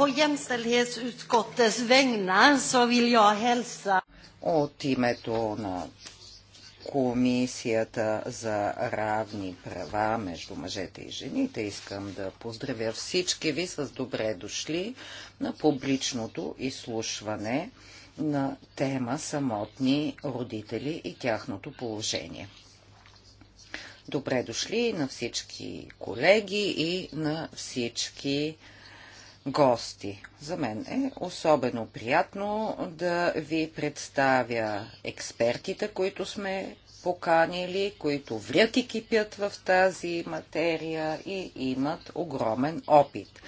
På jämställdhetsutskottets vägnar så vill jag hälsa... От името на Комисията за равни права между мъжете и жените искам да поздравя всички ви с добре дошли на публичното изслушване на тема самотни родители и тяхното положение. Добре дошли на всички колеги и на всички гости. За мен е особено приятно да ви представя експертите, които сме поканили, които врят и кипят в тази материя и имат огромен опит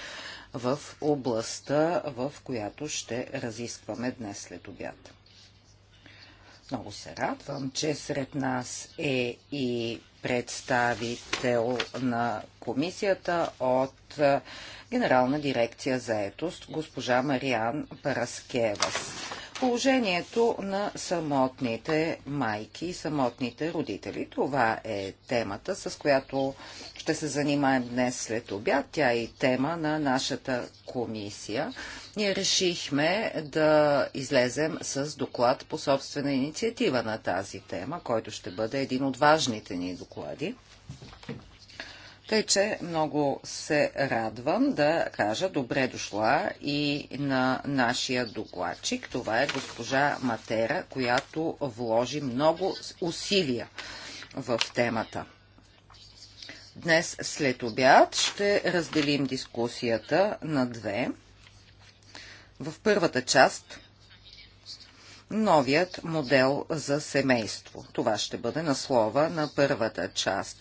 в областта, в която ще разискваме днес след обяд. Много се радвам, че сред нас е и представител на комисията от е, Генерална дирекция за етост, госпожа Мариан Параскевас положението на самотните майки и самотните родители. Това е темата, с която ще се занимаем днес след обяд. Тя е и тема на нашата комисия. Ние решихме да излезем с доклад по собствена инициатива на тази тема, който ще бъде един от важните ни доклади. Тъй, че много се радвам да кажа добре дошла и на нашия докладчик. Това е госпожа Матера, която вложи много усилия в темата. Днес след обяд ще разделим дискусията на две. В първата част новият модел за семейство. Това ще бъде на слова на първата част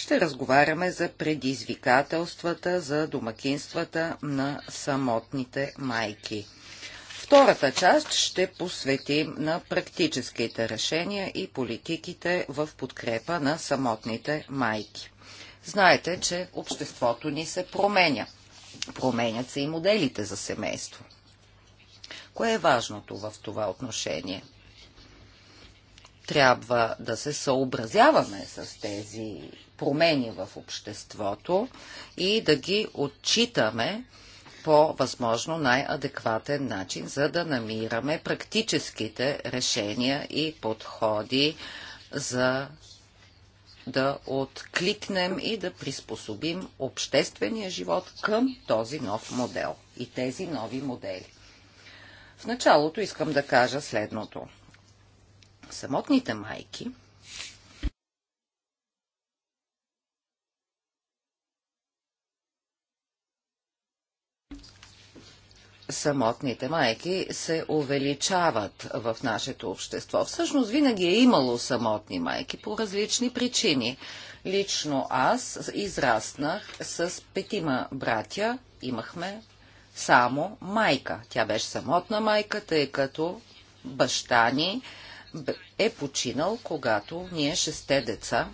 ще разговаряме за предизвикателствата за домакинствата на самотните майки. Втората част ще посветим на практическите решения и политиките в подкрепа на самотните майки. Знаете, че обществото ни се променя. Променят се и моделите за семейство. Кое е важното в това отношение? Трябва да се съобразяваме с тези промени в обществото и да ги отчитаме по възможно най-адекватен начин, за да намираме практическите решения и подходи за да откликнем и да приспособим обществения живот към този нов модел и тези нови модели. В началото искам да кажа следното. Самотните майки самотните майки се увеличават в нашето общество. Всъщност винаги е имало самотни майки по различни причини. Лично аз израснах с петима братя, имахме само майка. Тя беше самотна майка, тъй като баща ни е починал, когато ние шесте деца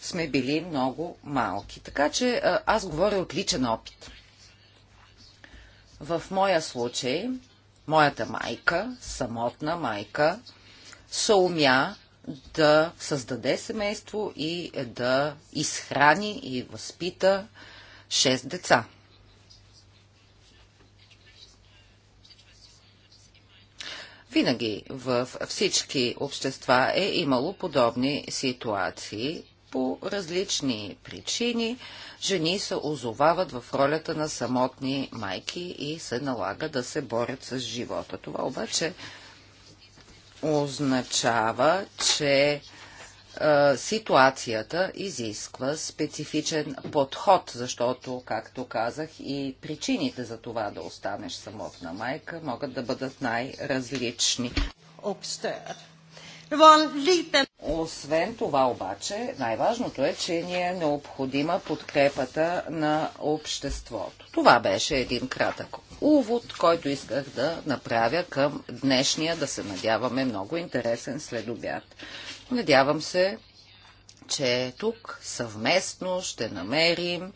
сме били много малки. Така че аз говоря от личен опит. В моя случай, моята майка, самотна майка, се умя да създаде семейство и да изхрани и възпита шест деца. Винаги в всички общества е имало подобни ситуации по различни причини жени се озовават в ролята на самотни майки и се налага да се борят с живота. Това обаче означава, че ситуацията изисква специфичен подход, защото, както казах, и причините за това да останеш самотна майка могат да бъдат най-различни. Обстоят. Освен това обаче, най-важното е, че ни е необходима подкрепата на обществото. Това беше един кратък увод, който исках да направя към днешния, да се надяваме, много интересен следобяд. Надявам се, че тук съвместно ще намерим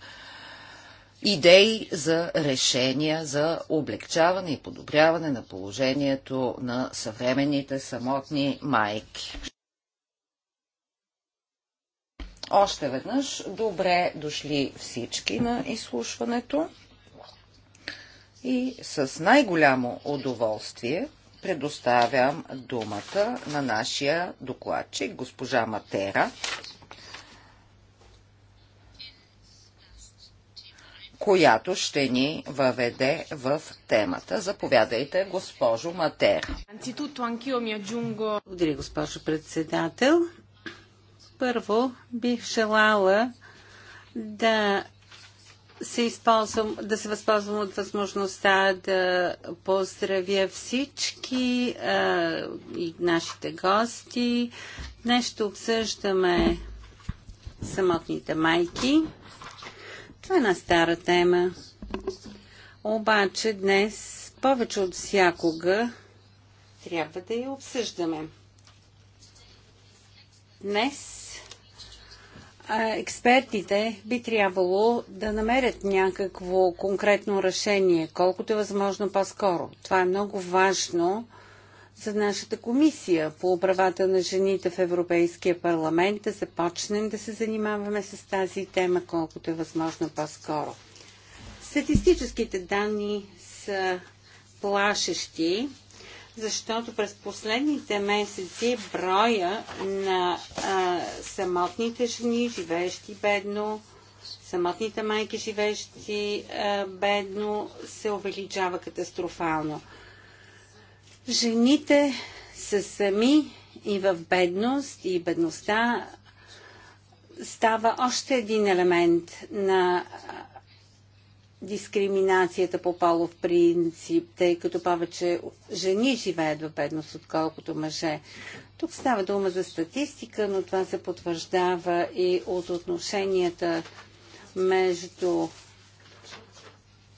идеи за решения за облегчаване и подобряване на положението на съвременните самотни майки. Още веднъж добре дошли всички на изслушването и с най-голямо удоволствие предоставям думата на нашия докладчик, госпожа Матера, която ще ни въведе в темата. Заповядайте, госпожо Матер. Благодаря, госпожо председател. Първо бих желала да се използвам, да се възползвам от възможността да поздравя всички а, и нашите гости. Днес ще обсъждаме самотните майки. Това е една стара тема. Обаче днес повече от всякога трябва да я обсъждаме. Днес експертите би трябвало да намерят някакво конкретно решение, колкото е възможно по-скоро. Това е много важно за нашата комисия по правата на жените в Европейския парламент да започнем да се занимаваме с тази тема колкото е възможно по-скоро. Статистическите данни са плашещи, защото през последните месеци броя на а, самотните жени, живеещи бедно, самотните майки, живеещи а, бедно, се увеличава катастрофално. Жените са сами и в бедност и бедността става още един елемент на дискриминацията по полов принцип, тъй като повече жени живеят в бедност, отколкото мъже. Тук става дума за статистика, но това се потвърждава и от отношенията между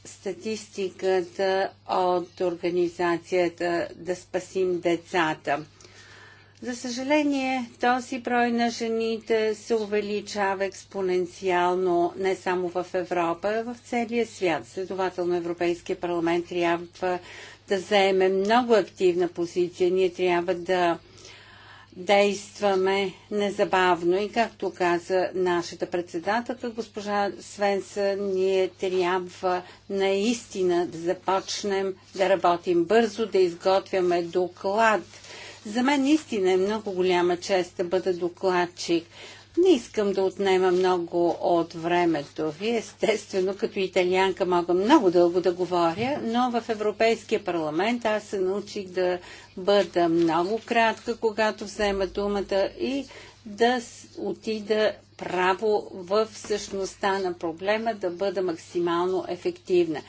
статистиката от организацията Да спасим децата. За съжаление, този брой на жените се увеличава експоненциално не само в Европа, а в целия свят. Следователно, Европейския парламент трябва да заеме много активна позиция. Ние трябва да действаме незабавно и както каза нашата председателка, госпожа Свенса, ние трябва наистина да започнем да работим бързо, да изготвяме доклад. За мен наистина е много голяма чест да бъда докладчик не искам да отнема много от времето ви. Естествено, като италианка мога много дълго да говоря, но в Европейския парламент аз се научих да бъда много кратка, когато взема думата и да отида право в същността на проблема, да бъда максимално ефективна.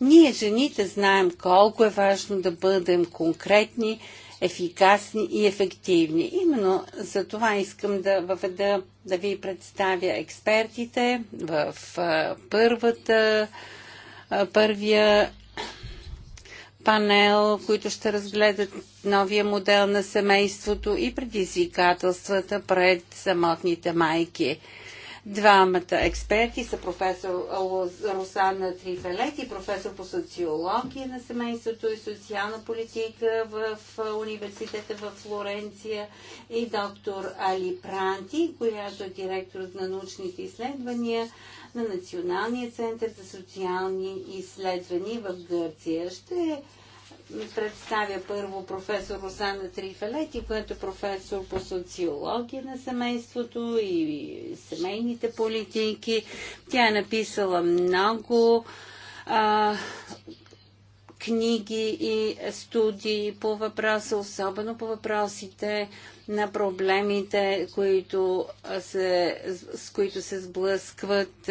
Ние, жените, знаем колко е важно да бъдем конкретни, ефикасни и ефективни. Именно за това искам да въведа, да ви представя експертите в първата, първия панел, които ще разгледат новия модел на семейството и предизвикателствата пред самотните майки. Двамата експерти са професор Русана Трифелет и професор по социология на семейството и социална политика в университета в Флоренция и доктор Али Пранти, която е директор на научните изследвания на Националния център за социални изследвания в Гърция. Ще представя първо професор Росана Трифалети, който е професор по социология на семейството и семейните политики. Тя е написала много а, книги и студии по въпроса, особено по въпросите на проблемите, които се, с които се сблъскват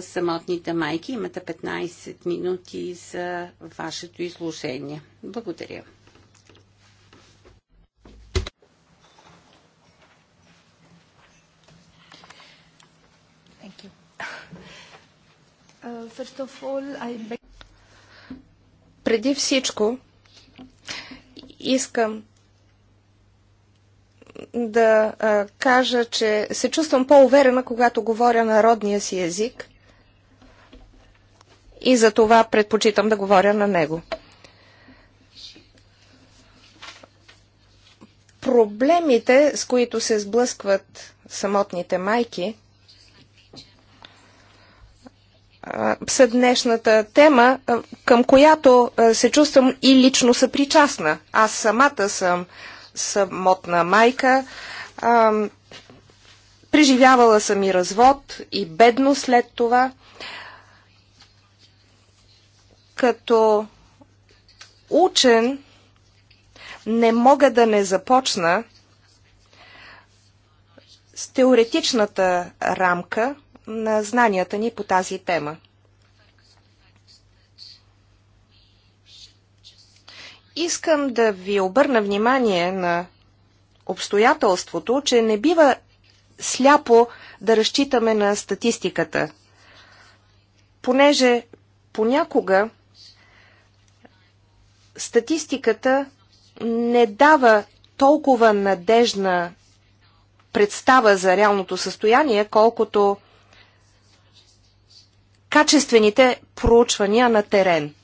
самотните майки. Имате 15 минути за вашето изложение. Благодаря. Thank you. Uh, first of all, I beg преди всичко искам да а, кажа, че се чувствам по-уверена, когато говоря народния си език и за това предпочитам да говоря на него. Проблемите, с които се сблъскват самотните майки, са днешната тема, към която се чувствам и лично съпричастна. Аз самата съм самотна майка. Преживявала съм и развод, и бедно след това. Като учен не мога да не започна с теоретичната рамка на знанията ни по тази тема. Искам да ви обърна внимание на обстоятелството, че не бива сляпо да разчитаме на статистиката, понеже понякога статистиката не дава толкова надежна представа за реалното състояние, колкото качествените проучвания на терен.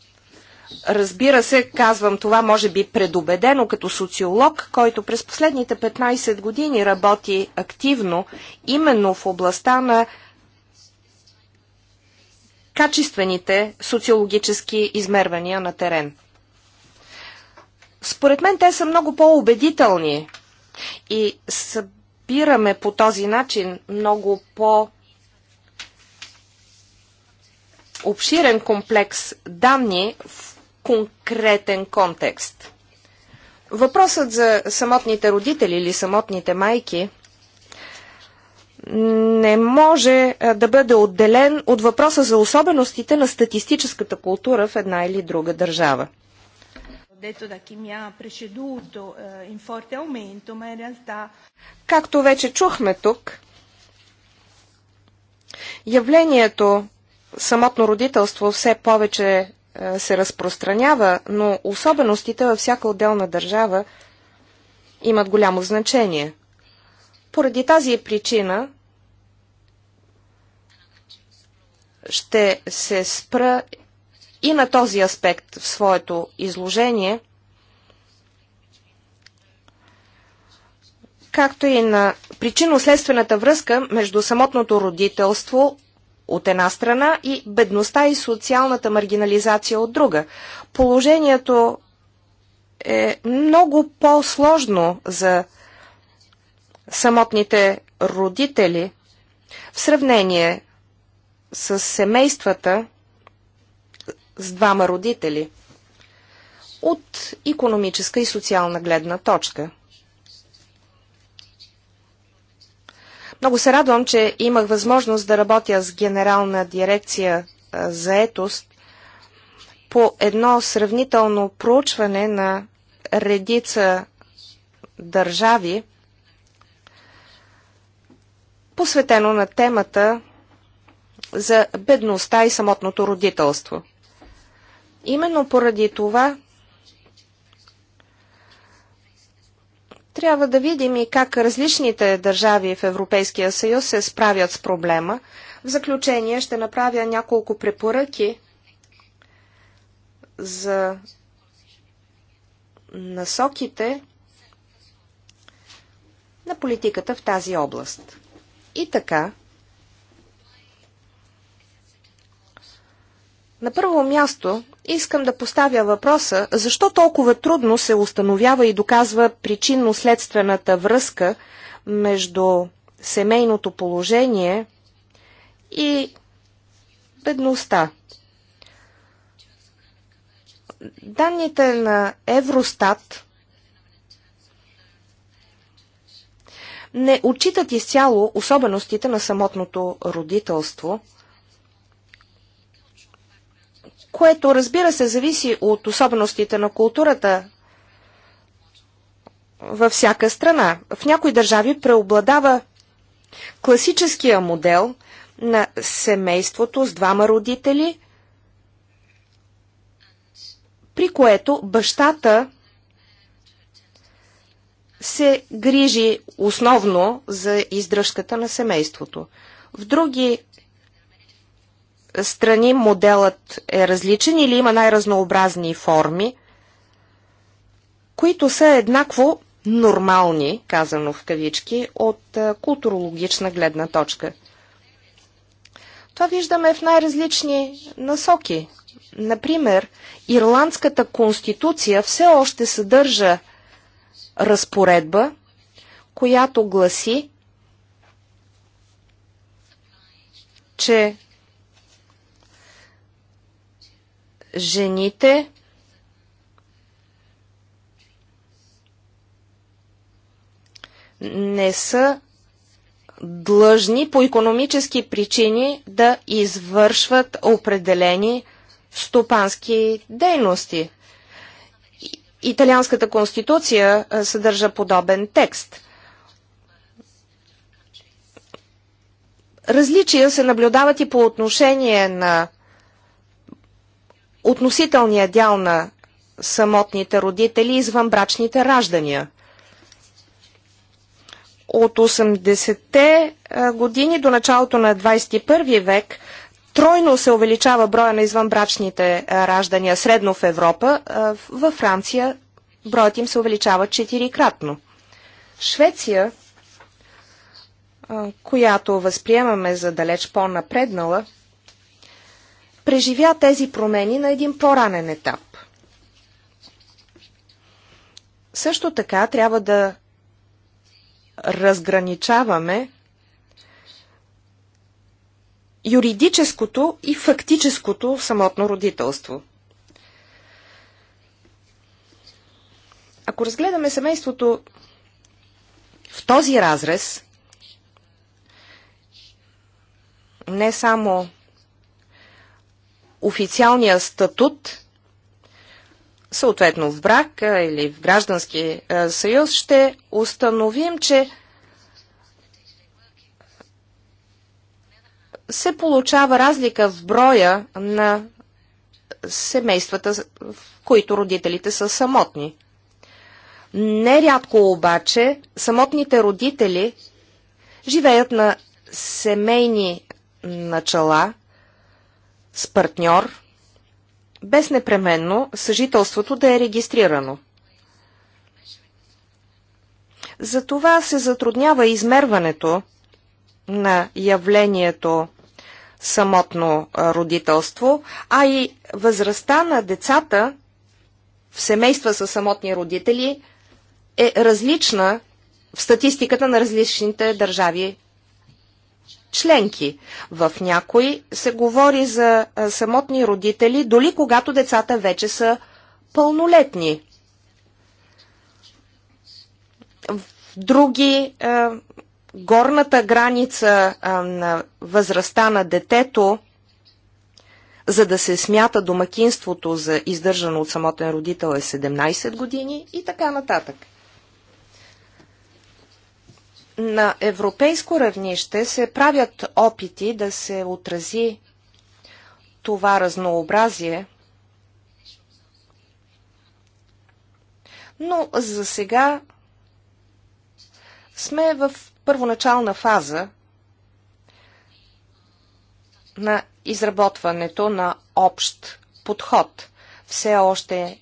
Разбира се, казвам това може би предубедено като социолог, който през последните 15 години работи активно именно в областта на качествените социологически измервания на терен. Според мен те са много по-убедителни и събираме по този начин много по- обширен комплекс данни в конкретен контекст. Въпросът за самотните родители или самотните майки не може да бъде отделен от въпроса за особеностите на статистическата култура в една или друга държава. Eh, Както вече чухме тук, явлението самотно родителство все повече е, се разпространява, но особеностите във всяка отделна държава имат голямо значение. Поради тази причина ще се спра и на този аспект в своето изложение, както и на причинно-следствената връзка между самотното родителство от една страна и бедността и социалната маргинализация от друга. Положението е много по-сложно за самотните родители в сравнение с семействата с двама родители от економическа и социална гледна точка. Много се радвам, че имах възможност да работя с генерална дирекция за етост по едно сравнително проучване на редица държави, посветено на темата за бедността и самотното родителство. Именно поради това Трябва да видим и как различните държави в Европейския съюз се справят с проблема. В заключение ще направя няколко препоръки за насоките на политиката в тази област. И така, на първо място Искам да поставя въпроса, защо толкова трудно се установява и доказва причинно-следствената връзка между семейното положение и бедността. Данните на Евростат не отчитат изцяло особеностите на самотното родителство – което разбира се зависи от особеностите на културата във всяка страна. В някои държави преобладава класическия модел на семейството с двама родители, при което бащата се грижи основно за издръжката на семейството. В други страни моделът е различен или има най-разнообразни форми, които са еднакво нормални, казано в кавички, от културологична гледна точка. Това виждаме в най-различни насоки. Например, Ирландската конституция все още съдържа разпоредба, която гласи, че жените не са длъжни по економически причини да извършват определени стопански дейности. Италианската конституция съдържа подобен текст. Различия се наблюдават и по отношение на относителния дял на самотните родители извън брачните раждания. От 80-те години до началото на 21 век тройно се увеличава броя на извънбрачните раждания средно в Европа. Във Франция броят им се увеличава четирикратно. Швеция, която възприемаме за далеч по-напреднала – преживя тези промени на един по-ранен етап. Също така трябва да разграничаваме юридическото и фактическото самотно родителство. Ако разгледаме семейството в този разрез, не само официалния статут, съответно в брак или в граждански съюз, ще установим, че се получава разлика в броя на семействата, в които родителите са самотни. Нерядко обаче самотните родители живеят на семейни начала – с партньор, без непременно съжителството да е регистрирано. Затова се затруднява измерването на явлението самотно родителство, а и възрастта на децата в семейства с самотни родители е различна в статистиката на различните държави членки. В някои се говори за самотни родители, дори когато децата вече са пълнолетни. В други горната граница на възрастта на детето, за да се смята домакинството за издържано от самотен родител е 17 години и така нататък на европейско равнище се правят опити да се отрази това разнообразие, но за сега сме в първоначална фаза на изработването на общ подход. Все още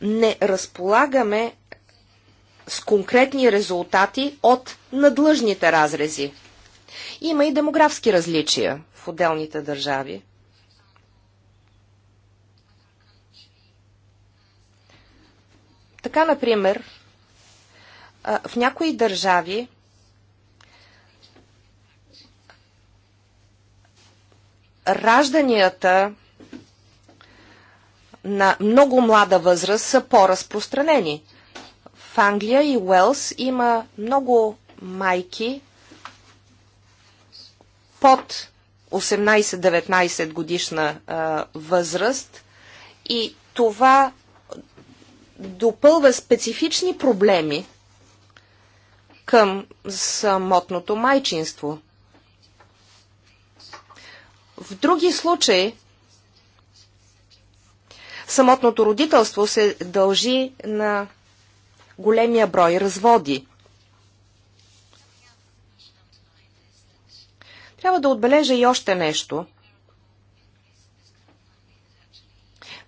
не разполагаме с конкретни резултати от надлъжните разрези. Има и демографски различия в отделните държави. Така, например, в някои държави ражданията на много млада възраст са по-разпространени. В Англия и Уелс има много майки под 18-19 годишна а, възраст и това допълва специфични проблеми към самотното майчинство. В други случаи самотното родителство се дължи на големия брой разводи. Трябва да отбележа и още нещо.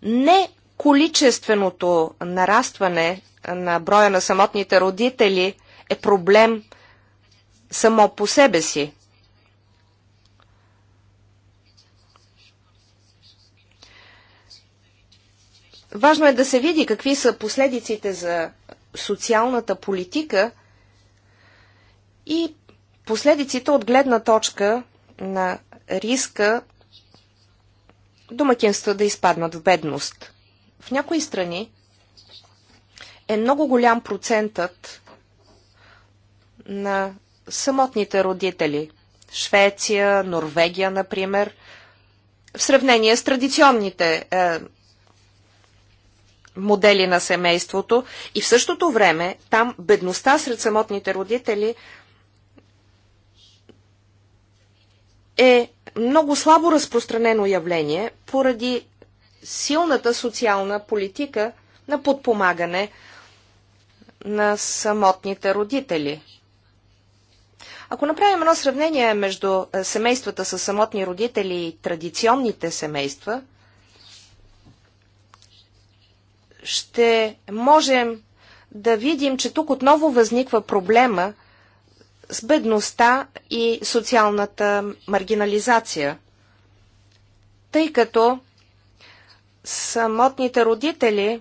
Не количественото нарастване на броя на самотните родители е проблем само по себе си. Важно е да се види какви са последиците за социалната политика и последиците от гледна точка на риска домакинства да изпаднат в бедност. В някои страни е много голям процентът на самотните родители. Швеция, Норвегия, например, в сравнение с традиционните е, модели на семейството и в същото време там бедността сред самотните родители е много слабо разпространено явление поради силната социална политика на подпомагане на самотните родители. Ако направим едно сравнение между семействата с самотни родители и традиционните семейства, ще можем да видим, че тук отново възниква проблема с бедността и социалната маргинализация, тъй като самотните родители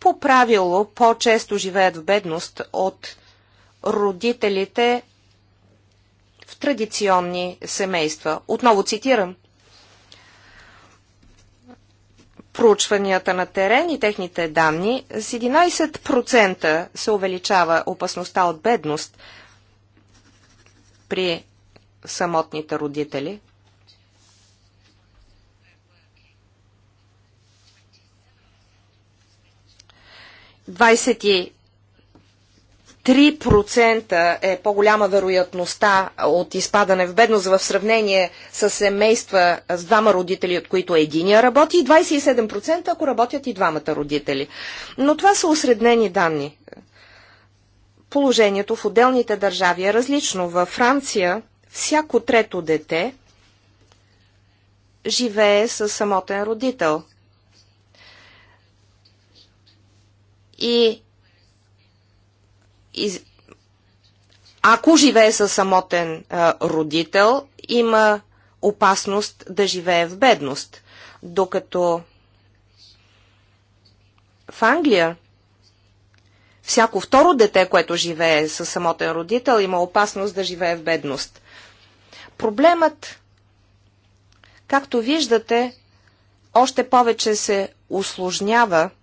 по правило по-често живеят в бедност от родителите в традиционни семейства. Отново цитирам. проучванията на терен и техните данни, с 11% се увеличава опасността от бедност при самотните родители. Двадесет и 3% е по-голяма вероятността от изпадане в бедност в сравнение с семейства с двама родители, от които единия работи, и 27% ако работят и двамата родители. Но това са осреднени данни. Положението в отделните държави е различно. Във Франция всяко трето дете живее с самотен родител. И из... ако живее със самотен а, родител, има опасност да живее в бедност. Докато в Англия всяко второ дете, което живее със самотен родител, има опасност да живее в бедност. Проблемът, както виждате, още повече се усложнява –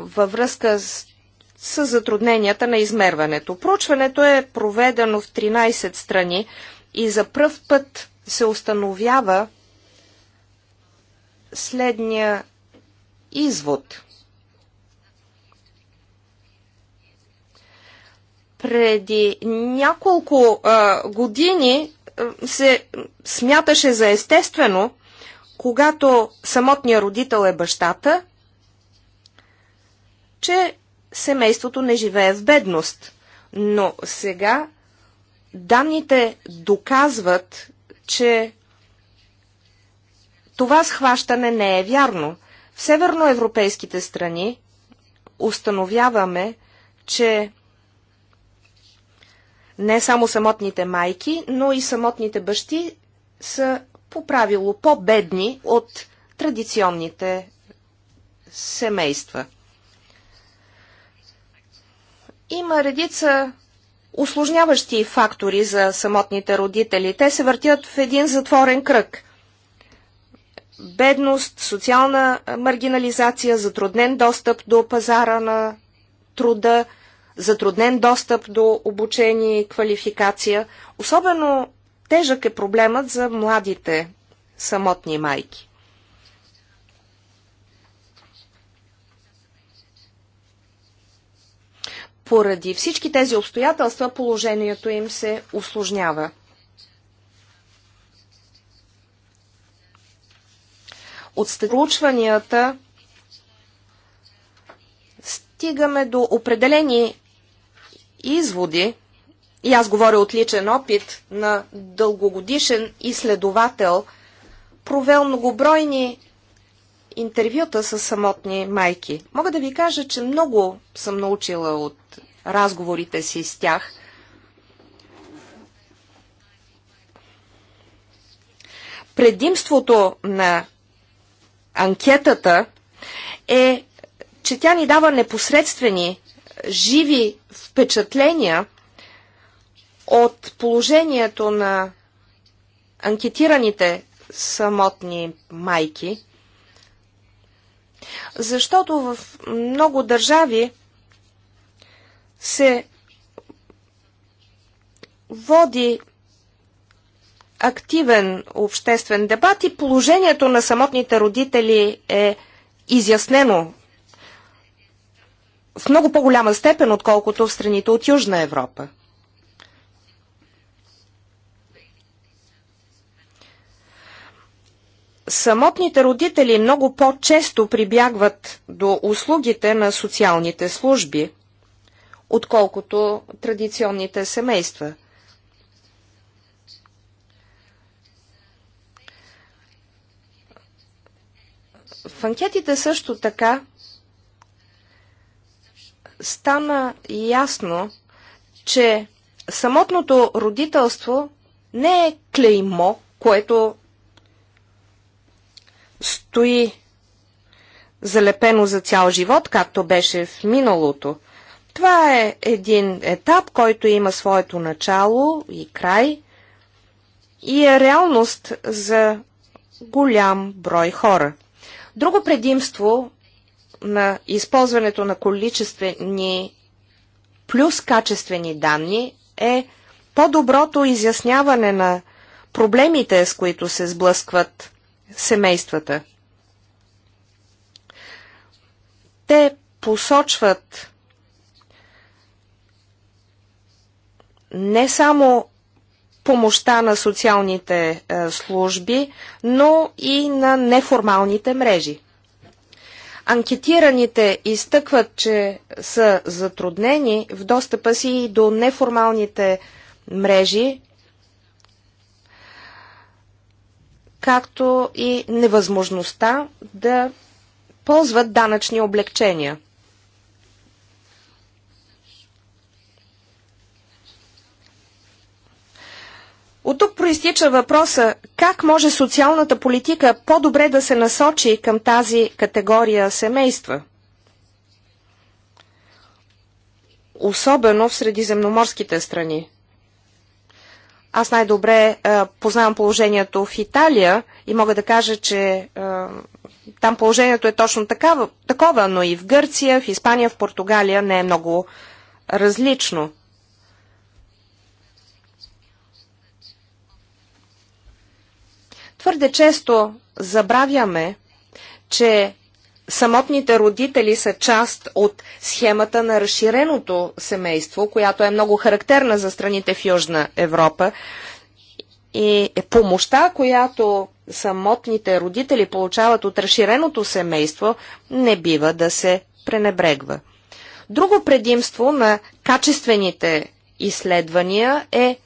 във връзка с, с затрудненията на измерването. Проучването е проведено в 13 страни и за пръв път се установява следния извод. Преди няколко а, години се смяташе за естествено, когато самотният родител е бащата, че семейството не живее в бедност. Но сега данните доказват, че това схващане не е вярно. В северноевропейските страни установяваме, че не само самотните майки, но и самотните бащи са по правило по-бедни от традиционните семейства. Има редица усложняващи фактори за самотните родители. Те се въртят в един затворен кръг. Бедност, социална маргинализация, затруднен достъп до пазара на труда, затруднен достъп до обучение и квалификация. Особено тежък е проблемът за младите самотни майки. Поради всички тези обстоятелства положението им се усложнява. От проучванията стигаме до определени изводи, и аз говоря от личен опит на дългогодишен изследовател, провел многобройни интервюта с самотни майки. Мога да ви кажа, че много съм научила от разговорите си с тях. Предимството на анкетата е, че тя ни дава непосредствени, живи впечатления от положението на анкетираните самотни майки – защото в много държави се води активен обществен дебат и положението на самотните родители е изяснено в много по-голяма степен, отколкото в страните от Южна Европа. Самотните родители много по-често прибягват до услугите на социалните служби, отколкото традиционните семейства. В анкетите също така стана ясно, че самотното родителство не е клеймо, което стои залепено за цял живот, както беше в миналото. Това е един етап, който има своето начало и край и е реалност за голям брой хора. Друго предимство на използването на количествени плюс качествени данни е по-доброто изясняване на проблемите, с които се сблъскват семействата. Те посочват не само помощта на социалните е, служби, но и на неформалните мрежи. Анкетираните изтъкват, че са затруднени в достъпа си и до неформалните мрежи както и невъзможността да ползват данъчни облегчения. От тук проистича въпроса как може социалната политика по-добре да се насочи към тази категория семейства. Особено в средиземноморските страни. Аз най-добре е, познавам положението в Италия и мога да кажа, че а, е, там положението е точно такава, такова, но и в Гърция, в Испания, в Португалия не е много различно. Твърде често забравяме, че самотните родители са част от схемата на разширеното семейство, която е много характерна за страните в Южна Европа. И помощта, която самотните родители получават от разширеното семейство, не бива да се пренебрегва. Друго предимство на качествените изследвания е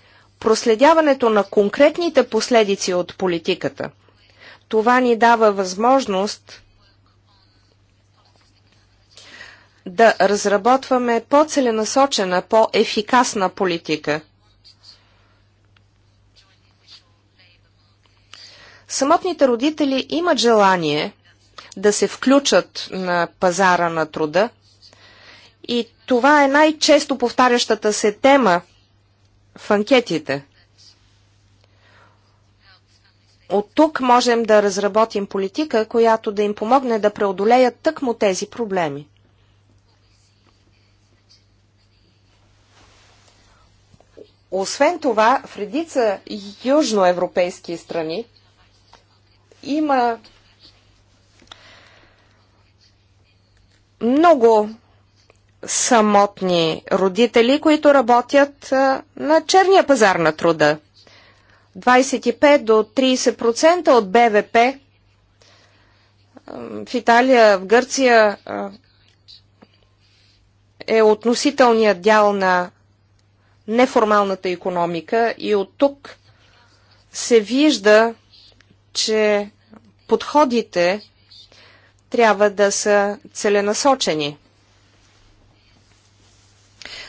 проследяването на конкретните последици от политиката. Това ни дава възможност да разработваме по-целенасочена, по-ефикасна политика. Самотните родители имат желание да се включат на пазара на труда и това е най-често повтарящата се тема в анкетите. От тук можем да разработим политика, която да им помогне да преодолеят тъкмо тези проблеми. Освен това, в редица южноевропейски страни има много самотни родители, които работят на черния пазар на труда. 25 до 30% от БВП в Италия, в Гърция е относителният дял на неформалната економика и от тук се вижда, че подходите трябва да са целенасочени.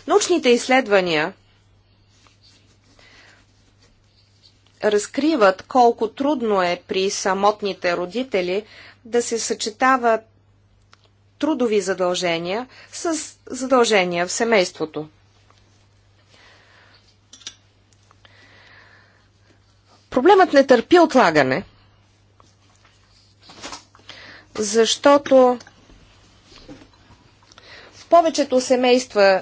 Научните изследвания разкриват колко трудно е при самотните родители да се съчетават трудови задължения с задължения в семейството. Проблемът не търпи отлагане, защото в повечето семейства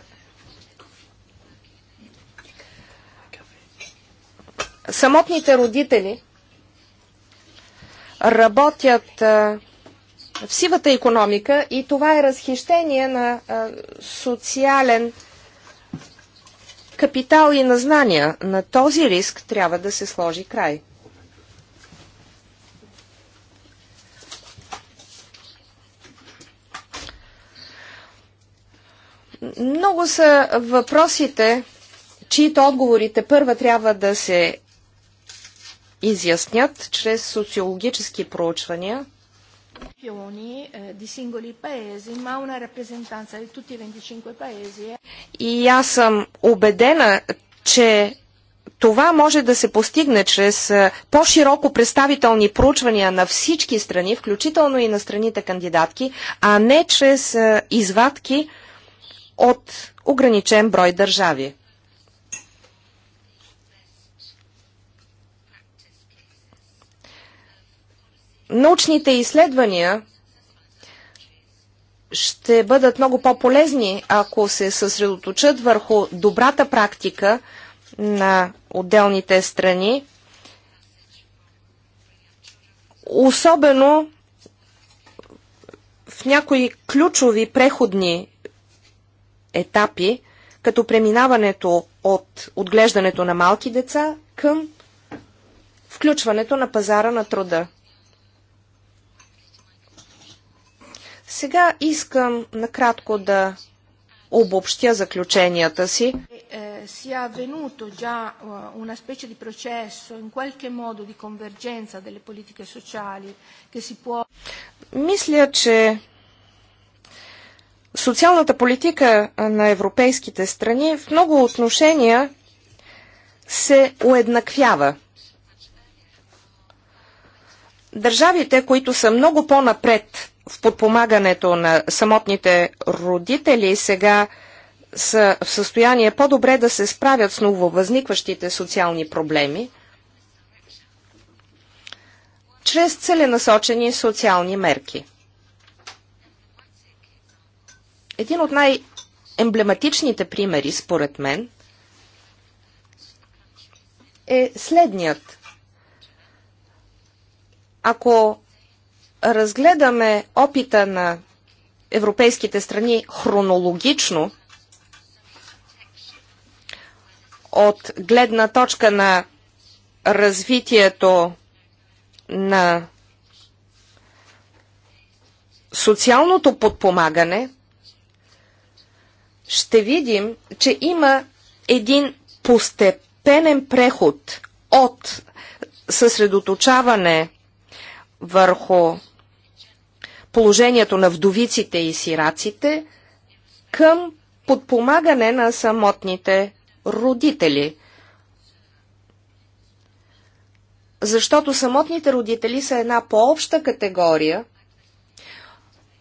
самотните родители работят в сивата економика и това е разхищение на социален капитал и на знания. На този риск трябва да се сложи край. Много са въпросите, чието отговорите първа трябва да се изяснят чрез социологически проучвания – nazioni, eh, di singoli paesi, ma una rappresentanza di tutti i 25 paesi. И аз съм убедена, че това може да се постигне чрез е, по-широко представителни проучвания на всички страни, включително и на страните кандидатки, а не чрез е, извадки от ограничен брой държави. научните изследвания ще бъдат много по-полезни, ако се съсредоточат върху добрата практика на отделните страни, особено в някои ключови преходни етапи, като преминаването от отглеждането на малки деца към включването на пазара на труда. Сега искам накратко да обобщя заключенията си. Е, е, е Мисля, че социалната политика на европейските страни в много отношения се уеднаквява. Държавите, които са много по-напред в подпомагането на самотните родители сега са в състояние по-добре да се справят с нововъзникващите социални проблеми чрез целенасочени социални мерки. Един от най-емблематичните примери, според мен, е следният. Ако разгледаме опита на европейските страни хронологично, от гледна точка на развитието на социалното подпомагане, ще видим, че има един постепенен преход от съсредоточаване върху положението на вдовиците и сираците към подпомагане на самотните родители. Защото самотните родители са една по-обща категория,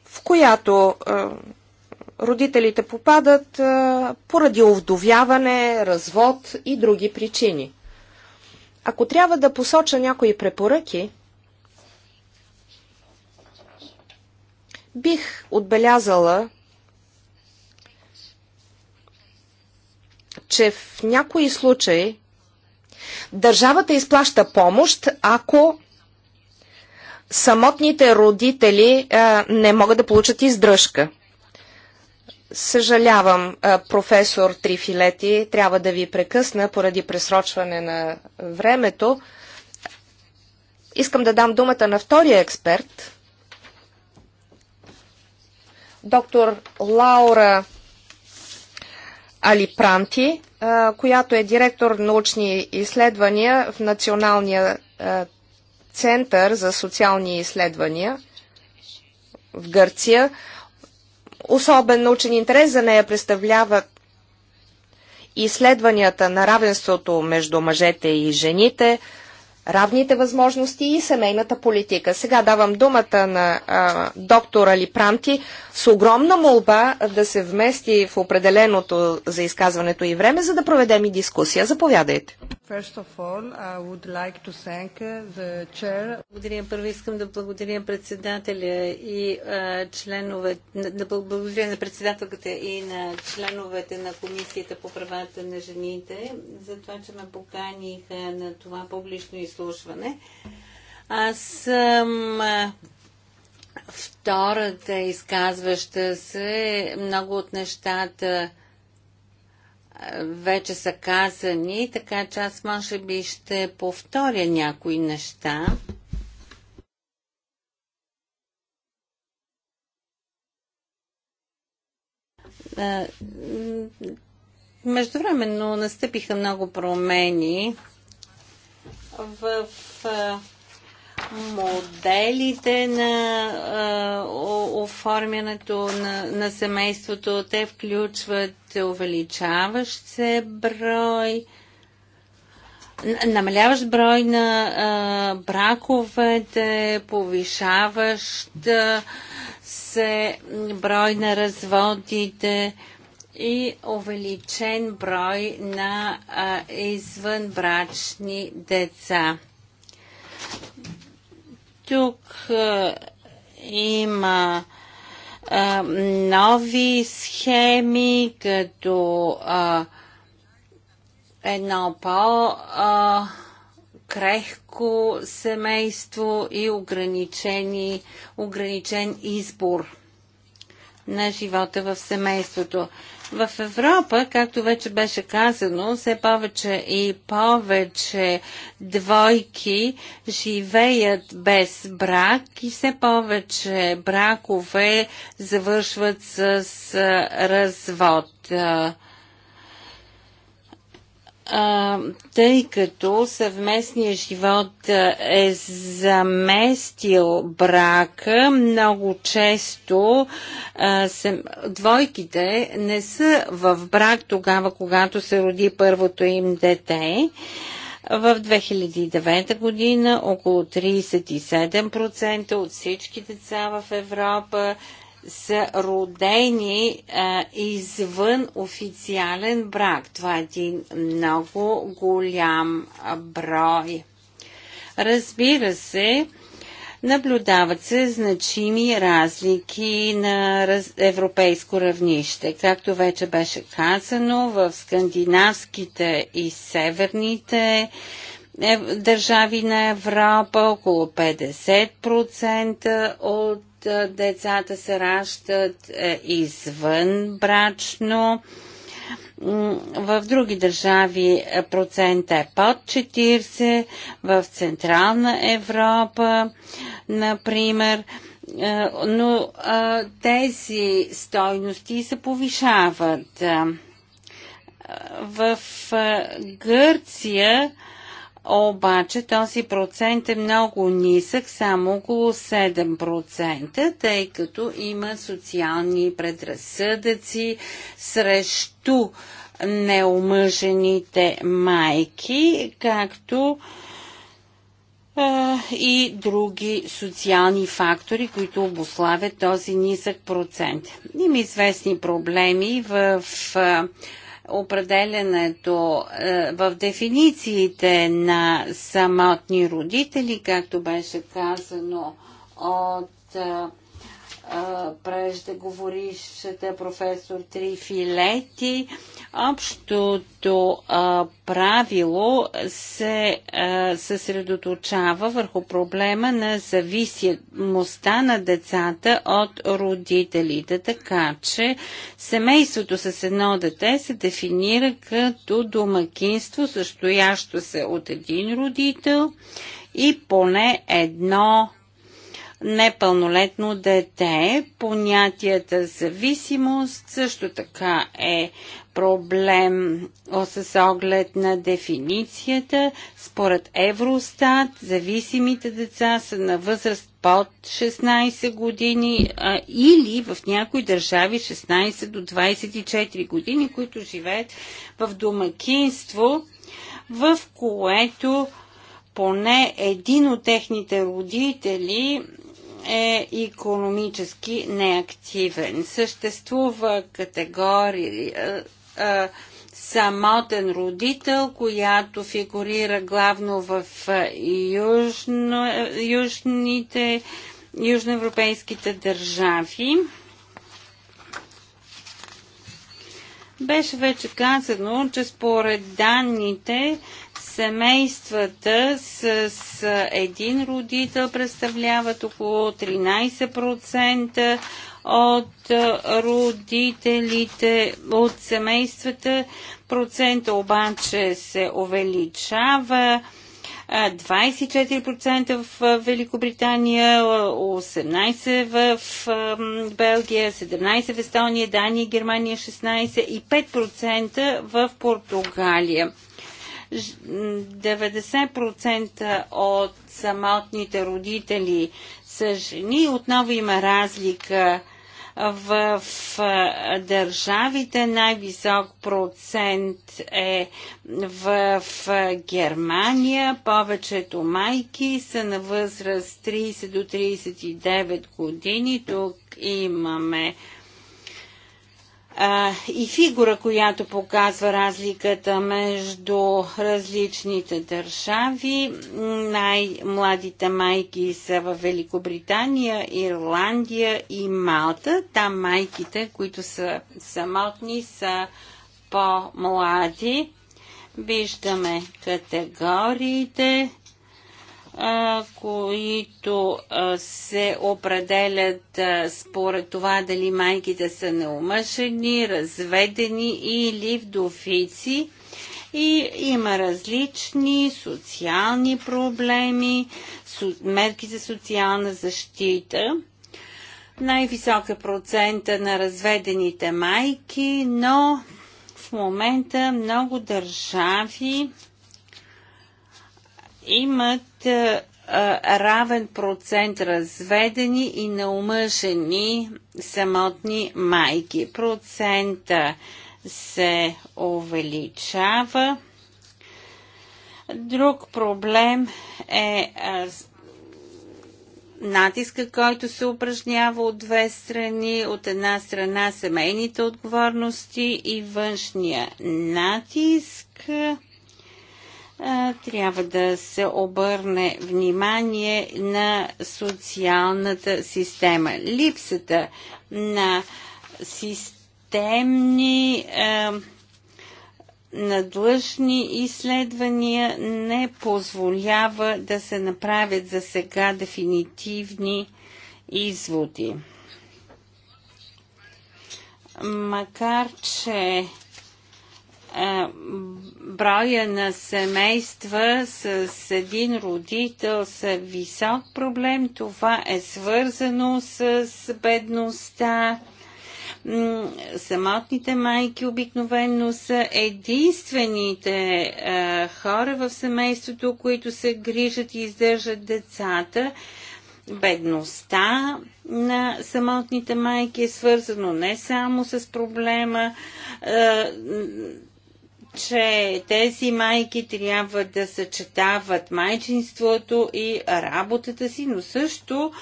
в която е, родителите попадат е, поради овдовяване, развод и други причини. Ако трябва да посоча някои препоръки, Бих отбелязала, че в някои случаи държавата изплаща помощ, ако самотните родители а, не могат да получат издръжка. Съжалявам, а, професор Трифилети, трябва да ви прекъсна поради пресрочване на времето. Искам да дам думата на втория експерт, доктор Лаура Алипранти, която е директор научни изследвания в Националния център за социални изследвания в Гърция. Особен научен интерес за нея представляват изследванията на равенството между мъжете и жените – равните възможности и семейната политика. Сега давам думата на а, доктор Алипранти с огромна молба да се вмести в определеното за изказването и време, за да проведем и дискусия. Заповядайте. Uh, благодаря. Първо искам да благодаря председателя и а, членове, да благодаря на председателката и на членовете на Комисията по правата на жените за това, че ме поканиха на това публично изслушване изслушване. Аз съм втората изказваща се. Много от нещата вече са казани, така че аз може би ще повторя някои неща. Междувременно настъпиха много промени в моделите на а, оформянето на, на семейството. Те включват увеличаващ се брой, намаляващ брой на а, браковете, повишаващ се брой на разводите. А, и увеличен брой на а, извънбрачни деца. Тук а, има а, нови схеми, като а, едно по- а, крехко семейство и ограничени, ограничен избор на живота в семейството. В Европа, както вече беше казано, все повече и повече двойки живеят без брак и все повече бракове завършват с развод а, тъй като съвместният живот е заместил брака, много често а, двойките не са в брак тогава, когато се роди първото им дете. В 2009 година около 37% от всички деца в Европа са родени а, извън официален брак. Това е един много голям брой. Разбира се, наблюдават се значими разлики на раз... европейско равнище. Както вече беше казано, в скандинавските и северните е, държави на Европа около 50% от децата се ращат е, извън брачно. В други държави е, процента е под 40, в Централна Европа, например, е, но тези стойности се повишават. В Гърция обаче този процент е много нисък, само около 7%, тъй като има социални предразсъдъци срещу неомъжените майки, както и други социални фактори, които обославят този нисък процент. Има известни проблеми в определенето е, в дефинициите на самотни родители, както беше казано от е, преждеговорившата професор Трифилети. Общото а, правило се а, съсредоточава върху проблема на зависимостта на децата от родителите, така че семейството с едно дете се дефинира като домакинство, състоящо се от един родител и поне едно непълнолетно дете. Понятията зависимост също така е проблем с оглед на дефиницията. Според Евростат, зависимите деца са на възраст под 16 години а, или в някои държави 16 до 24 години, които живеят в домакинство, в което поне един от техните родители е економически неактивен. Съществува категория а, е, е, самотен родител, която фигурира главно в е, южно, южните, южноевропейските държави. Беше вече казано, че според данните Семействата с, един родител представляват около 13% от родителите, от семействата. Процента обаче се увеличава. 24% в Великобритания, 18% в Белгия, 17% в Естония, Дания, Германия 16% и 5% в Португалия. 90% от самотните родители са жени. Отново има разлика в, държавите най-висок процент е в, в Германия. Повечето майки са на възраст 30 до 39 години. Тук имаме а, и фигура, която показва разликата между различните държави. Най-младите майки са в Великобритания, Ирландия и Малта. Там майките, които са самотни, са по-млади. Виждаме категориите които се определят според това дали майките са неумъжени, разведени или вдовици. И има различни социални проблеми, мерки за социална защита. Най-висок е процента на разведените майки, но в момента много държави имат равен процент разведени и наумъжени самотни майки. Процента се увеличава. Друг проблем е натиска, който се упражнява от две страни. От една страна семейните отговорности и външния натиск трябва да се обърне внимание на социалната система. Липсата на системни надлъжни изследвания не позволява да се направят за сега дефинитивни изводи. Макар, че броя на семейства с един родител са висок проблем. Това е свързано с бедността. Самотните майки обикновено са единствените а, хора в семейството, които се грижат и издържат децата бедността на самотните майки е свързано не само с проблема че тези майки трябва да съчетават майчинството и работата си, но също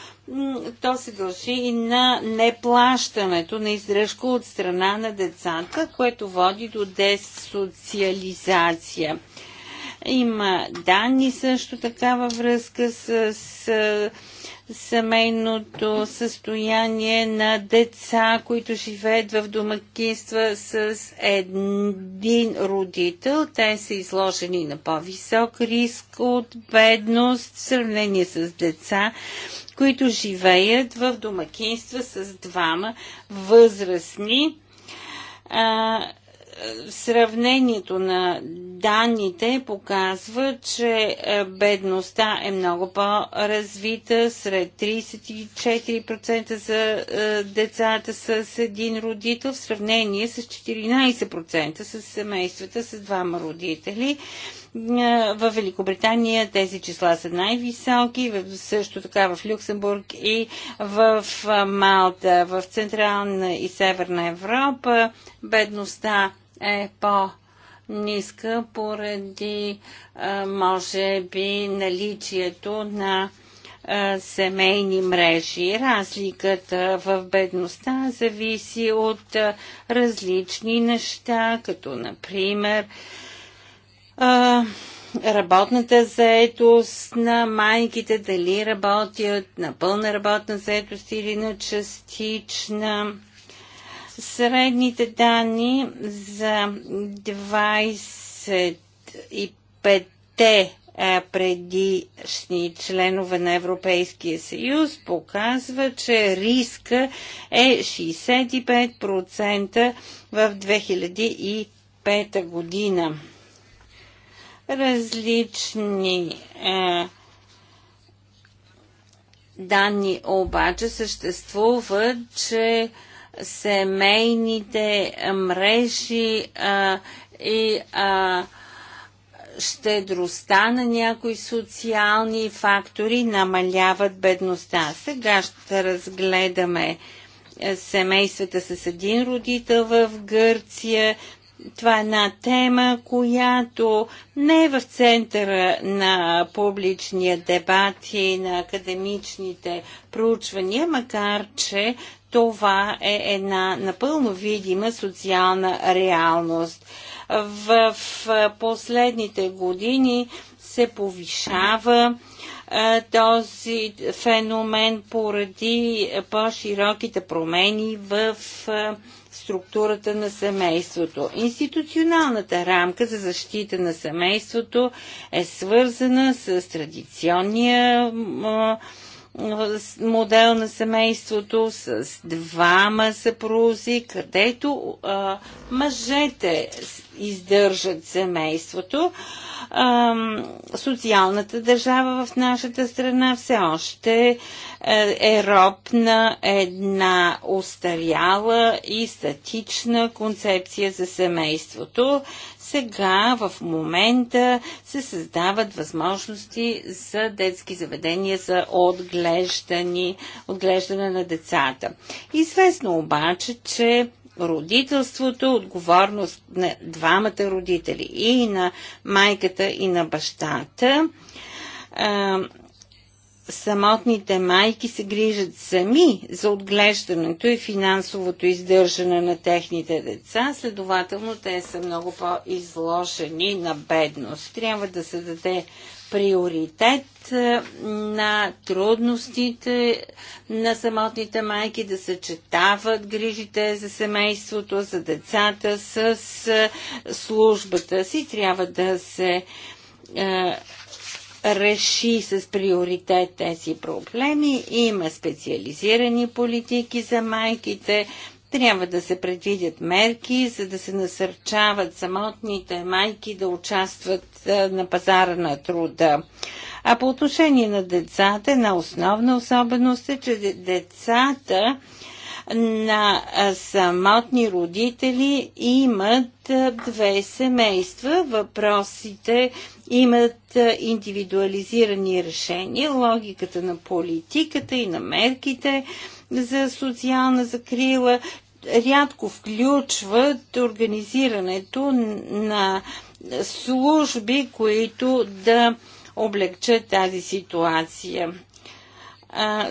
то се дължи и на неплащането на издръжка от страна на децата, което води до десоциализация. Има данни също така във връзка с, с семейното състояние на деца, които живеят в домакинства с един родител. Те са изложени на по-висок риск от бедност в сравнение с деца, които живеят в домакинства с двама възрастни. А, сравнението на данните показва, че е, бедността е много по-развита сред 34% за е, децата с един родител в сравнение с 14% с семействата с двама родители. Е, в Великобритания тези числа са най-високи, също така в Люксембург и в Малта. В Централна и Северна Европа бедността е по- ниска поради, може би, наличието на семейни мрежи. Разликата в бедността зависи от различни неща, като, например, работната заетост на майките, дали работят на пълна работна заетост или на частична Средните данни за 25-те предишни членове на Европейския съюз показва, че риска е 65% в 2005 година. Различни е, данни обаче съществуват, че семейните мрежи а, и а, щедростта на някои социални фактори намаляват бедността. Сега ще разгледаме е, семействата с един родител в Гърция. Това е една тема, която не е в центъра на публичния дебат и на академичните проучвания, макар че това е една напълно видима социална реалност. В последните години се повишава този феномен поради по-широките промени в структурата на семейството. Институционалната рамка за защита на семейството е свързана с традиционния модел на семейството с двама съпрузи, където а, мъжете издържат семейството. А, социалната държава в нашата страна все още е, е роб на една устаряла и статична концепция за семейството. Сега, в момента, се създават възможности за детски заведения за отглеждани, отглеждане на децата. Известно обаче, че родителството отговорност на двамата родители и на майката и на бащата самотните майки се грижат сами за отглеждането и финансовото издържане на техните деца, следователно те са много по-изложени на бедност. Трябва да се даде приоритет е, на трудностите на самотните майки да съчетават грижите за семейството, за децата с е, службата си. Трябва да се е, реши с приоритет тези проблеми. Има специализирани политики за майките. Трябва да се предвидят мерки, за да се насърчават самотните майки да участват на пазара на труда. А по отношение на децата, на основна особеност е, че децата на самотни родители имат две семейства. Въпросите имат индивидуализирани решения, логиката на политиката и на мерките за социална закрила рядко включват организирането на служби, които да облегчат тази ситуация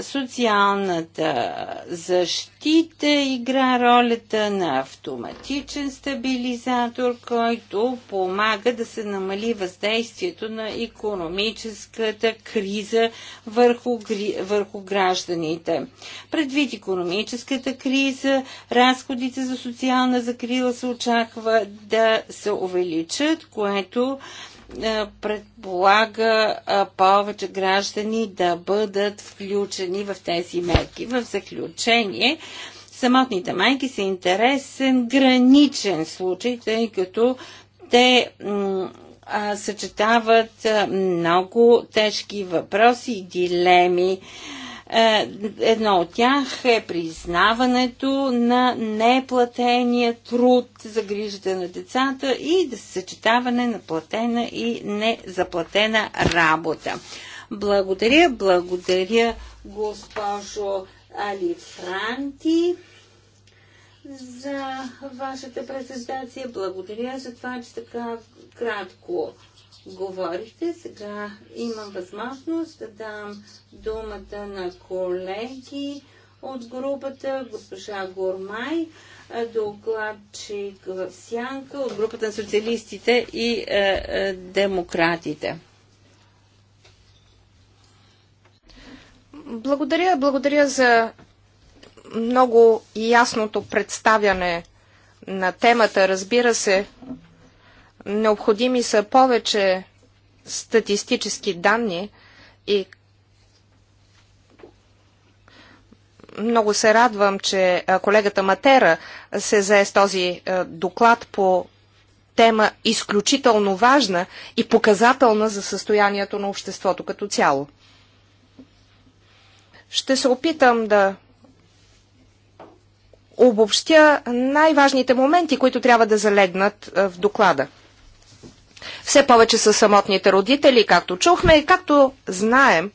социалната защита игра ролята на автоматичен стабилизатор, който помага да се намали въздействието на економическата криза върху, върху гражданите. Предвид економическата криза, разходите за социална закрила се очаква да се увеличат, което е, предполага е, повече граждани да бъдат включени в тези мерки. В заключение, самотните майки са интересен граничен случай, тъй като те съчетават е, много тежки въпроси и дилеми е, едно от тях е признаването на неплатения труд за грижата на децата и да се съчетаване на платена и незаплатена работа. Благодаря, благодаря госпожо Али Франти за вашата презентация. Благодаря за това, че така кратко говорихте. Сега имам възможност да дам думата на колеги от групата, госпожа Гормай, докладчик Сянка от групата на социалистите и е, е, демократите. Благодаря, благодаря за много ясното представяне на темата. Разбира се, Необходими са повече статистически данни и много се радвам, че колегата Матера се зае с този доклад по тема изключително важна и показателна за състоянието на обществото като цяло. Ще се опитам да обобщя най-важните моменти, които трябва да залегнат в доклада. Все повече са самотните родители, както чухме и както знаем.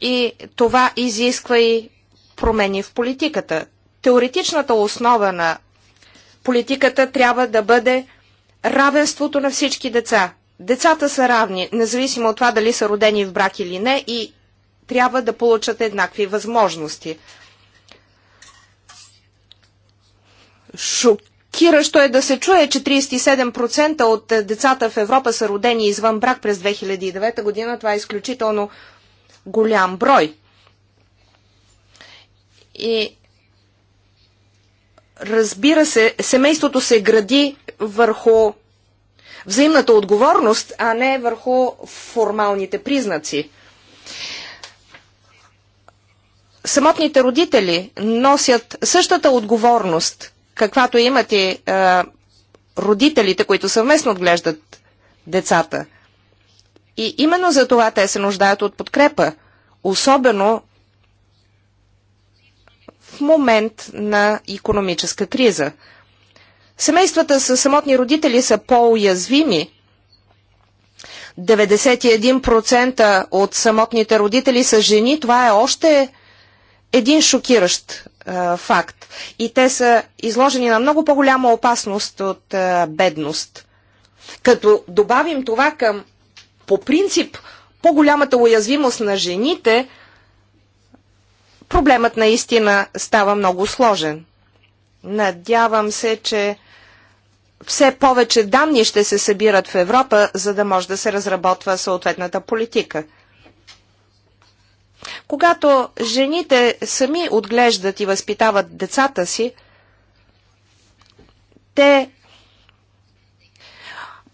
И това изисква и промени в политиката. Теоретичната основа на политиката трябва да бъде равенството на всички деца. Децата са равни, независимо от това дали са родени в брак или не, и трябва да получат еднакви възможности. Шук шокиращо е да се чуе, че 37% от е, децата в Европа са родени извън брак през 2009 година. Това е изключително голям брой. И разбира се, семейството се гради върху взаимната отговорност, а не върху формалните признаци. Самотните родители носят същата отговорност каквато имат и а, е, родителите, които съвместно отглеждат децата. И именно за това те се нуждаят от подкрепа, особено в момент на економическа криза. Семействата с самотни родители са по-уязвими. 91% от самотните родители са жени. Това е още един шокиращ а, е, факт. И те са изложени на много по-голяма опасност от а, е, бедност. Като добавим това към по принцип по-голямата уязвимост на жените, проблемът наистина става много сложен. Надявам се, че все повече данни ще се събират в Европа, за да може да се разработва съответната политика. Когато жените сами отглеждат и възпитават децата си, те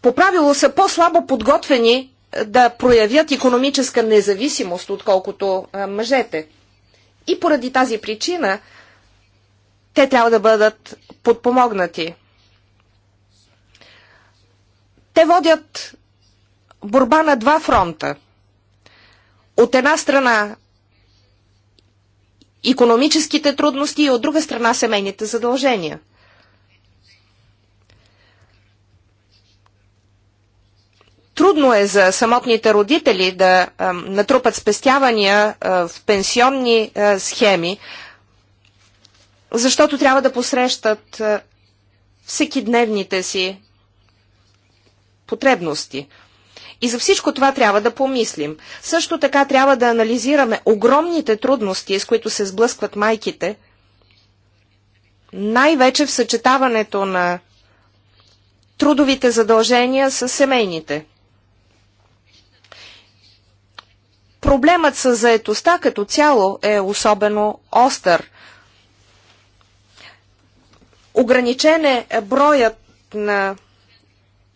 по правило са по-слабо подготвени е, да проявят економическа независимост, отколкото е, мъжете. И поради тази причина те трябва да бъдат подпомогнати. Те водят борба на два фронта. От една страна економическите трудности и от друга страна семейните задължения. Трудно е за самотните родители да а, натрупат спестявания а, в пенсионни а, схеми, защото трябва да посрещат а, всекидневните си потребности – и за всичко това трябва да помислим. Също така трябва да анализираме огромните трудности, с които се сблъскват майките, най-вече в съчетаването на трудовите задължения с семейните. Проблемът с заетостта като цяло е особено остър. Ограничен е броят на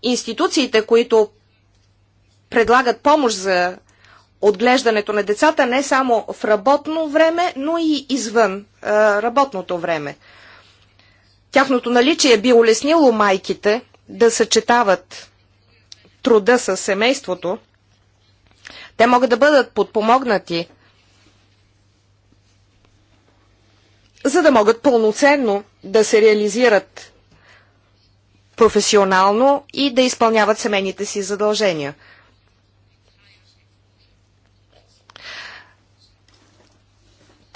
институциите, които предлагат помощ за отглеждането на децата не само в работно време, но и извън а, работното време. Тяхното наличие би улеснило майките да съчетават труда с семейството. Те могат да бъдат подпомогнати, за да могат пълноценно да се реализират професионално и да изпълняват семейните си задължения –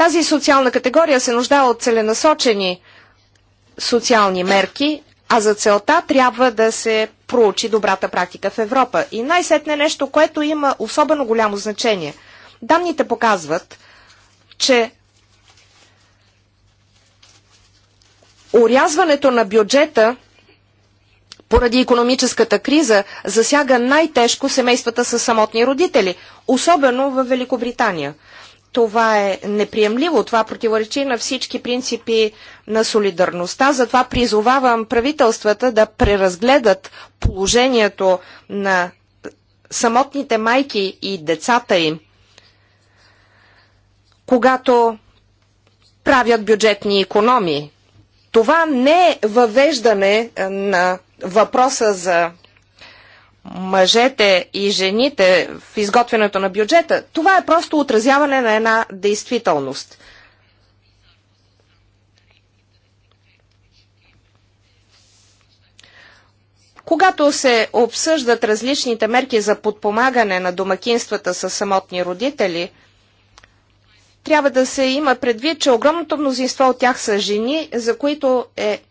Тази социална категория се нуждае от целенасочени социални мерки, а за целта трябва да се проучи добрата практика в Европа. И най-сетне нещо, което има особено голямо значение. Данните показват, че урязването на бюджета поради економическата криза засяга най-тежко семействата с самотни родители, особено в Великобритания. Това е неприемливо, това противоречи на всички принципи на солидарността, затова призовавам правителствата да преразгледат положението на самотните майки и децата им, когато правят бюджетни економии. Това не е въвеждане на въпроса за мъжете и жените в изготвянето на бюджета, това е просто отразяване на една действителност. Когато се обсъждат различните мерки за подпомагане на домакинствата с самотни родители, трябва да се има предвид, че огромното мнозинство от тях са жени, за които е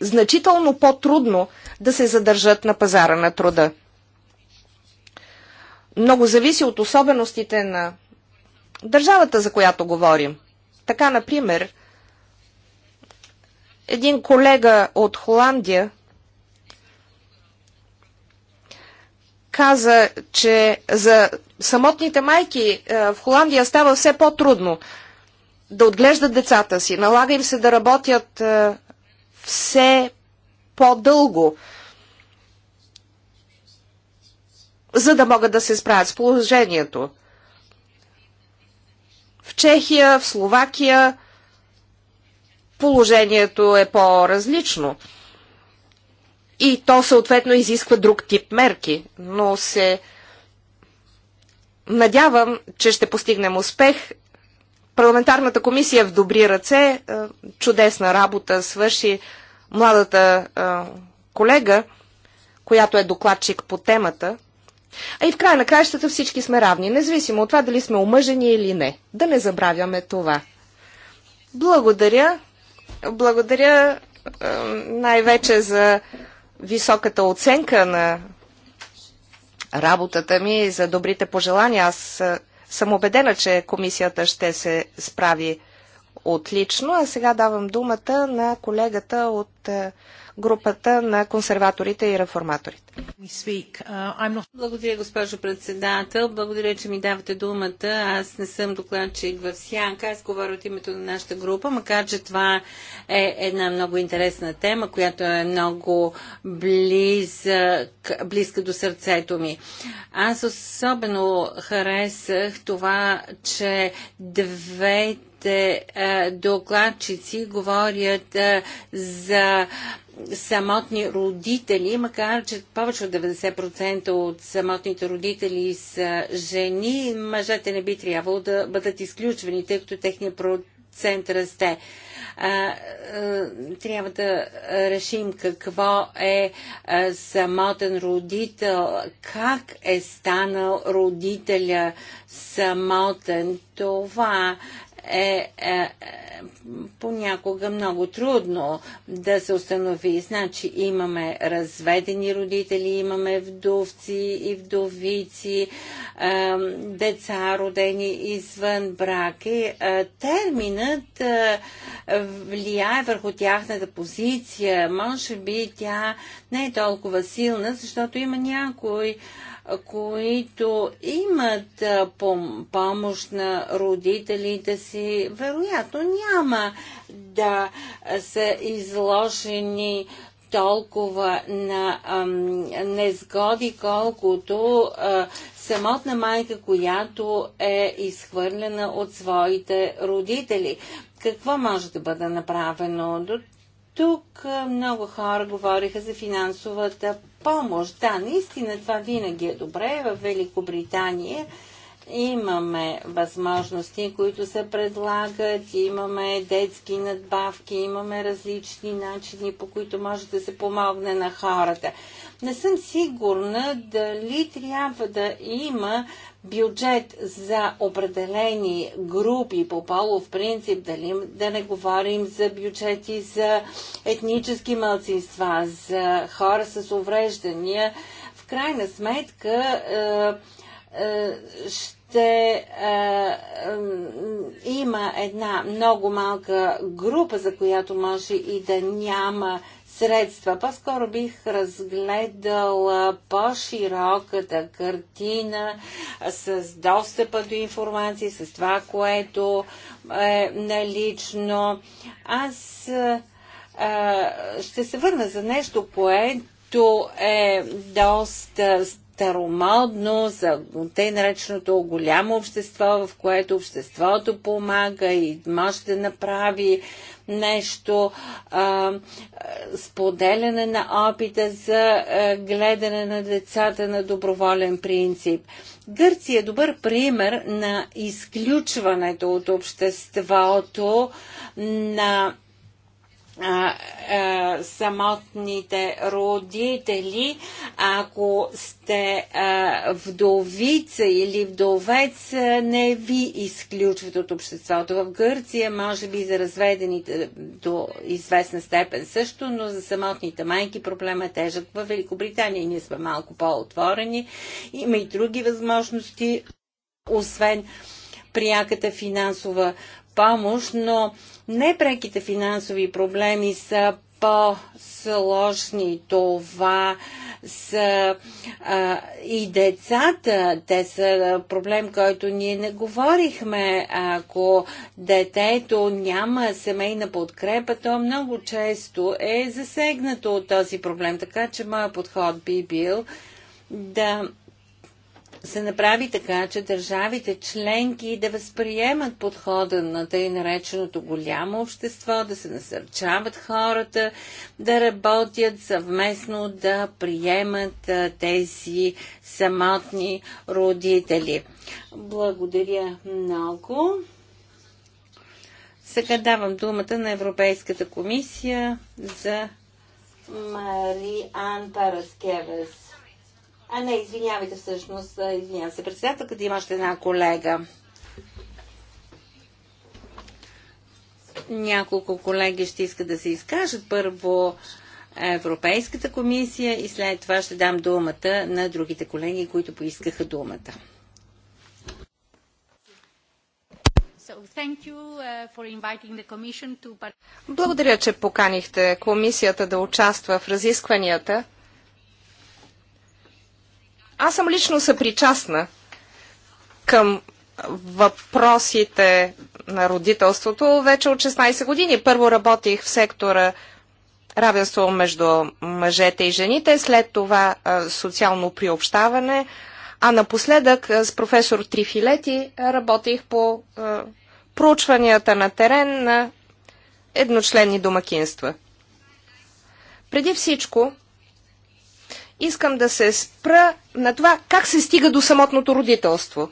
значително по-трудно да се задържат на пазара на труда много зависи от особеностите на държавата, за която говорим. Така, например, един колега от Холандия каза, че за самотните майки е, в Холандия става все по-трудно да отглеждат децата си. Налага им се да работят е, все по-дълго. за да могат да се справят с положението. В Чехия, в Словакия положението е по-различно. И то съответно изисква друг тип мерки, но се надявам, че ще постигнем успех. Парламентарната комисия в добри ръце, е, чудесна работа свърши младата е, колега, която е докладчик по темата. А и в края на краищата всички сме равни, независимо от това дали сме омъжени или не. Да не забравяме това. Благодаря. Благодаря най-вече за високата оценка на работата ми и за добрите пожелания. Аз съм убедена, че комисията ще се справи Отлично, а сега давам думата на колегата от е, групата на консерваторите и реформаторите. Uh, Благодаря, госпожо председател. Благодаря, че ми давате думата. Аз не съм докладчик в Сянка. Аз говоря от името на нашата група, макар че това е една много интересна тема, която е много близък, е, близка до сърцето ми. Аз особено харесах това, че двете другите е, докладчици говорят е, за самотни родители, макар че повече от 90% от самотните родители са жени, мъжете не би трябвало да бъдат изключвани, тъй като техният процент расте. Е, трябва да решим какво е самотен родител, как е станал родителя самотен. Това е, е понякога много трудно да се установи. Значи имаме разведени родители, имаме вдовци и вдовици, е, деца родени извън браки. Е, терминът е, влияе върху тяхната позиция. Може би тя не е толкова силна, защото има Е, които имат помощ на родителите си, вероятно няма да са изложени толкова на незгоди, колкото самотна майка, която е изхвърлена от своите родители. Какво може да бъде направено? До тук много хора говориха за финансовата помощ. Да, наистина това винаги е добре. В Великобритания Имаме възможности, които се предлагат, имаме детски надбавки, имаме различни начини, по които може да се помогне на хората. Не съм сигурна дали трябва да има бюджет за определени групи по полов принцип, дали да не говорим за бюджети за етнически мълцинства, за хора с увреждания, в крайна сметка е, е, ще ще е, е, има една много малка група, за която може и да няма средства. По-скоро бих разгледала по-широката картина с достъпа до информация, с това, което е налично. Аз е, е ще се върна за нещо, което е доста старомодно, за те нареченото голямо общество, в което обществото помага и може да направи нещо, а, споделяне на опита за а, гледане на децата на доброволен принцип. Гърция е добър пример на изключването от обществото на самотните родители, ако сте вдовица или вдовец, не ви изключват от обществото. В Гърция, може би за разведените до известна степен също, но за самотните майки проблема е тежък. В Великобритания ние сме малко по-отворени. Има и други възможности, освен пряката финансова помощ, но непреките финансови проблеми са по-сложни. Това са а, и децата. Те са проблем, който ние не говорихме. Ако детето няма семейна подкрепа, то много често е засегнато от този проблем. Така че моят подход би бил да се направи така, че държавите членки да възприемат подхода на тъй нареченото голямо общество, да се насърчават хората, да работят съвместно, да приемат тези самотни родители. Благодаря много. Сега давам думата на Европейската комисия за Мари Ан Параскевес. А не, извинявайте всъщност, извинявам се, председател, къде има още една колега. Няколко колеги ще искат да се изкажат. Първо Европейската комисия и след това ще дам думата на другите колеги, които поискаха думата. Uh, Благодаря, че поканихте комисията да участва в разискванията. Аз съм лично съпричастна към въпросите на родителството вече от 16 години. Първо работих в сектора равенство между мъжете и жените, след това социално приобщаване, а напоследък с професор Трифилети работих по проучванията на терен на едночленни домакинства. Преди всичко, искам да се спра на това как се стига до самотното родителство.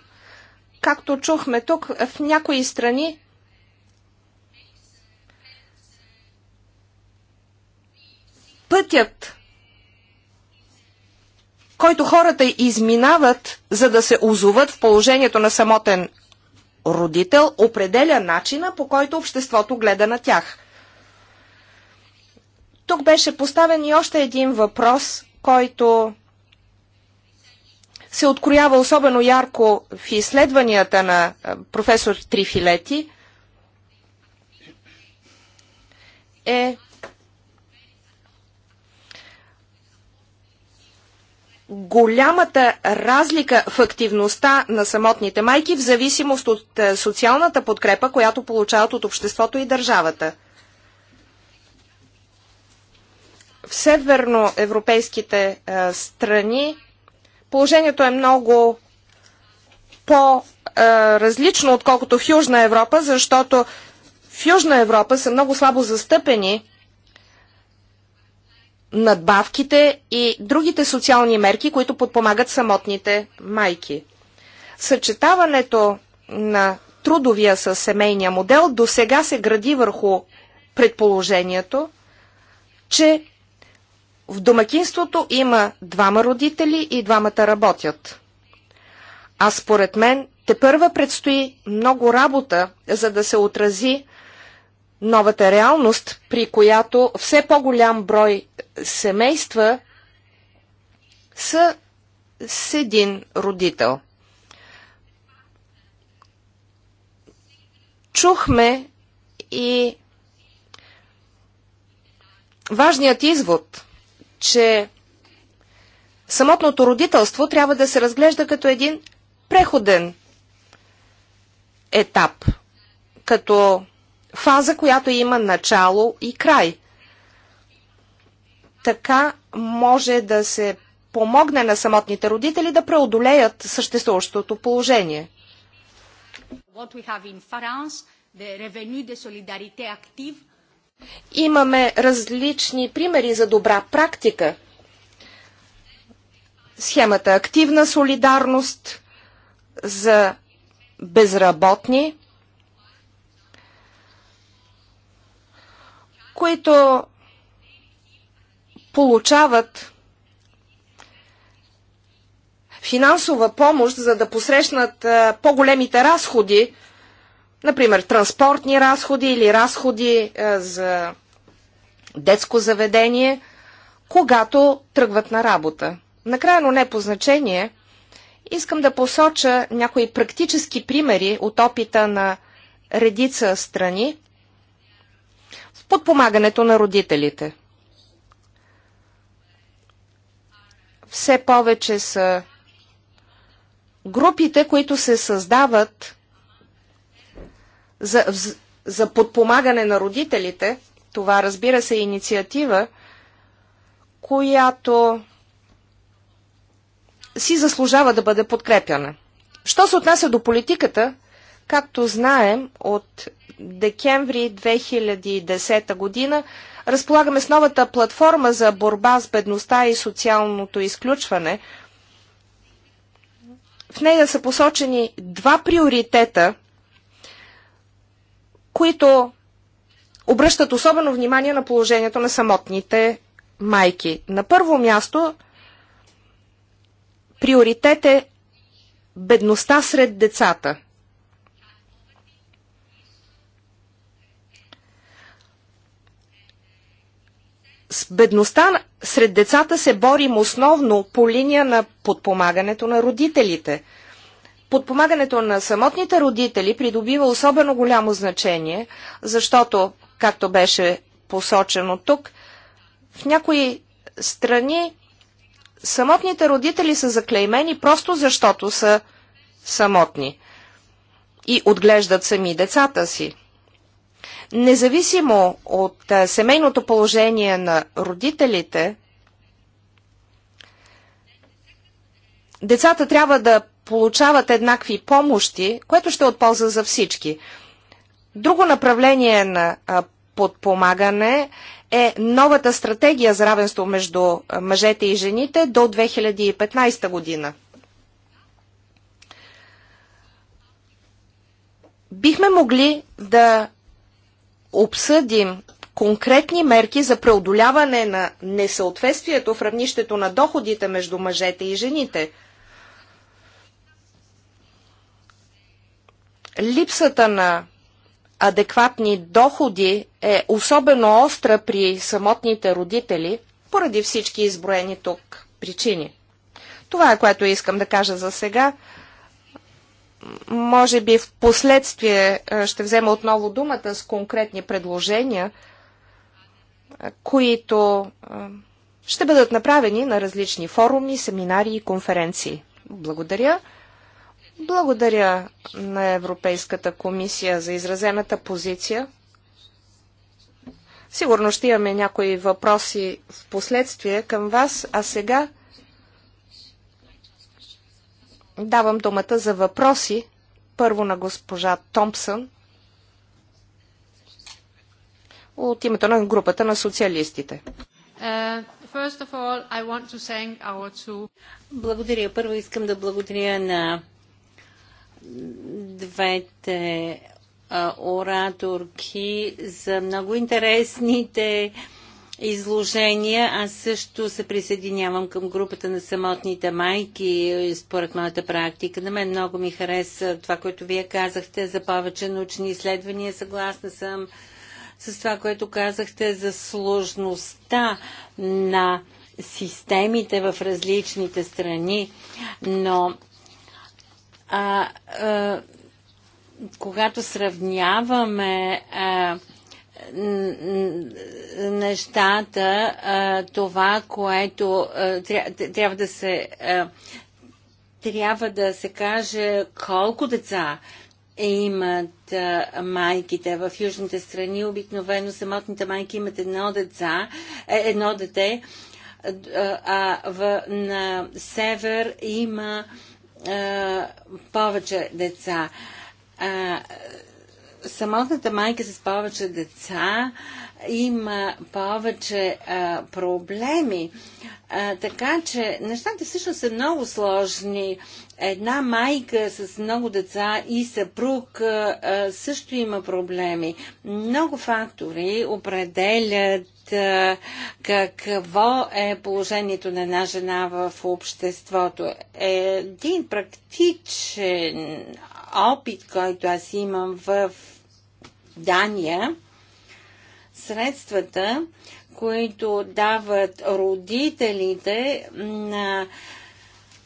Както чухме тук, в някои страни пътят, който хората изминават, за да се озоват в положението на самотен родител, определя начина по който обществото гледа на тях. Тук беше поставен и още един въпрос който се откроява особено ярко в изследванията на професор Трифилети, е голямата разлика в активността на самотните майки в зависимост от социалната подкрепа, която получават от обществото и държавата – в северноевропейските е, страни положението е много по-различно, е, отколкото в Южна Европа, защото в Южна Европа са много слабо застъпени надбавките и другите социални мерки, които подпомагат самотните майки. Съчетаването на трудовия с семейния модел до сега се гради върху предположението, че в домакинството има двама родители и двамата работят. А според мен те първа предстои много работа, за да се отрази новата реалност, при която все по-голям брой семейства са с един родител. Чухме и важният извод – че самотното родителство трябва да се разглежда като един преходен етап, като фаза, която има начало и край. Така може да се помогне на самотните родители да преодолеят съществуващото положение. What we have in France, the revenu de solidarité active, Имаме различни примери за добра практика. Схемата активна солидарност за безработни, които получават финансова помощ, за да посрещнат по-големите разходи Например, транспортни разходи или разходи е, за детско заведение, когато тръгват на работа. Накрая, но не по значение, искам да посоча някои практически примери от опита на редица страни в подпомагането на родителите. Все повече са групите, които се създават за, за подпомагане на родителите. Това, разбира се, е инициатива, която си заслужава да бъде подкрепяна. Що се отнася до политиката, както знаем, от декември 2010 година разполагаме с новата платформа за борба с бедността и социалното изключване. В нея са посочени два приоритета – които обръщат особено внимание на положението на самотните майки. На първо място, приоритет е бедността сред децата. С бедността сред децата се борим основно по линия на подпомагането на родителите – Подпомагането на самотните родители придобива особено голямо значение, защото, както беше посочено тук, в някои страни самотните родители са заклеймени просто защото са самотни и отглеждат сами децата си. Независимо от семейното положение на родителите, децата трябва да получават еднакви помощи, което ще е от полза за всички. Друго направление на подпомагане е новата стратегия за равенство между мъжете и жените до 2015 година. Бихме могли да обсъдим конкретни мерки за преодоляване на несъответствието в равнището на доходите между мъжете и жените – Липсата на адекватни доходи е особено остра при самотните родители, поради всички изброени тук причини. Това е което искам да кажа за сега. Може би в последствие е, ще взема отново думата с конкретни предложения, е, които е, ще бъдат направени на различни форуми, семинари и конференции. Благодаря. Благодаря на Европейската комисия за изразената позиция. Сигурно ще имаме някои въпроси в последствие към вас, а сега давам думата за въпроси. Първо на госпожа Томпсън от името на групата на социалистите. Uh, all, two... Благодаря. Първо искам да благодаря на двете а, ораторки за много интересните изложения. Аз също се присъединявам към групата на самотните майки, според моята практика. На мен много ми хареса това, което вие казахте за повече научни изследвания. Съгласна съм с това, което казахте за сложността на системите в различните страни, но а, а, когато сравняваме а, нещата, а, това, което а, трябва да се а, трябва да се каже колко деца имат майките. В южните страни обикновено самотните майки имат едно деца, е, едно дете, а в, на север има повече деца. Самотната майка с повече деца има повече а, проблеми. А, така че нещата всъщност са много сложни. Една майка с много деца и съпруг а, също има проблеми. Много фактори определят е, какво е положението на една жена в обществото. Един практичен опит, който аз имам в Дания, средствата, които дават родителите на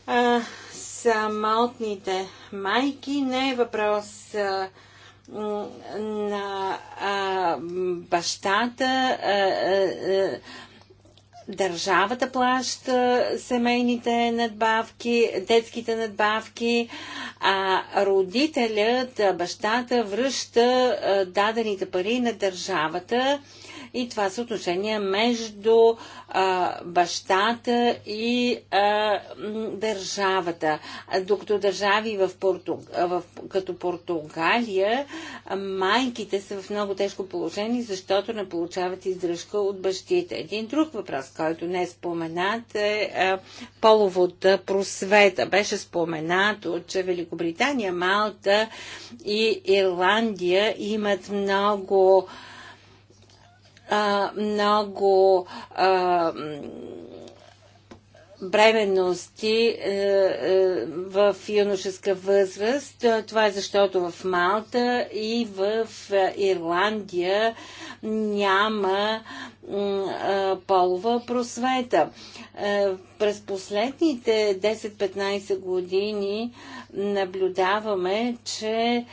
а, самотните майки, не е въпрос а, на а, бащата. А, а, държавата плаща семейните надбавки, детските надбавки, а родителят, бащата връща дадените пари на държавата и това са отношения между а, бащата и а, държавата. Докато държави в Порту... в... като Португалия, майките са в много тежко положение, защото не получават издръжка от бащите. Един друг въпрос, който не е споменат е а, половата просвета. Беше споменато, че Великобритания, Малта и Ирландия имат много а, много а, бременности е, е, в юношеска възраст. Е, това е защото в Малта и в Ирландия няма полова просвета. През последните 10-15 години наблюдаваме, че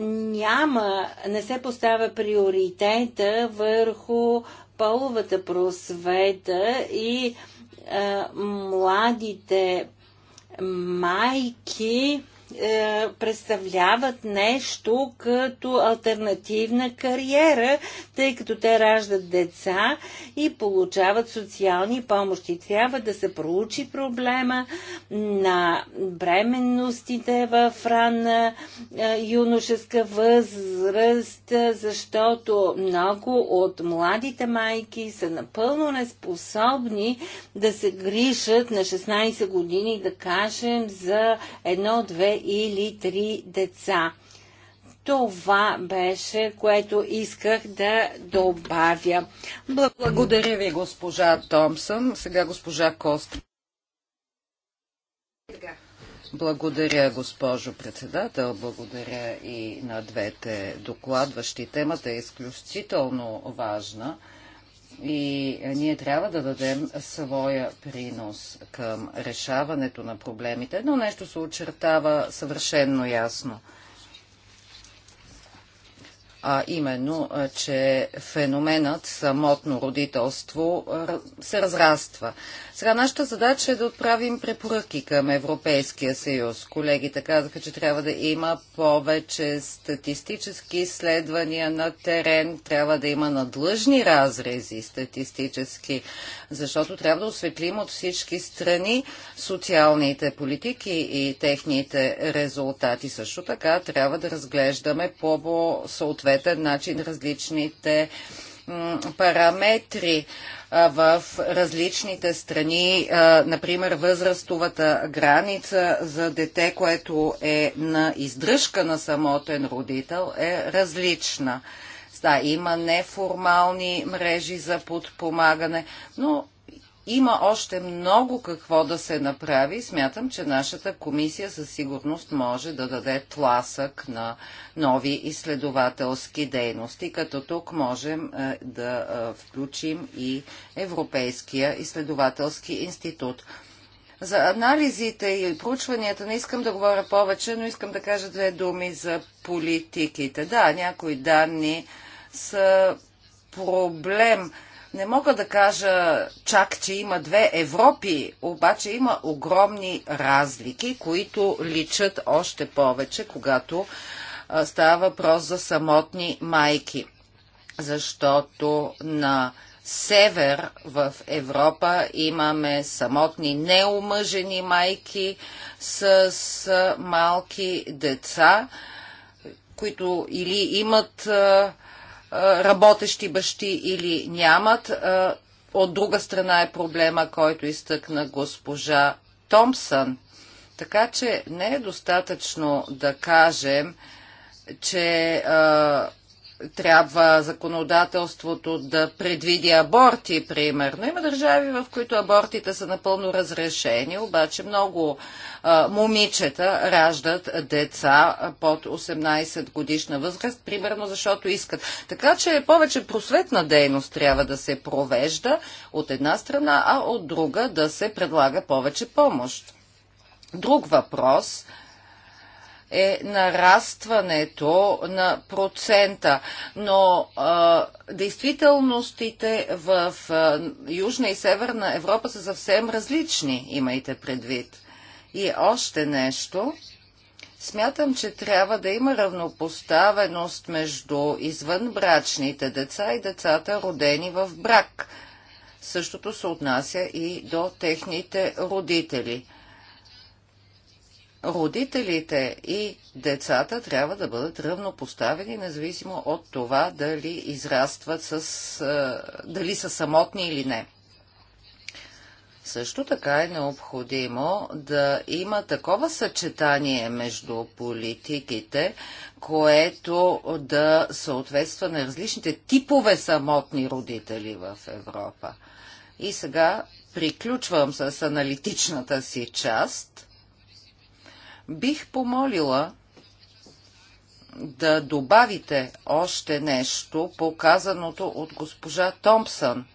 няма, не се поставя приоритета върху половата просвета и а, младите майки е, представляват нещо като альтернативна кариера, тъй като те раждат деца и получават социални помощи. Трябва да се проучи проблема на бременностите в ранна е, юношеска възраст, защото много от младите майки са напълно неспособни да се грижат на 16 години, да кажем, за едно, две или три деца. Това беше, което исках да добавя. Благодаря ви, госпожа Томсън. Сега госпожа Кост. Благодаря, госпожо председател. Благодаря и на двете докладващи. Темата е изключително важна. И е, ние трябва да дадем своя принос към решаването на проблемите. Едно нещо се очертава съвършенно ясно – а именно, че феноменът самотно родителство се разраства. Сега нашата задача е да отправим препоръки към Европейския съюз. Колегите казаха, че трябва да има повече статистически изследвания на терен, трябва да има надлъжни разрези статистически, защото трябва да осветлим от всички страни социалните политики и техните резултати. Също така трябва да разглеждаме по съответно съответен начин различните параметри в различните страни, например възрастовата граница за дете, което е на издръжка на самотен родител, е различна. Да, има неформални мрежи за подпомагане, но има още много какво да се направи. Смятам, че нашата комисия със сигурност може да даде тласък на нови изследователски дейности, като тук можем е, да е, включим и Европейския изследователски институт. За анализите и проучванията не искам да говоря повече, но искам да кажа две думи за политиките. Да, някои данни са проблем не мога да кажа чак, че има две Европи, обаче има огромни разлики, които личат още повече, когато става въпрос за самотни майки. Защото на север в Европа имаме самотни неумъжени майки с малки деца, които или имат работещи бащи или нямат. От друга страна е проблема, който изтъкна госпожа Томпсън. Така че не е достатъчно да кажем, че а, трябва законодателството да предвиди аборти, примерно. Има държави, в които абортите са напълно разрешени, обаче много а, момичета раждат деца под 18 годишна възраст, примерно защото искат. Така че повече просветна дейност трябва да се провежда от една страна, а от друга да се предлага повече помощ. Друг въпрос – е нарастването на процента, но а, действителностите в а, Южна и Северна Европа са съвсем различни, имайте предвид. И още нещо. Смятам, че трябва да има равнопоставеност между извънбрачните деца и децата родени в брак. Същото се отнася и до техните родители родителите и децата трябва да бъдат равнопоставени, независимо от това дали израстват с, дали са самотни или не. Също така е необходимо да има такова съчетание между политиките, което да съответства на различните типове самотни родители в Европа. И сега приключвам с аналитичната си част – Бих помолила да добавите още нещо по казаното от госпожа Томпсън.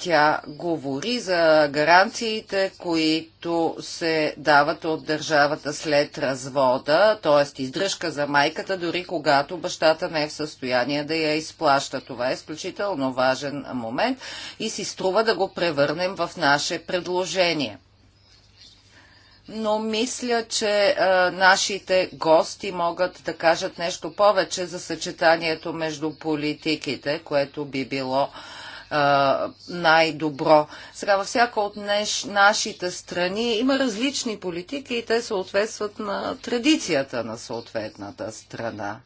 Тя говори за гаранциите, които се дават от държавата след развода, т.е. издръжка за майката, дори когато бащата не е в състояние да я изплаща. Това е изключително важен момент и си струва да го превърнем в наше предложение но мисля, че а, нашите гости могат да кажат нещо повече за съчетанието между политиките, което би било най-добро. Сега във всяка от днеш, нашите страни има различни политики и те съответстват на традицията на съответната страна.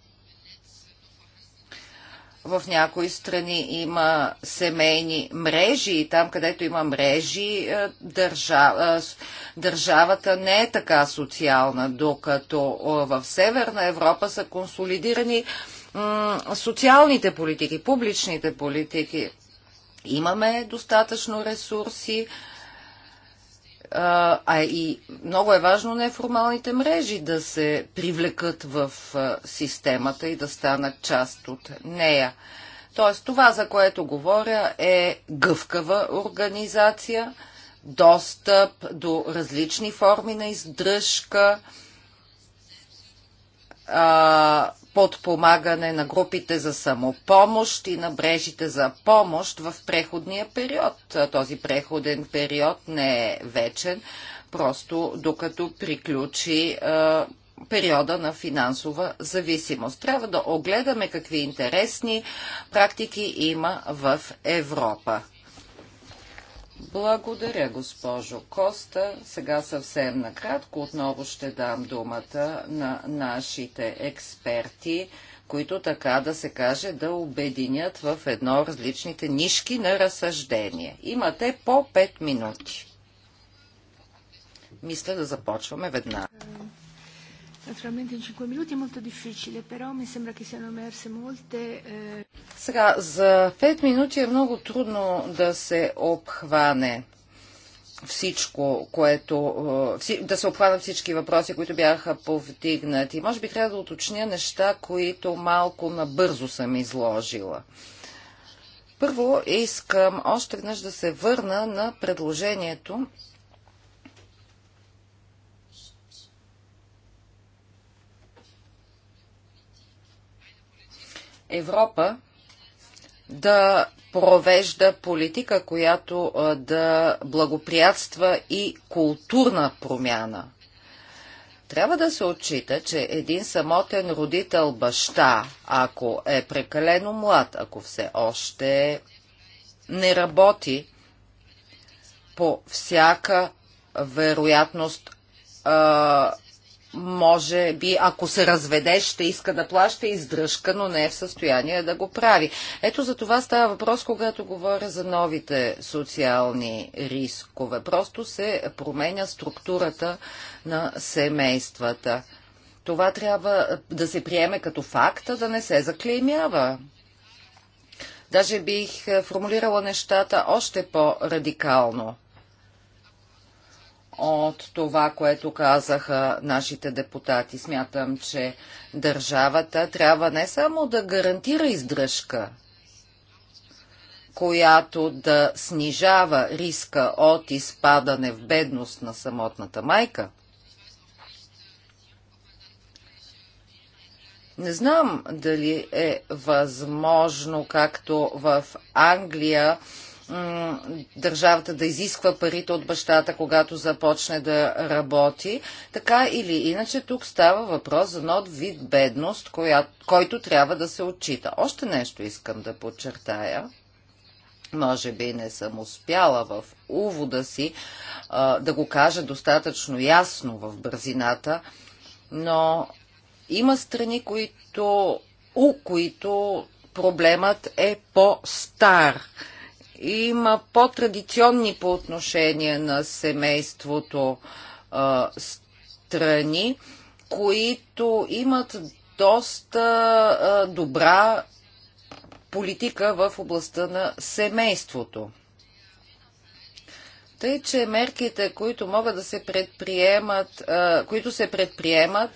В някои страни има семейни мрежи и там, където има мрежи, е, държава, е, държавата не е така социална, докато е, в Северна Европа са консолидирани социалните политики, публичните политики. Имаме достатъчно ресурси, а и много е важно неформалните мрежи да се привлекат в системата и да станат част от нея. Тоест, това, за което говоря, е гъвкава организация, достъп до различни форми на издръжка, а, подпомагане на групите за самопомощ и на брежите за помощ в преходния период. Този преходен период не е вечен, просто докато приключи е, периода на финансова зависимост. Трябва да огледаме какви интересни практики има в Европа. Благодаря, госпожо Коста. Сега съвсем накратко отново ще дам думата на нашите експерти, които така да се каже да обединят в едно различните нишки на разсъждение. Имате по 5 минути. Мисля да започваме веднага. Naturalmente in 5 minuti è molto difficile, però mi sembra che siano emerse molte... Eh, Сега, за 5 минути е много трудно да се обхване всичко, което... Е, да се обхванат всички въпроси, които бяха повдигнати. Може би трябва да уточня неща, които малко набързо съм изложила. Първо искам още веднъж да се върна на предложението Европа да провежда политика, която да благоприятства и културна промяна. Трябва да се отчита, че един самотен родител баща, ако е прекалено млад, ако все още не работи, по всяка вероятност а, може би, ако се разведе, ще иска да плаща издръжка, но не е в състояние да го прави. Ето за това става въпрос, когато говоря за новите социални рискове. Просто се променя структурата на семействата. Това трябва да се приеме като факта, да не се заклеймява. Даже бих е, формулирала нещата още по-радикално от това, което казаха нашите депутати. Смятам, че държавата трябва не само да гарантира издръжка, която да снижава риска от изпадане в бедност на самотната майка. Не знам дали е възможно, както в Англия, държавата да изисква парите от бащата, когато започне да работи. Така или иначе, тук става въпрос за нов вид бедност, коя, който трябва да се отчита. Още нещо искам да подчертая може би не съм успяла в увода си а, да го кажа достатъчно ясно в бързината, но има страни, които, у които проблемът е по-стар има по-традиционни по отношение на семейството а, страни, които имат доста а, добра политика в областта на семейството. Тъй, е, че мерките, които могат да се предприемат, които се предприемат,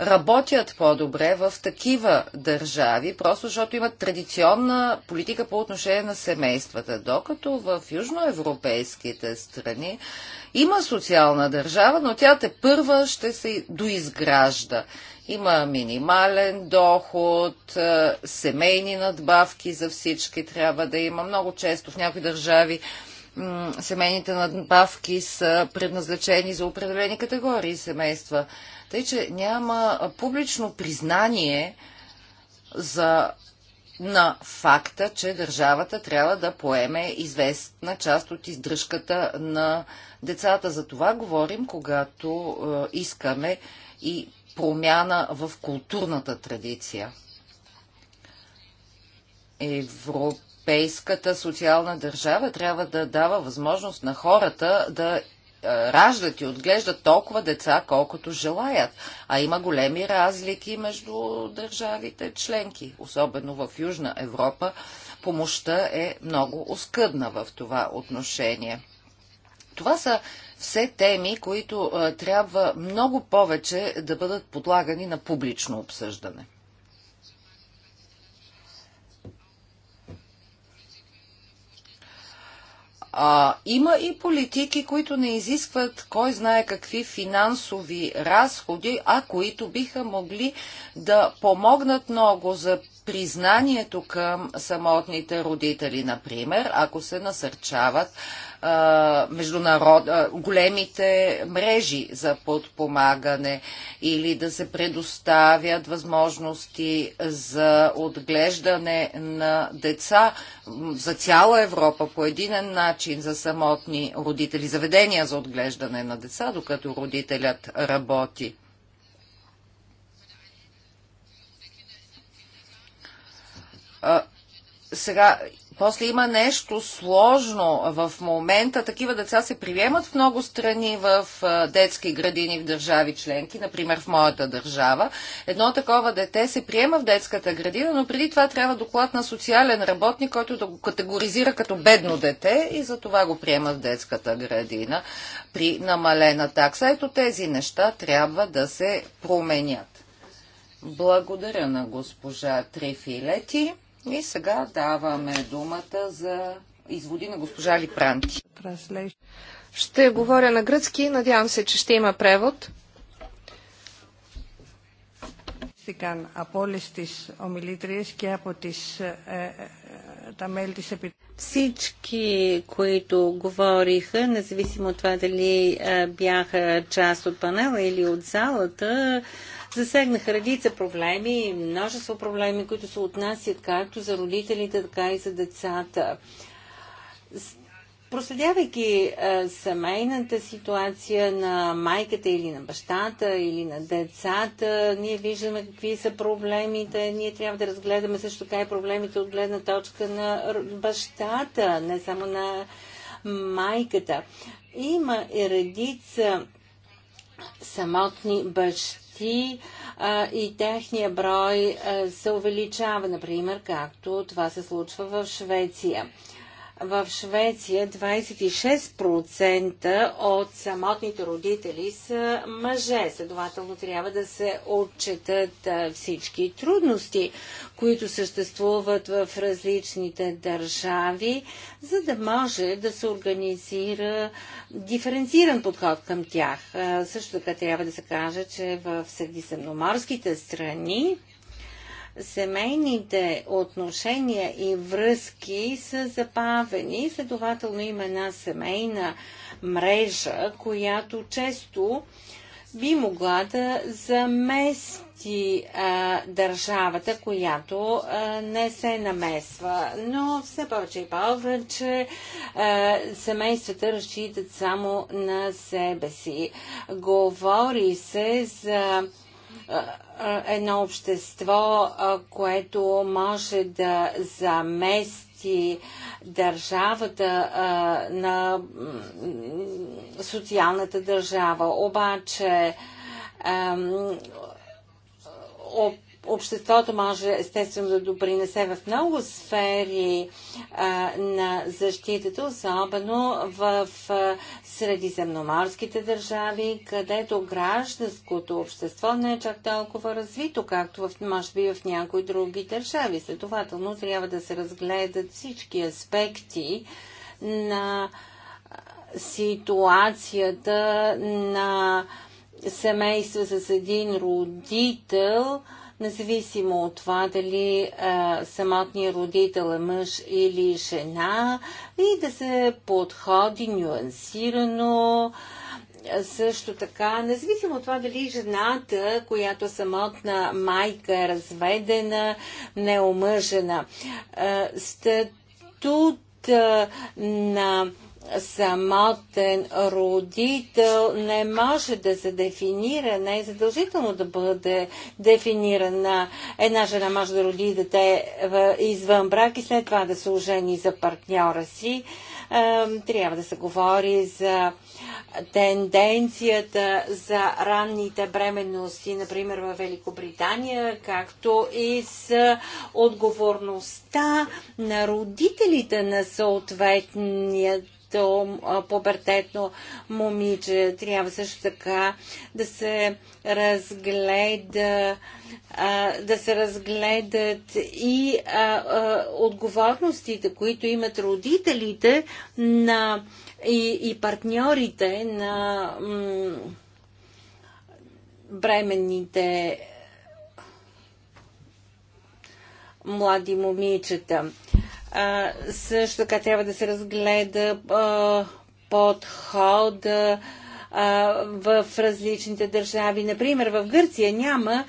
работят по-добре в такива държави, просто защото имат традиционна политика по отношение на семействата. Докато в южноевропейските страни има социална държава, но тя те първа ще се доизгражда. Има минимален доход, семейни надбавки за всички трябва да има. Много често в някои държави семейните надбавки са предназначени за определени категории семейства. Тъй, че няма публично признание за на факта, че държавата трябва да поеме известна част от издръжката на децата. За това говорим, когато е, искаме и промяна в културната традиция. Европа европейската социална държава трябва да дава възможност на хората да е, раждат и отглеждат толкова деца, колкото желаят. А има големи разлики между държавите членки. Особено в Южна Европа помощта е много оскъдна в това отношение. Това са все теми, които е, трябва много повече да бъдат подлагани на публично обсъждане. А, има и политики, които не изискват кой знае какви финансови разходи, а които биха могли да помогнат много за признанието към самотните родители, например, ако се насърчават международ, големите мрежи за подпомагане или да се предоставят възможности за отглеждане на деца за цяла Европа по един начин за самотни родители, заведения за отглеждане на деца, докато родителят работи. сега, после има нещо сложно в момента. Такива деца се приемат в много страни в детски градини в държави членки, например в моята държава. Едно такова дете се приема в детската градина, но преди това трябва доклад на социален работник, който да го категоризира като бедно дете и за това го приема в детската градина при намалена такса. Ето тези неща трябва да се променят. Благодаря на госпожа Трифилети. И сега даваме думата за изводи на госпожа Липранти. Ще говоря на гръцки. Надявам се, че ще има превод. Всички, които говориха, независимо от това дали е, бяха част от панела или от залата, засегнаха редица проблеми множество проблеми, които се отнасят както за родителите, така и за децата. Проследявайки е, семейната ситуация на майката или на бащата или на децата, ние виждаме какви са проблемите. Ние трябва да разгледаме също така и проблемите от гледна точка на бащата, не само на майката. Има и редица самотни бащи дейности а, и техния брой а, се увеличава, например, както това се случва в Швеция в Швеция 26% от самотните родители са мъже. Следователно трябва да се отчетат всички трудности, които съществуват в различните държави, за да може да се организира диференциран подход към тях. Също така трябва да се каже, че в средиземноморските страни семейните отношения и връзки са забавени, следователно има една семейна мрежа, която често би могла да замести а, държавата, която а, не се намесва. Но все повече и повече а, семействата разчитат само на себе си. Говори се за а, едно общество, което може да замести държавата на социалната държава. Обаче обществото може естествено да допринесе в много сфери а, на защитата, особено в а, средиземноморските държави, където гражданското общество не е чак толкова развито, както в, може би в някои други държави. Следователно трябва да се разгледат всички аспекти на ситуацията на семейства с един родител – независимо от това дали а, самотният родител е мъж или жена, и да се подходи нюансирано. Също така, независимо от това дали жената, която самотна майка е разведена, неомъжена, статут на самотен родител не може да се дефинира, не е задължително да бъде дефинирана. Една жена може да роди дете извън брак и след това да се ожени за партньора си. Трябва да се говори за тенденцията за ранните бременности, например в Великобритания, както и с отговорността на родителите на съответният младото пубертетно момиче. Трябва също така да се разгледа да се разгледат и отговорностите, които имат родителите на и, и партньорите на бременните млади момичета. А, също така трябва да се разгледа а, подхода а, в различните държави. Например, в Гърция няма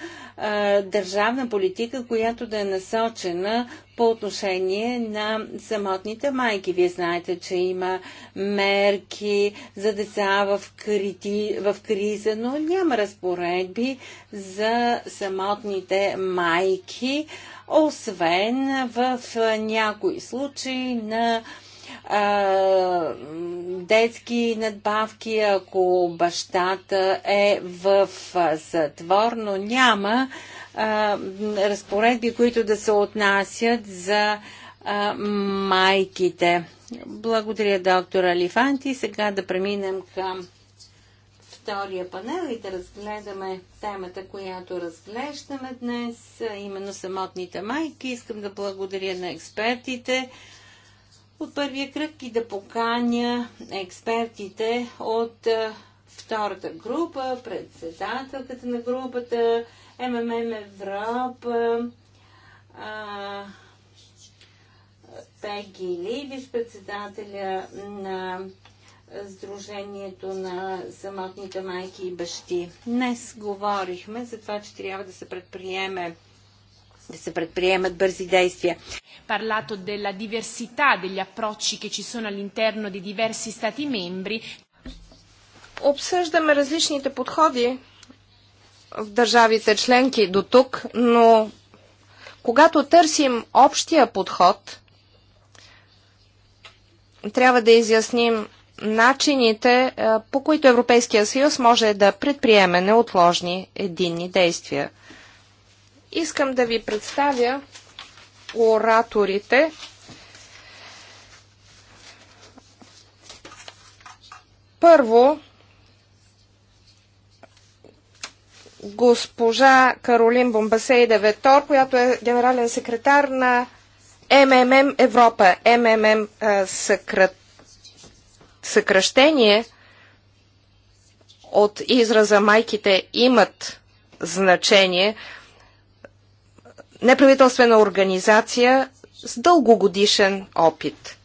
държавна политика, която да е насочена по отношение на самотните майки. Вие знаете, че има мерки за деца в, крити, в криза, но няма разпоредби за самотните майки освен в някои случаи на детски надбавки, ако бащата е в затвор, но няма а, разпоредби, които да се отнасят за а, майките. Благодаря, доктор Алифанти. Сега да преминем към втория панел и да разгледаме темата, която разглеждаме днес, именно самотните майки. Искам да благодаря на експертите от първия кръг и да поканя експертите от втората група, председателката на групата, МММ Европа, Пеги Ливиш, председателя на Сдружението на самотните майки и бащи. Днес говорихме за това, че трябва да се предприеме да се предприемат бързи действия. Parlato della diversità degli approcci che ci sono all'interno di diversi stati membri. Обсъждаме различните подходи в държавите членки до тук, но когато търсим общия подход, трябва да изясним начините, е, по които Европейския съюз може да предприеме неотложни единни действия. Искам да ви представя ораторите, първо госпожа Каролин Бомбасейда Ветор, която е генерален секретар на МММ Европа. МММ е, Съкрат съкръщение от израза майките имат значение. Неправителствена организация с дългогодишен опит.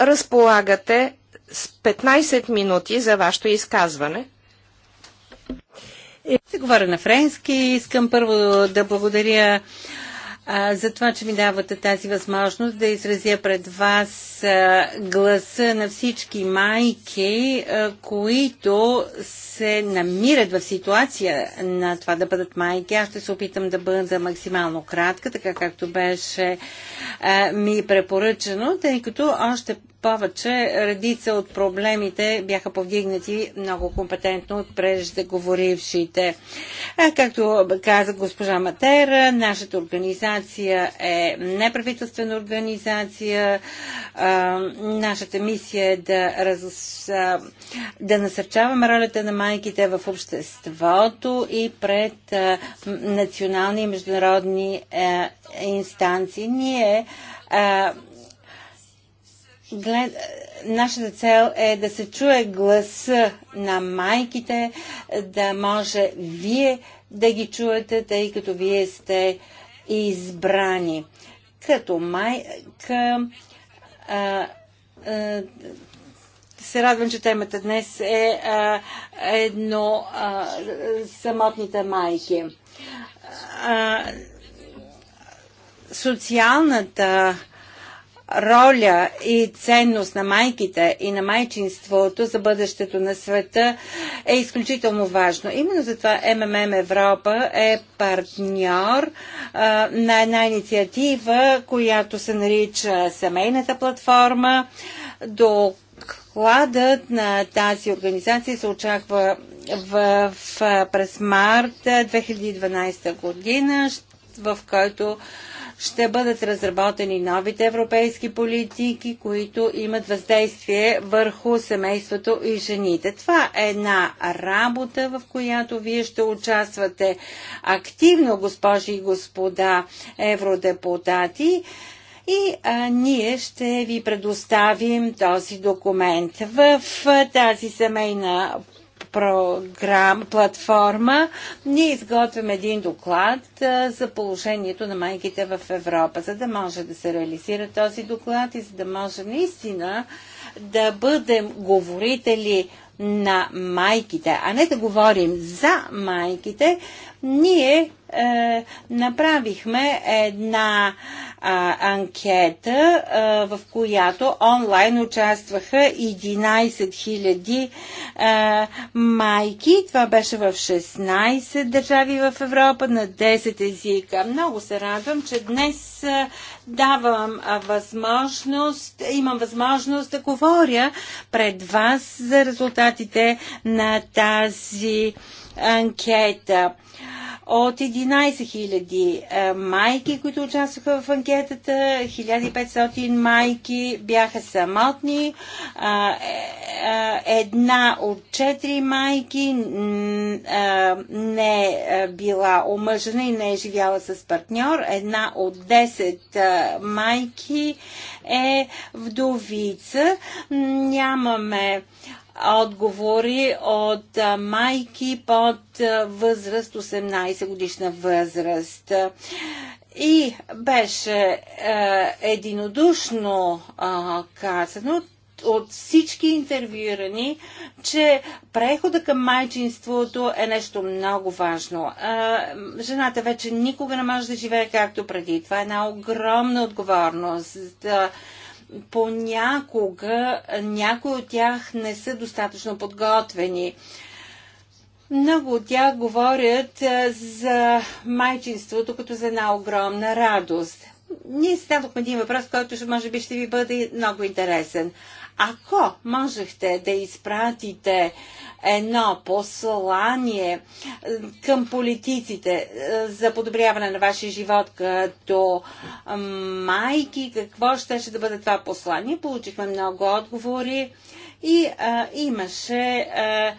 Разполагате с 15 минути за вашето изказване. Ще говоря на френски. Искам първо да благодаря а, за това, че ми давате тази възможност да изразя пред вас а, гласа на всички майки, а, които се намират в ситуация на това да бъдат майки. Аз ще се опитам да бъда максимално кратка, така както беше а, ми препоръчено, тъй като още повече, редица от проблемите бяха повдигнати много компетентно от преждеговорившите. А, както каза госпожа Матера, нашата организация е неправителствена организация. нашата мисия е да, раз, да насърчаваме ролята на майките в обществото и пред национални и международни инстанции. Ние глед... нашата цел е да се чуе гласа на майките, да може вие да ги чуете, тъй като вие сте избрани. Като майка а, а, се радвам, че темата днес е а, едно а, самотните майки. А, социалната роля и ценност на майките и на майчинството за бъдещето на света е изключително важно. Именно затова МММ Европа е партньор а, на една инициатива, която се нарича Семейната платформа. До Докладът на тази организация се очаква в, в, през март 2012 година, в който ще бъдат разработени новите европейски политики, които имат въздействие върху семейството и жените. Това е една работа, в която вие ще участвате активно, госпожи и господа евродепутати. И а, ние ще ви предоставим този документ. В тази семейна програм, платформа, ние изготвяме един доклад за положението на майките в Европа, за да може да се реализира този доклад и за да може наистина да бъдем говорители на майките, а не да говорим за майките, ние е, направихме една е, а, анкета, а, в която онлайн участваха 11 000 а, майки. Това беше в 16 държави в Европа на 10 езика. Много се радвам, че днес давам възможност, имам възможност да говоря пред вас за резултатите на тази анкета от 11 000 е, майки, които участваха в анкетата. 1500 майки бяха самотни. Е, е, една от 4 майки не е била омъжена и не е живяла с партньор. Една от 10 майки е вдовица. Нямаме отговори от майки под възраст 18 годишна възраст. И беше е, единодушно е, казано от всички интервюирани, че прехода към майчинството е нещо много важно. Е, жената вече никога не може да живее както преди. Това е една огромна отговорност. Да, е, понякога някои от тях не са достатъчно подготвени. Много от тях говорят за майчинството като за една огромна радост. Ние зададохме един въпрос, който може би ще ви бъде много интересен. Ако можехте да изпратите едно послание е, към политиците е, за подобряване на вашия живот като е, майки, какво ще, ще да бъде това послание? Получихме много отговори и а, имаше а,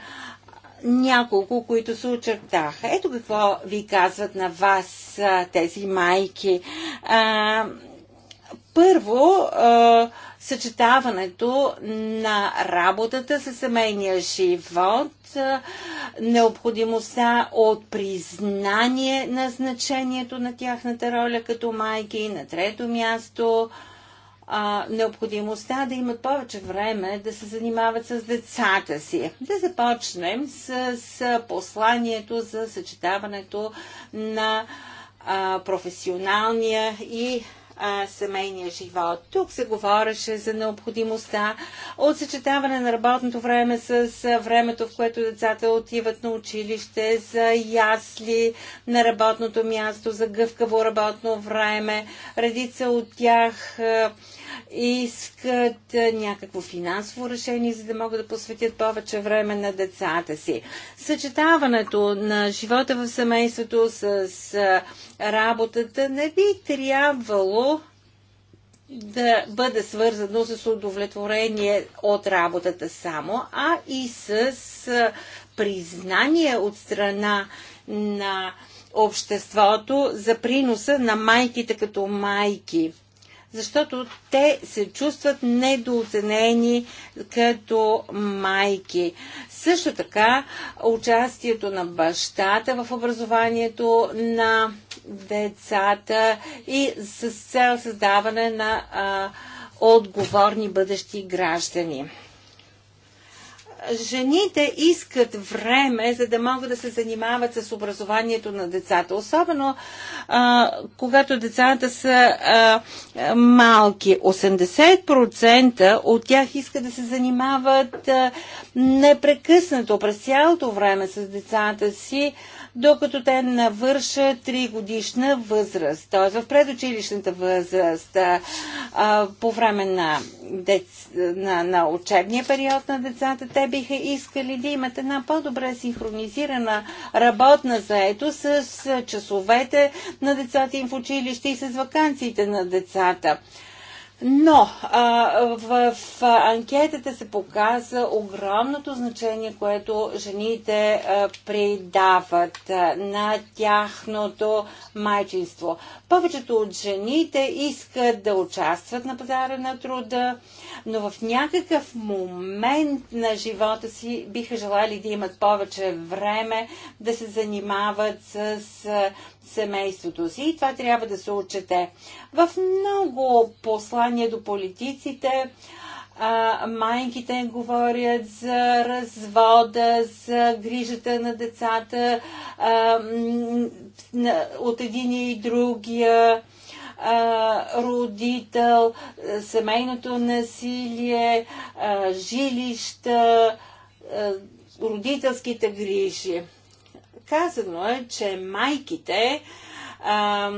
няколко, които се очертаха. Ето какво ви казват на вас а, тези майки. А, първо, а, съчетаването на работата с семейния живот, необходимостта от признание на значението на тяхната роля като майки, на трето място необходимостта да имат повече време да се занимават с децата си. Да започнем с, с посланието за съчетаването на а, професионалния и а, семейния живот. Тук се говореше за необходимостта от съчетаване на работното време с времето, в което децата отиват на училище, за ясли на работното място, за гъвкаво работно време. Редица от тях а, искат е, някакво финансово решение, за да могат да посветят повече време на децата си. Съчетаването на живота в семейството с, работата не би трябвало да бъде свързано с удовлетворение от работата само, а и с е, признание от страна на обществото за приноса на майките като майки защото те се чувстват недооценени като майки. Също така, участието на бащата в образованието на децата и с цел създаване на а, отговорни бъдещи граждани жените искат време, за да могат да се занимават с образованието на децата. Особено а, когато децата са а, малки. 80% от тях искат да се занимават а, непрекъснато през цялото време с децата си докато те навърша 3 годишна възраст, т.е. в предучилищната възраст, по време на, дец... на, на учебния период на децата, те биха искали да имат една по-добре синхронизирана работна заето с часовете на децата им в училище и с вакансиите на децата. Но а, в, в анкетата се показа огромното значение, което жените а, придават а, на тяхното майчинство. Повечето от жените искат да участват на пазара на труда, но в някакъв момент на живота си биха желали да имат повече време да се занимават с. А, семейството си и това трябва да се отчете. В много послания до политиците а, майките говорят за развода, за грижата на децата а, от един и другия родител, семейното насилие, жилища, родителските грижи. Казано е, че майките, а,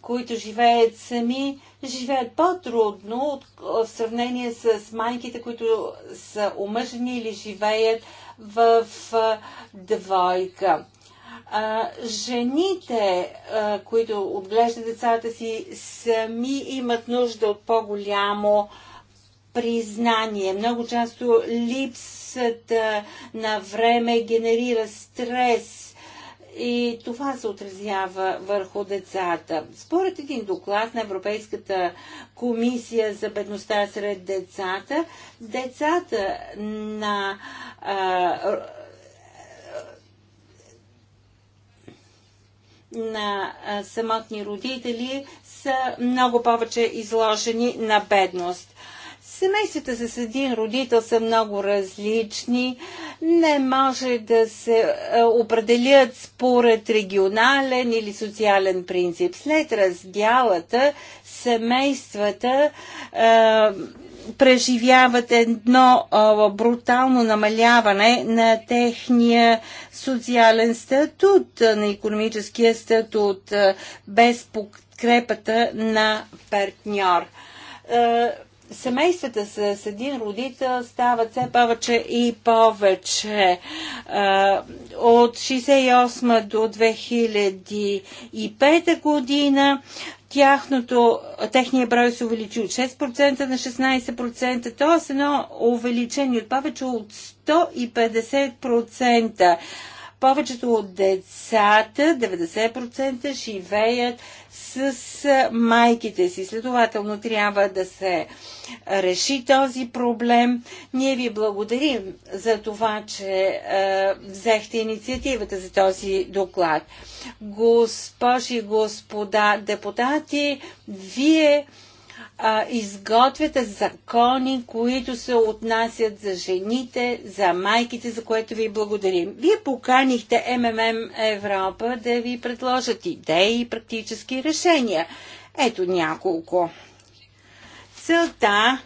които живеят сами, живеят по-трудно в сравнение с майките, които са омъжени или живеят в двойка. А, жените, а, които отглеждат децата си, сами имат нужда от по-голямо а, признание. Много често липсата на време генерира стрес и това се отразява върху децата. Според един доклад на Европейската комисия за бедността сред децата, децата на на самотни родители са много повече изложени на бедност. Семействата с един родител са много различни. Не може да се е, определят според регионален или социален принцип. След раздялата семействата е, преживяват едно е, брутално намаляване на техния социален статут, на економическия статут, без подкрепата на партньор семействата с един родител стават все повече и повече. От 1968 до 2005 година тяхното, техния брой се увеличи от 6% на 16%, т.е. едно увеличение от повече от 150%. Повечето от децата, 90%, живеят с майките си. Следователно трябва да се реши този проблем. Ние ви благодарим за това, че е, взехте инициативата за този доклад. Госпожи и господа депутати, вие а, изготвяте закони, които се отнасят за жените, за майките, за което ви благодарим. Вие поканихте МММ Европа да ви предложат идеи и практически решения. Ето няколко. Целта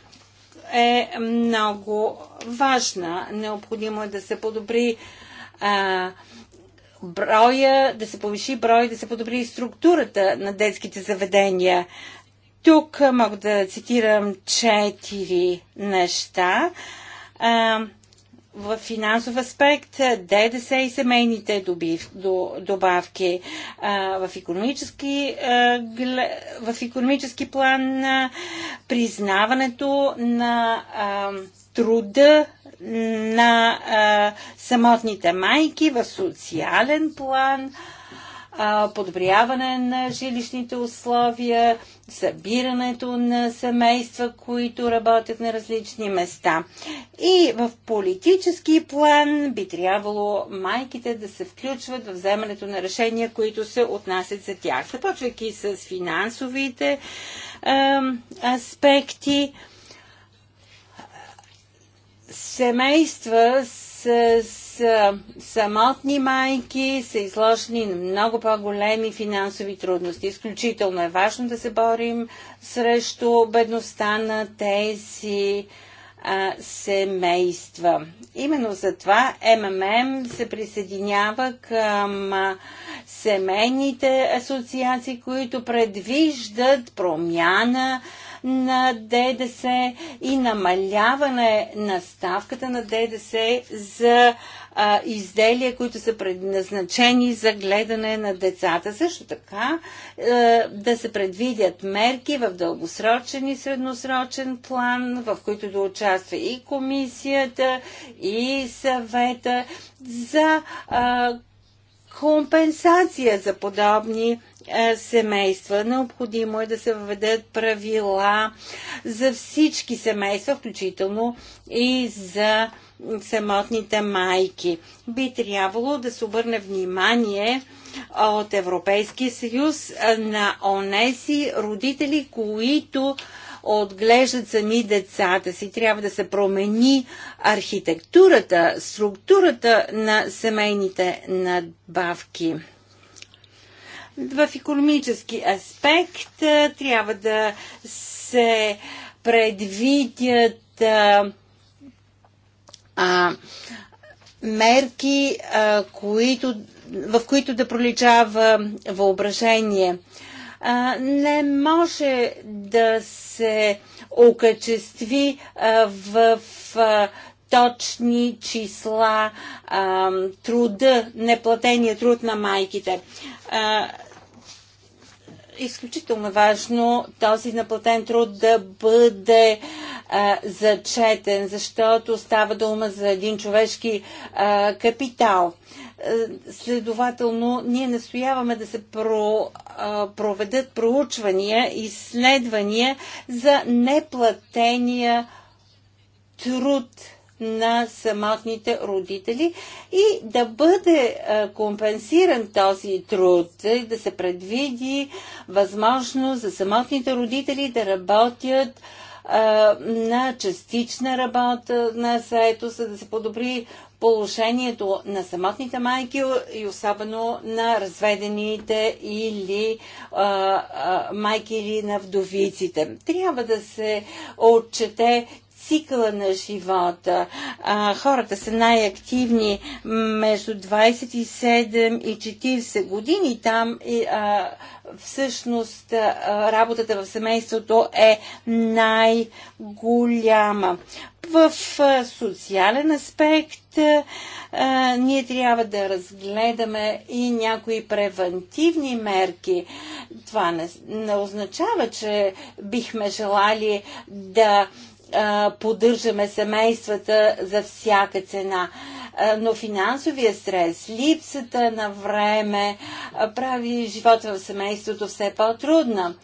е много важна. Необходимо е да се подобри а, броя, да се повиши брой, да се подобри структурата на детските заведения. Тук мога да цитирам четири неща. В финансов аспект ДДС и семейните добавки. В економически, в економически план признаването на труда на самотните майки в социален план – подобряване на жилищните условия, събирането на семейства, които работят на различни места. И в политически план би трябвало майките да се включват в вземането на решения, които се отнасят за тях. Започвайки с финансовите е, аспекти, семейства с, с са самотни майки, са изложени на много по-големи финансови трудности. Изключително е важно да се борим срещу бедността на тези а, семейства. Именно за това МММ се присъединява към а, семейните асоциации, които предвиждат промяна на ДДС и намаляване на ставката на ДДС за а, изделия, които са предназначени за гледане на децата. Също така да се предвидят мерки в дългосрочен и средносрочен план, в които да участва и комисията, и съвета за а, компенсация за подобни е, семейства. Необходимо е да се въведат правила за всички семейства, включително и за самотните майки. Би трябвало да се обърне внимание от Европейския съюз на онеси родители, които отглеждат сами децата си. Трябва да се промени архитектурата, структурата на семейните надбавки. В економически аспект трябва да се предвидят а, а, мерки, а, които, в които да проличава въображение. А, не може да се окачестви в а, точни числа а, труда, неплатения труд на майките. А, изключително важно този наплатен труд да бъде а, зачетен, защото става дума за един човешки а, капитал. Следователно, ние настояваме да се про, а, проведат проучвания, изследвания за неплатения труд на самотните родители и да бъде компенсиран този труд и е, да се предвиди възможност за самотните родители да работят на частична работа на сайто, за да се подобри положението на самотните майки и особено на разведените или а, а, майки или на вдовиците. Трябва да се отчете цикъла на живота. А, хората са най-активни между 27 и 40 години. Там а, всъщност а, работата в семейството е най-голяма. В а, социален аспект а, ние трябва да разгледаме и някои превентивни мерки. Това не, не означава, че бихме желали да поддържаме семействата за всяка цена. но финансовия стрес, липсата на време прави живота в семейството все по-трудна.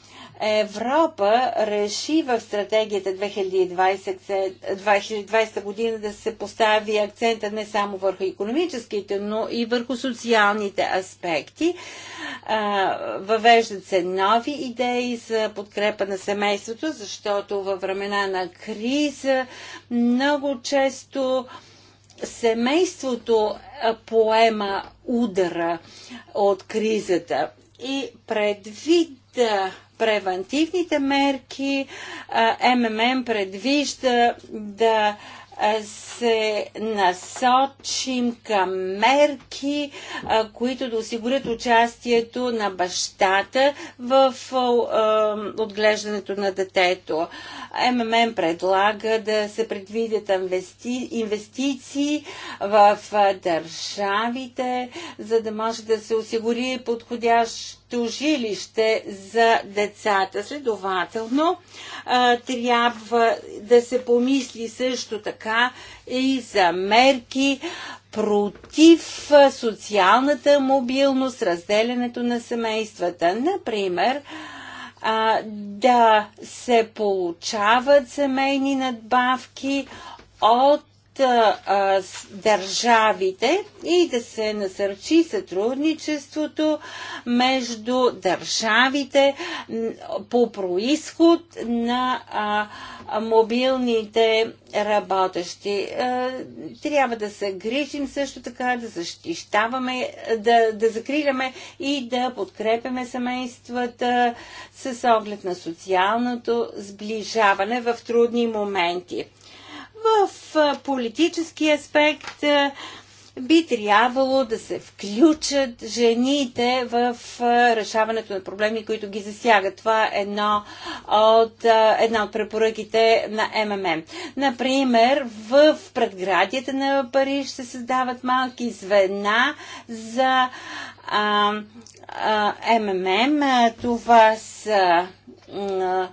Европа реши в стратегията 2020, 2020 година да се постави акцента не само върху економическите, но и върху социалните аспекти. Въвеждат се нови идеи за подкрепа на семейството, защото във времена на криза много често семейството поема удара от кризата. И предвид превентивните мерки МММ предвижда да се насочим към мерки, които да осигурят участието на бащата в отглеждането на детето. МММ предлага да се предвидят инвести... инвестиции в държавите, за да може да се осигури подходящо жилище за децата. Следователно, трябва да се помисли също така и за мерки, против социалната мобилност, разделянето на семействата. Например, а, да се получават семейни надбавки от а, с държавите и да се насърчи сътрудничеството между държавите по происход на а, мобилните работещи. трябва да се грижим също така, да защищаваме, да, да закриляме и да подкрепяме семействата с оглед на социалното сближаване в трудни моменти в политически аспект би трябвало да се включат жените в решаването на проблеми, които ги засягат. Това е едно от, една от препоръките на МММ. Например, в предградията на Париж се създават малки звена за а, а, МММ. Това са а,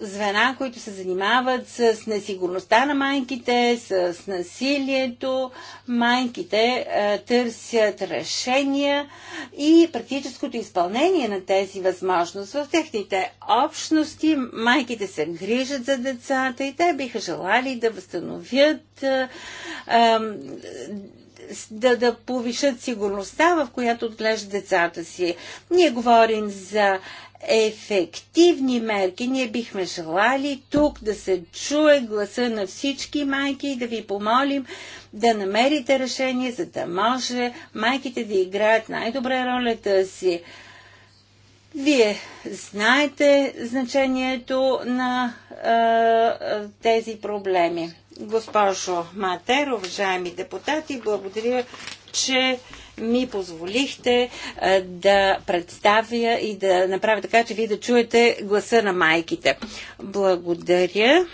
звена, които се занимават с несигурността на майките, с насилието. Майките е, търсят решения и практическото изпълнение на тези възможности. В техните общности майките се грижат за децата и те биха желали да възстановят е, е, да, да повишат сигурността, в която отглеждат децата си. Ние говорим за ефективни мерки. Ние бихме желали тук да се чуе гласа на всички майки и да ви помолим да намерите решение, за да може майките да играят най-добре ролята си. Вие знаете значението на е, тези проблеми. Госпожо Матер, уважаеми депутати, благодаря, че ми позволихте е, да представя и да направя така, че вие да чуете гласа на майките. Благодаря.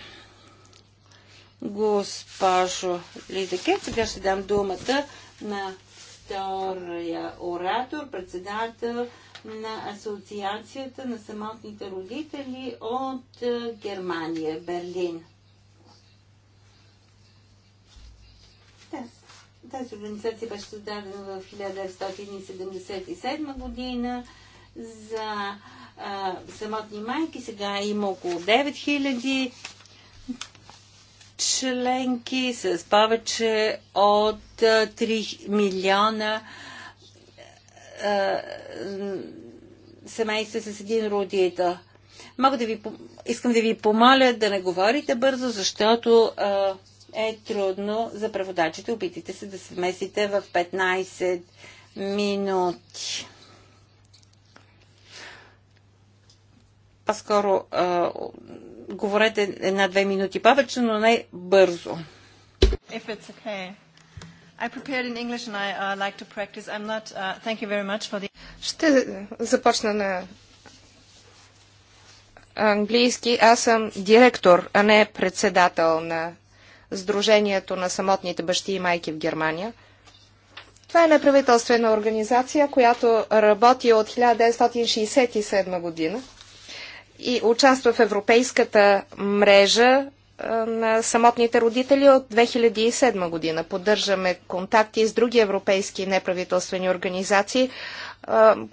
Госпожо Лидеке, сега ще дам думата на втория оратор, председател на Асоциацията на самотните родители от е, Германия, Берлин. Тази организация беше създадена в 1977 година за а, самотни майки. Сега има около 9000 членки с повече от 3 милиона а, семейства с един родител. Мога да ви, искам да ви помоля да не говорите бързо, защото а, е трудно за преводачите. Опитайте се да се вместите в 15 минути. По-скоро говорете една-две минути повече, но не бързо. If it's okay. I prepared in English and I uh, like to practice. I'm not. Uh, thank you very much for the. Ще започна на английски. Аз съм директор, а не председател на Сдружението на самотните бащи и майки в Германия. Това е неправителствена организация, която работи от 1967 година и участва в Европейската мрежа на самотните родители от 2007 година. Поддържаме контакти с други европейски неправителствени организации,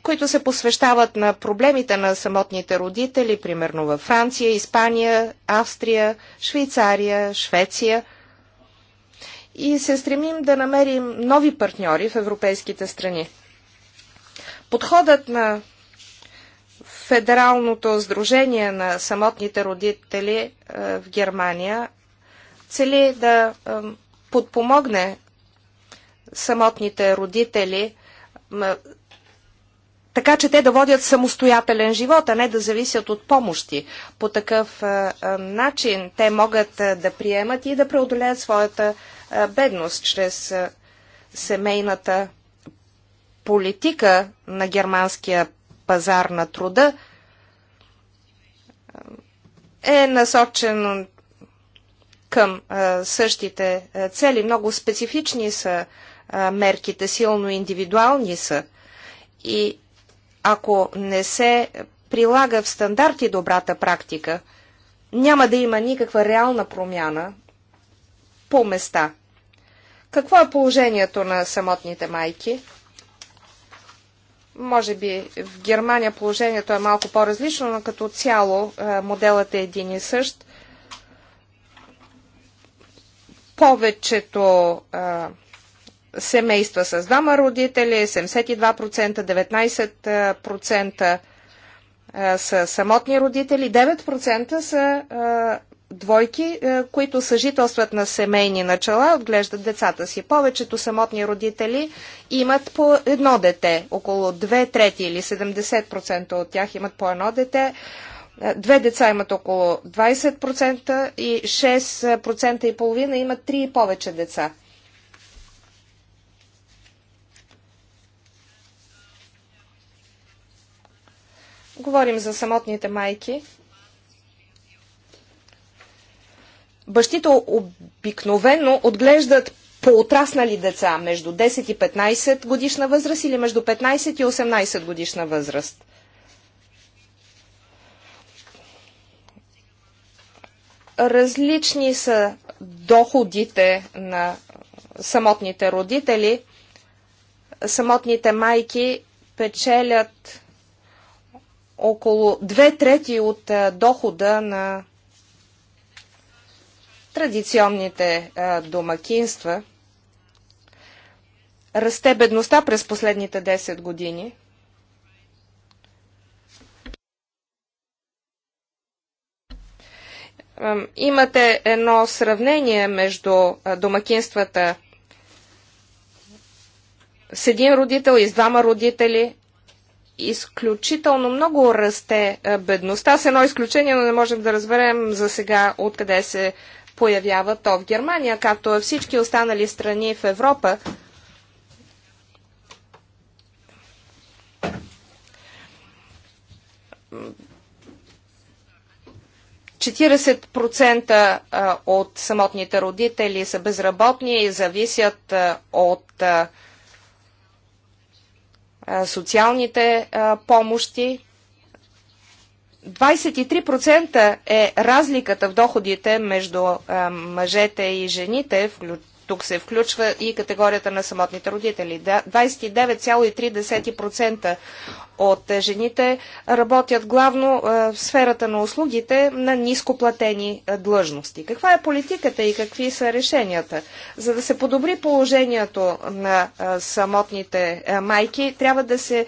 които се посвещават на проблемите на самотните родители, примерно във Франция, Испания, Австрия, Швейцария, Швеция и се стремим да намерим нови партньори в европейските страни. Подходът на Федералното сдружение на самотните родители е, в Германия цели да е, подпомогне самотните родители е, така че те да водят самостоятелен живот, а не да зависят от помощи. По такъв начин те могат да приемат и да преодолеят своята бедност чрез семейната политика на германския пазар на труда е насочен към същите цели. Много специфични са мерките, силно индивидуални са. И ако не се прилага в стандарти добрата практика, няма да има никаква реална промяна по места – какво е положението на самотните майки? Може би в Германия положението е малко по-различно, но като цяло е, моделът е един и същ. Повечето а, е, семейства с двама родители, 72%, 19% е, са самотни родители, 9% са а, двойки, е, които съжителстват на семейни начала, отглеждат децата си. Повечето самотни родители имат по едно дете. Около две трети или 70% от тях имат по едно дете. Е, две деца имат около 20% и 6% и половина имат три и повече деца. Говорим за самотните майки, бащите обикновено отглеждат поотраснали деца между 10 и 15 годишна възраст или между 15 и 18 годишна възраст. Различни са доходите на самотните родители. Самотните майки печелят около две трети от дохода на традиционните е, домакинства. Расте бедността през последните 10 години. Имате едно сравнение между е, домакинствата с един родител и с двама родители изключително много расте е, бедността, с едно изключение, но не можем да разберем за сега откъде се появява то в Германия, както във е всички останали страни в Европа. процента от самотните родители са безработни и зависят от социалните помощи. 23% е разликата в доходите между мъжете и жените, тук се включва и категорията на самотните родители. 29,3% от жените работят главно в сферата на услугите на нископлатени длъжности. Каква е политиката и какви са решенията? За да се подобри положението на самотните майки, трябва да се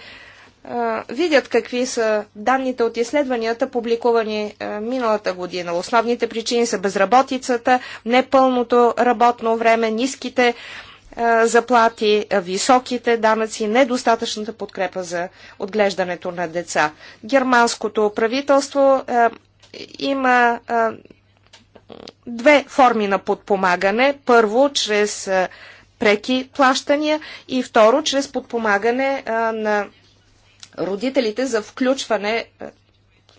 видят какви са данните от изследванията, публикувани миналата година. Основните причини са безработицата, непълното работно време, ниските заплати, високите данъци, недостатъчната подкрепа за отглеждането на деца. Германското правителство има две форми на подпомагане. Първо, чрез преки плащания и второ, чрез подпомагане на родителите за включване е,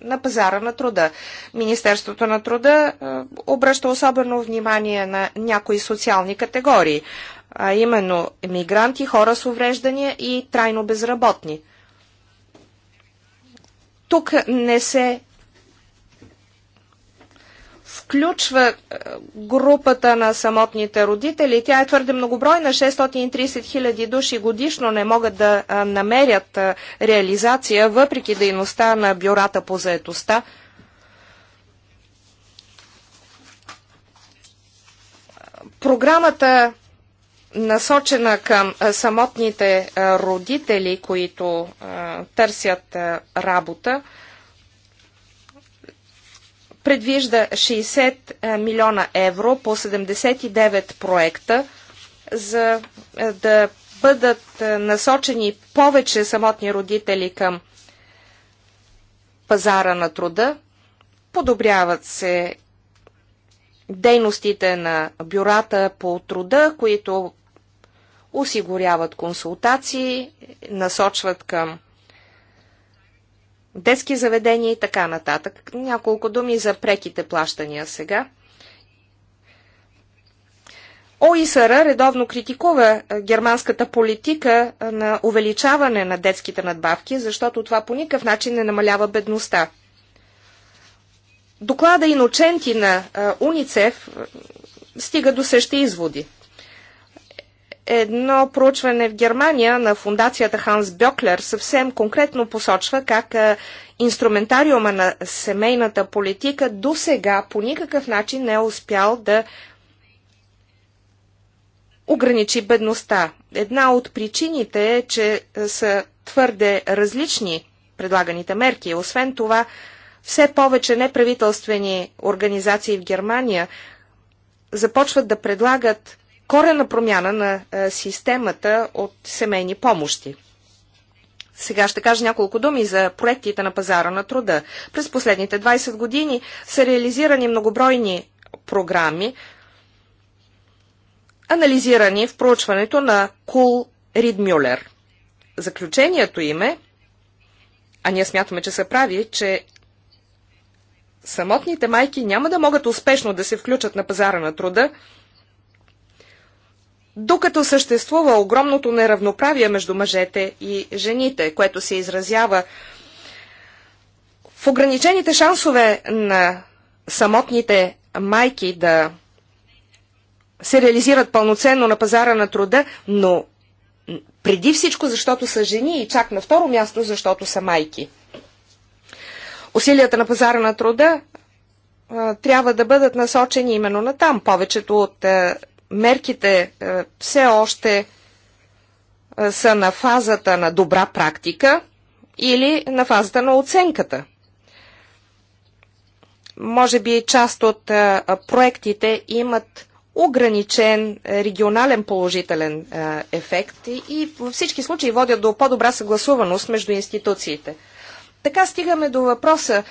на пазара на труда. Министерството на труда е, обръща особено внимание на някои социални категории, а именно мигранти, хора с увреждания и трайно безработни. Тук не се включва е, групата на самотните родители. Тя е твърде многобройна. 630 хиляди души годишно не могат да е, намерят е, реализация, въпреки дейността на бюрата по заетостта. Програмата насочена към самотните родители, които търсят работа, предвижда 60 е, милиона евро по 79 проекта, за е, да бъдат е, насочени повече самотни родители към пазара на труда. Подобряват се дейностите на бюрата по труда, които осигуряват консултации, насочват към детски заведения и така нататък. Няколко думи за преките плащания сега. ОИСР редовно критикува германската политика на увеличаване на детските надбавки, защото това по никакъв начин не намалява бедността. Доклада Иноченти на УНИЦЕФ стига до същи изводи. Едно проучване в Германия на фундацията Ханс Бьоклер съвсем конкретно посочва как е, инструментариума на семейната политика до сега по никакъв начин не е успял да ограничи бедността. Една от причините е, че е, са твърде различни предлаганите мерки. Освен това, все повече неправителствени организации в Германия започват да предлагат корена промяна на е, системата от семейни помощи. Сега ще кажа няколко думи за проектите на пазара на труда. През последните 20 години са реализирани многобройни програми, анализирани в проучването на Кул Ридмюлер. Заключението им е, а ние смятаме, че се прави, че самотните майки няма да могат успешно да се включат на пазара на труда, докато съществува огромното неравноправие между мъжете и жените, което се изразява в ограничените шансове на самотните майки да се реализират пълноценно на пазара на труда, но преди всичко защото са жени и чак на второ място защото са майки. Усилията на пазара на труда а, трябва да бъдат насочени именно на там. Повечето от а, мерките е, все още е, са на фазата на добра практика или на фазата на оценката. Може би част от е, проектите имат ограничен регионален положителен ефект и във всички случаи водят до по-добра съгласуваност между институциите. Така стигаме до въпроса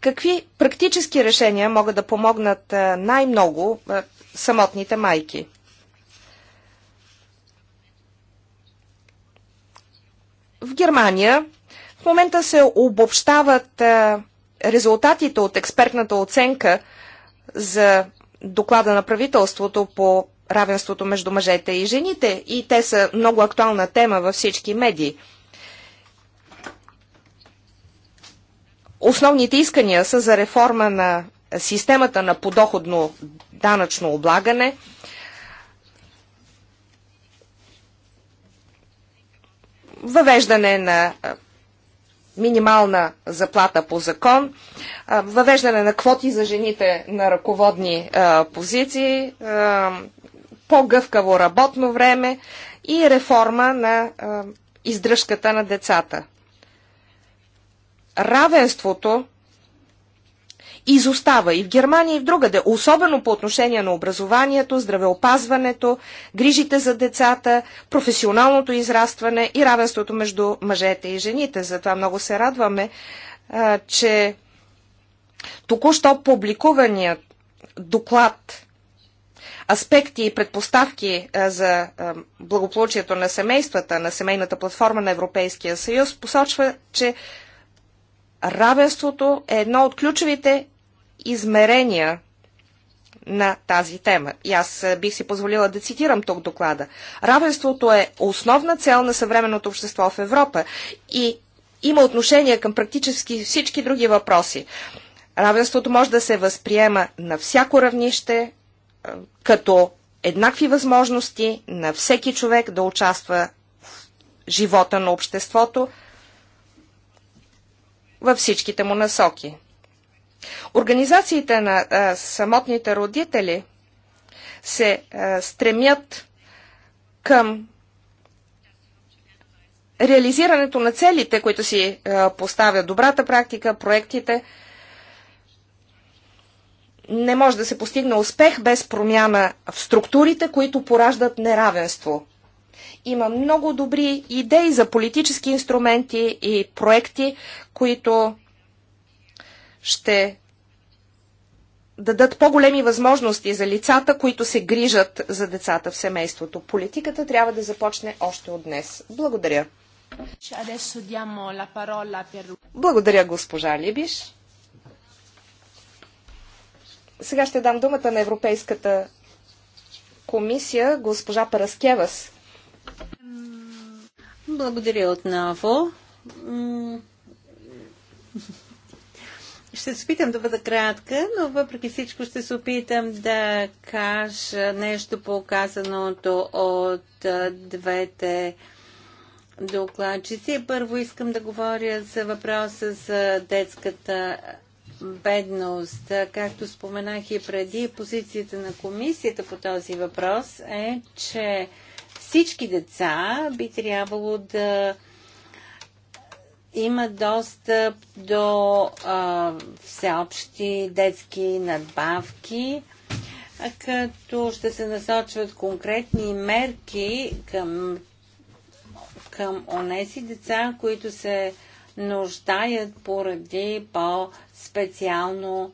какви практически решения могат да помогнат най-много самотните майки. В Германия в момента се обобщават резултатите от експертната оценка за доклада на правителството по равенството между мъжете и жените и те са много актуална тема във всички медии. Основните искания са за реформа на системата на подоходно данъчно облагане, въвеждане на минимална заплата по закон, въвеждане на квоти за жените на ръководни позиции, по-гъвкаво работно време и реформа на издръжката на децата. Равенството изостава и в Германия, и в другаде, особено по отношение на образованието, здравеопазването, грижите за децата, професионалното израстване и равенството между мъжете и жените. Затова много се радваме, че току-що публикуваният доклад аспекти и предпоставки за благополучието на семействата, на семейната платформа на Европейския съюз, посочва, че равенството е едно от ключовите измерения на тази тема. И аз бих си позволила да цитирам тук доклада. Равенството е основна цел на съвременното общество в Европа и има отношение към практически всички други въпроси. Равенството може да се възприема на всяко равнище, като еднакви възможности на всеки човек да участва в живота на обществото във всичките му насоки. Организациите на а, самотните родители се а, стремят към реализирането на целите, които си а, поставя добрата практика, проектите. Не може да се постигне успех без промяна в структурите, които пораждат неравенство. Има много добри идеи за политически инструменти и проекти, които ще дадат по-големи възможности за лицата, които се грижат за децата в семейството. Политиката трябва да започне още от днес. Благодаря. Благодаря, госпожа Либиш. Сега ще дам думата на Европейската комисия, госпожа Параскевас. Благодаря отново. Ще се опитам да бъда кратка, но въпреки всичко ще се опитам да кажа нещо по казаното от двете докладчици. Първо искам да говоря за въпроса за детската бедност. Както споменах и преди, позицията на комисията по този въпрос е, че всички деца би трябвало да има достъп до а, всеобщи детски надбавки, като ще се насочват конкретни мерки към, към онези деца, които се нуждаят поради по-специално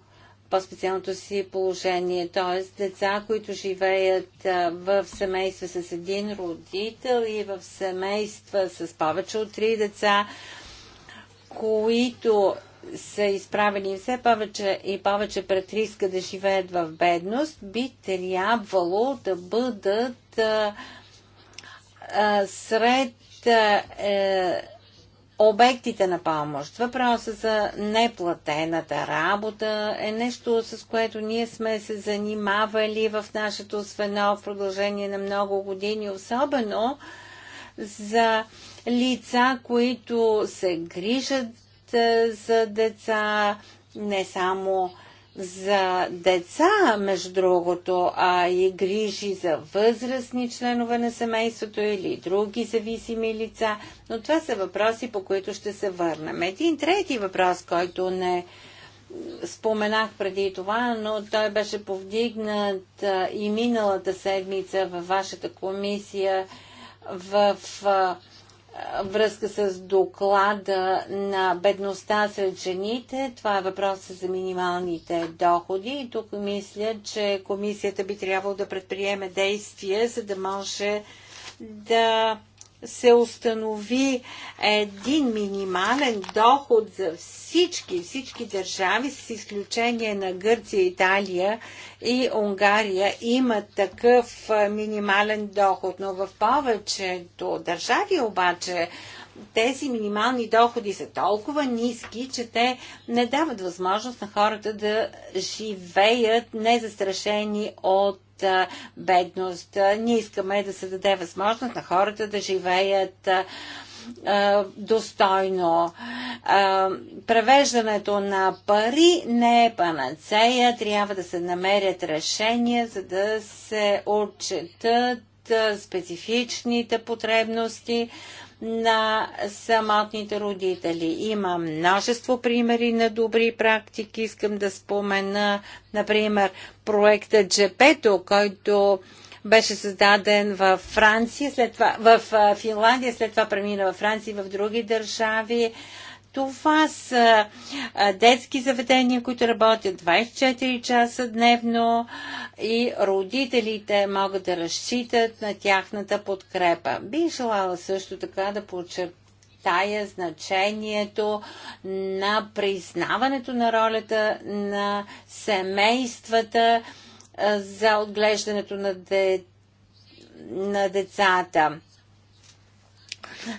по-специалното си положение, т.е. деца, които живеят в семейства с един родител и в семейства с повече от три деца, които са изправени все повече и повече пред риска да живеят в бедност, би трябвало да бъдат а, а, сред а, е, обектите на помощ. Въпросът за неплатената работа е нещо, с което ние сме се занимавали в нашето свено в продължение на много години, особено за лица, които се грижат за деца, не само за деца, между другото, а и грижи за възрастни членове на семейството или други зависими лица. Но това са въпроси, по които ще се върнем. Един трети въпрос, който не споменах преди това, но той беше повдигнат и миналата седмица във вашата комисия в връзка с доклада на бедността сред жените. Това е въпросът за минималните доходи. И тук мисля, че комисията би трябвало да предприеме действия, за да може да се установи един минимален доход за всички, всички държави, с изключение на Гърция, Италия и Унгария, имат такъв минимален доход. Но в повечето държави обаче тези минимални доходи са толкова ниски, че те не дават възможност на хората да живеят незастрашени от бедност. Ние искаме да се даде възможност на хората да живеят достойно. Превеждането на пари не е панацея, трябва да се намерят решения, за да се отчетат специфичните потребности на самотните родители. Има множество примери на добри практики. Искам да спомена, например, проекта Джепето, който беше създаден в Франция, след това в Финландия, след това премина във Франция и в други държави. Това са детски заведения, които работят 24 часа дневно и родителите могат да разчитат на тяхната подкрепа. Би желала също така да подчертая значението на признаването на ролята на семействата за отглеждането на, де, на децата.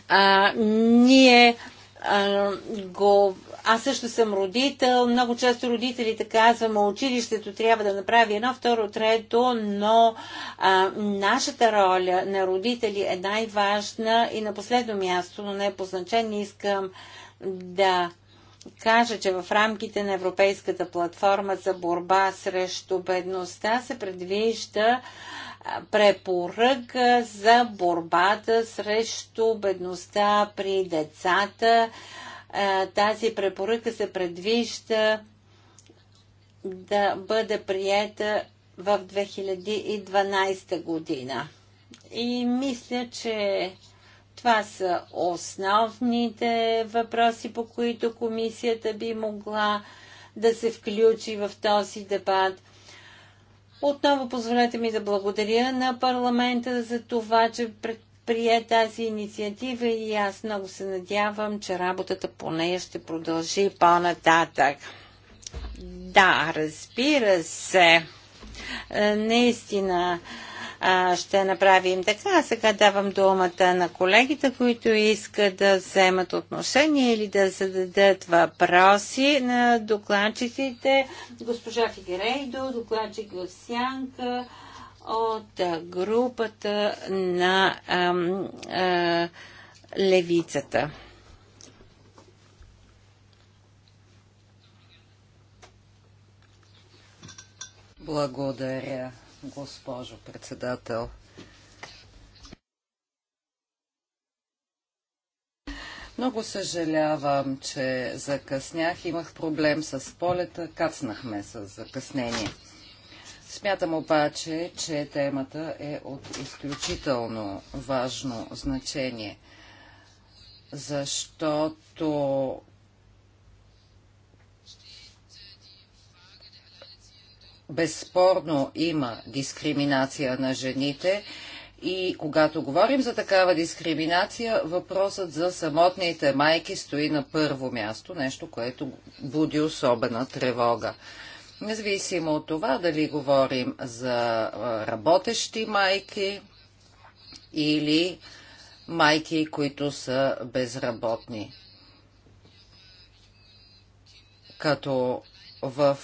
А, ние го аз също съм родител. Много често родителите казваме, училището трябва да направи едно, второ, трето, но а, нашата роля на родители е най-важна и на последно място, но не е по значение. Искам да кажа, че в рамките на Европейската платформа за борба срещу бедността се предвижда препоръка за борбата срещу бедността при децата. Тази препоръка се предвижда да бъде приета в 2012 година. И мисля, че това са основните въпроси, по които комисията би могла да се включи в този дебат – отново позволете ми да благодаря на парламента за това, че предприе тази инициатива и аз много се надявам, че работата по нея ще продължи по-нататък. Да, разбира се. Е, наистина а, ще направим така. Сега давам думата на колегите, които искат да вземат отношение или да зададат въпроси на докладчиците. Госпожа Фигерейдо, докладчик в Сянка от групата на а, а, левицата. Благодаря, госпожо председател. Много съжалявам, че закъснях. Имах проблем с полета. Кацнахме с закъснение. Смятам обаче, че темата е от изключително важно значение, защото безспорно има дискриминация на жените и когато говорим за такава дискриминация, въпросът за самотните майки стои на първо място, нещо, което буди особена тревога. Независимо от това дали говорим за работещи майки или майки, които са безработни. Като в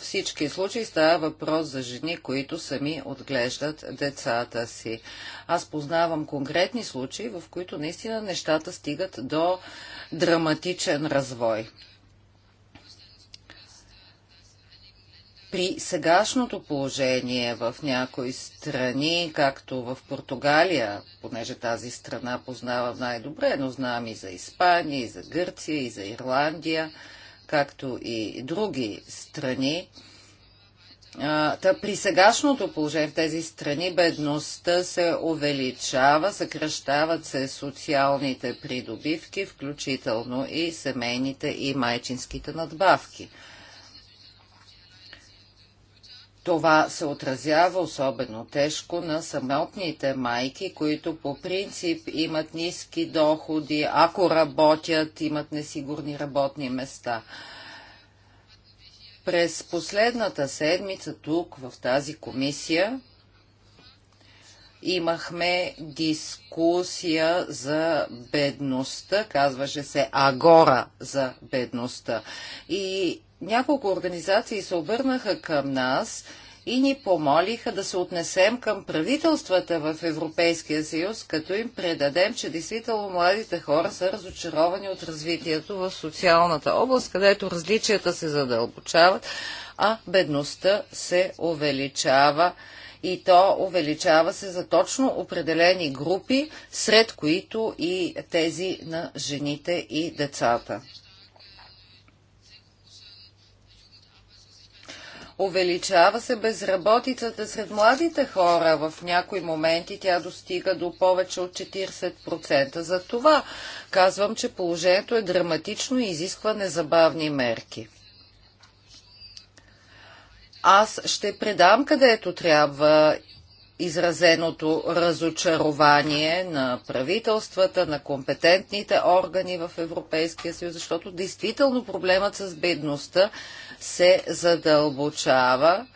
всички случаи става въпрос за жени, които сами отглеждат децата си. Аз познавам конкретни случаи, в които наистина нещата стигат до драматичен развой. При сегашното положение в някои страни, както в Португалия, понеже тази страна познавам най-добре, но знам и за Испания, и за Гърция, и за Ирландия, както и други страни. Та при сегашното положение в тези страни бедността се увеличава, съкръщават се социалните придобивки, включително и семейните и майчинските надбавки. Това се отразява особено тежко на самотните майки, които по принцип имат ниски доходи, ако работят, имат несигурни работни места. През последната седмица тук, в тази комисия, имахме дискусия за бедността, казваше се Агора за бедността. И няколко организации се обърнаха към нас и ни помолиха да се отнесем към правителствата в Европейския съюз, като им предадем, че действително младите хора са разочаровани от развитието в социалната област, където различията се задълбочават, а бедността се увеличава и то увеличава се за точно определени групи, сред които и тези на жените и децата. Увеличава се безработицата сред младите хора. В някои моменти тя достига до повече от 40%. За това казвам, че положението е драматично и изисква незабавни мерки. Аз ще предам където трябва изразеното разочарование на правителствата, на компетентните органи в Европейския съюз, защото действително проблемът с бедността се задълбочава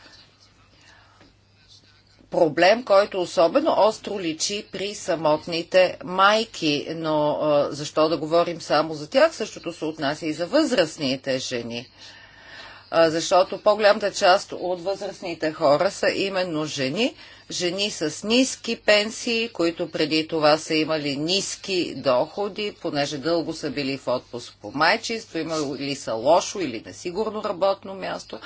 проблем, който особено остро личи при самотните майки, но защо да говорим само за тях, същото се отнася и за възрастните жени. Защото по-голямата част от възрастните хора са именно жени, жени с ниски пенсии, които преди това са имали ниски доходи, понеже дълго са били в отпуск по майчинство, имали са лошо или несигурно работно място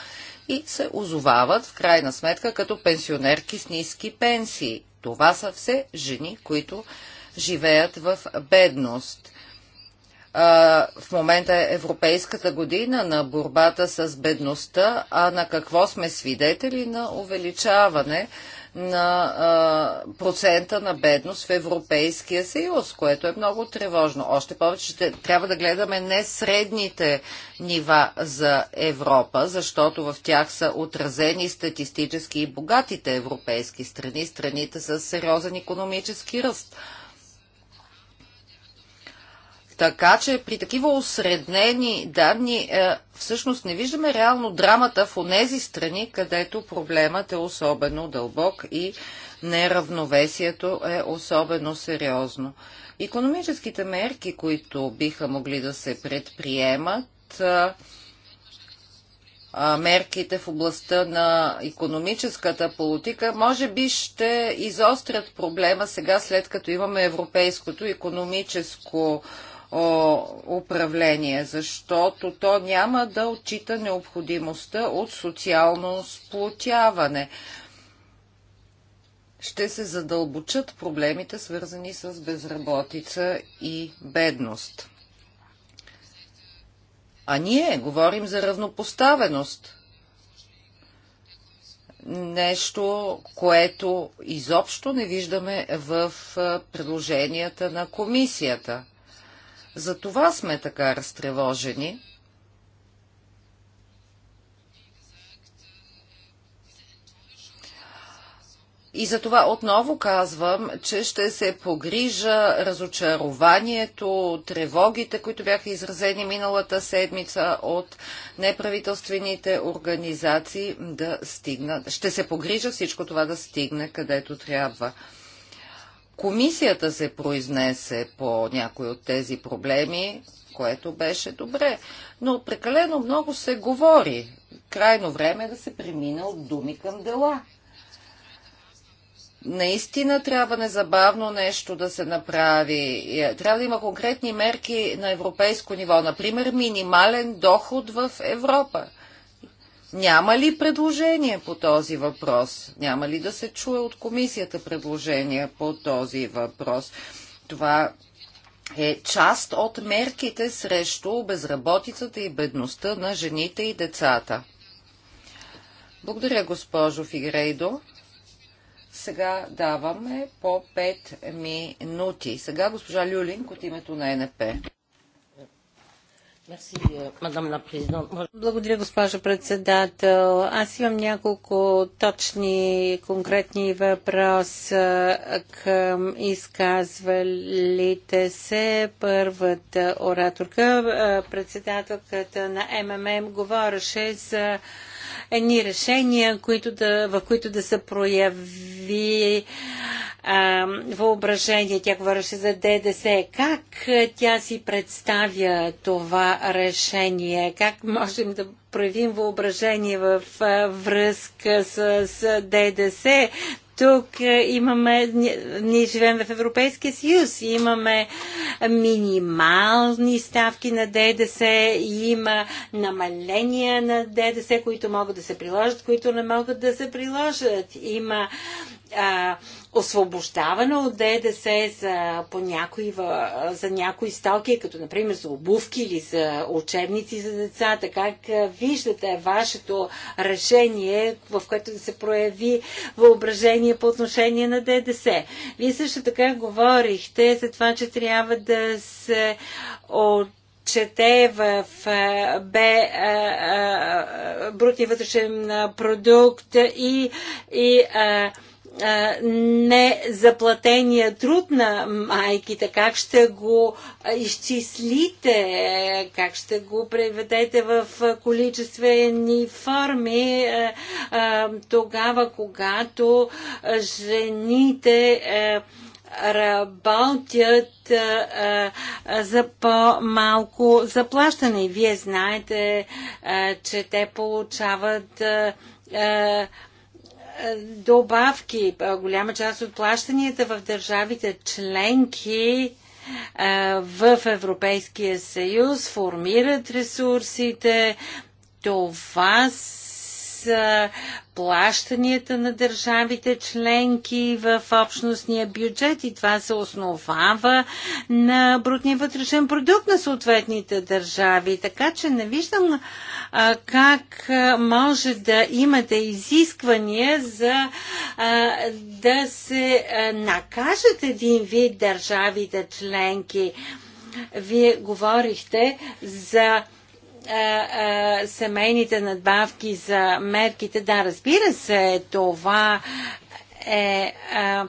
и се озовават в крайна сметка като пенсионерки с ниски пенсии. Това са все жени, които живеят в бедност. в момента е Европейската година на борбата с бедността, а на какво сме свидетели на увеличаване на а, процента на бедност в Европейския съюз, което е много тревожно. Още повече ще, трябва да гледаме не средните нива за Европа, защото в тях са отразени статистически и богатите европейски страни, страните с сериозен економически ръст. Така че при такива осреднени данни е, всъщност не виждаме реално драмата в онези страни, където проблемът е особено дълбок и неравновесието е особено сериозно. Економическите мерки, които биха могли да се предприемат, е, мерките в областта на економическата политика, може би ще изострят проблема сега, след като имаме европейското економическо управление, защото то няма да отчита необходимостта от социално сплотяване. Ще се задълбочат проблемите, свързани с безработица и бедност. А ние говорим за равнопоставеност. Нещо, което изобщо не виждаме в предложенията на комисията – за това сме така разтревожени. И за това отново казвам, че ще се погрижа разочарованието, тревогите, които бяха изразени миналата седмица от неправителствените организации да стигнат. Ще се погрижа всичко това да стигне където трябва. Комисията се произнесе по някои от тези проблеми, което беше добре. Но прекалено много се говори. Крайно време е да се премина от думи към дела. Наистина трябва незабавно нещо да се направи. Е, трябва да има конкретни мерки на европейско ниво. Например, минимален доход в Европа. Няма ли предложение по този въпрос? Няма ли да се чуе от комисията предложение по този въпрос? Това е част от мерките срещу безработицата и бедността на жените и децата. Благодаря, госпожо Фигрейдо. Сега даваме по 5 минути. Сега госпожа Люлинг от името на НП. Euh, Благодаря, госпожо председател. Аз имам няколко точни, конкретни въпроса към изказвалите се. Първата ораторка, председателката на МММ, говореше за едни решения, които да, в които да се прояви а, въображение. Тя говореше за ДДС. Как тя си представя това решение? Как можем да проявим въображение в а, връзка с, с ДДС? Тук имаме, ние живеем в Европейския съюз, имаме минимални ставки на ДДС, има намаления на ДДС, които могат да се приложат, които не могат да се приложат. Има а, освобождаване от ДДС за, по някои, за някои стоки, като например за обувки или за учебници за децата. Как виждате вашето решение, в което да се прояви въображение по отношение на ДДС? Вие също така говорихте за това, че трябва да се от чете в Б брутния вътрешен продукт и, и а, незаплатения труд на майките, как ще го изчислите, как ще го преведете в количествени форми тогава, когато жените работят за по-малко заплащане. И вие знаете, че те получават е, добавки. Е, голяма част от плащанията в държавите членки е, в Европейския съюз формират ресурсите. Това за плащанията на държавите членки в общностния бюджет и това се основава на брутния вътрешен продукт на съответните държави. Така че не виждам а, как може да имате изисквания за а, да се а, накажат един вид държавите членки. Вие говорихте за семейните надбавки за мерките. Да, разбира се, това е а,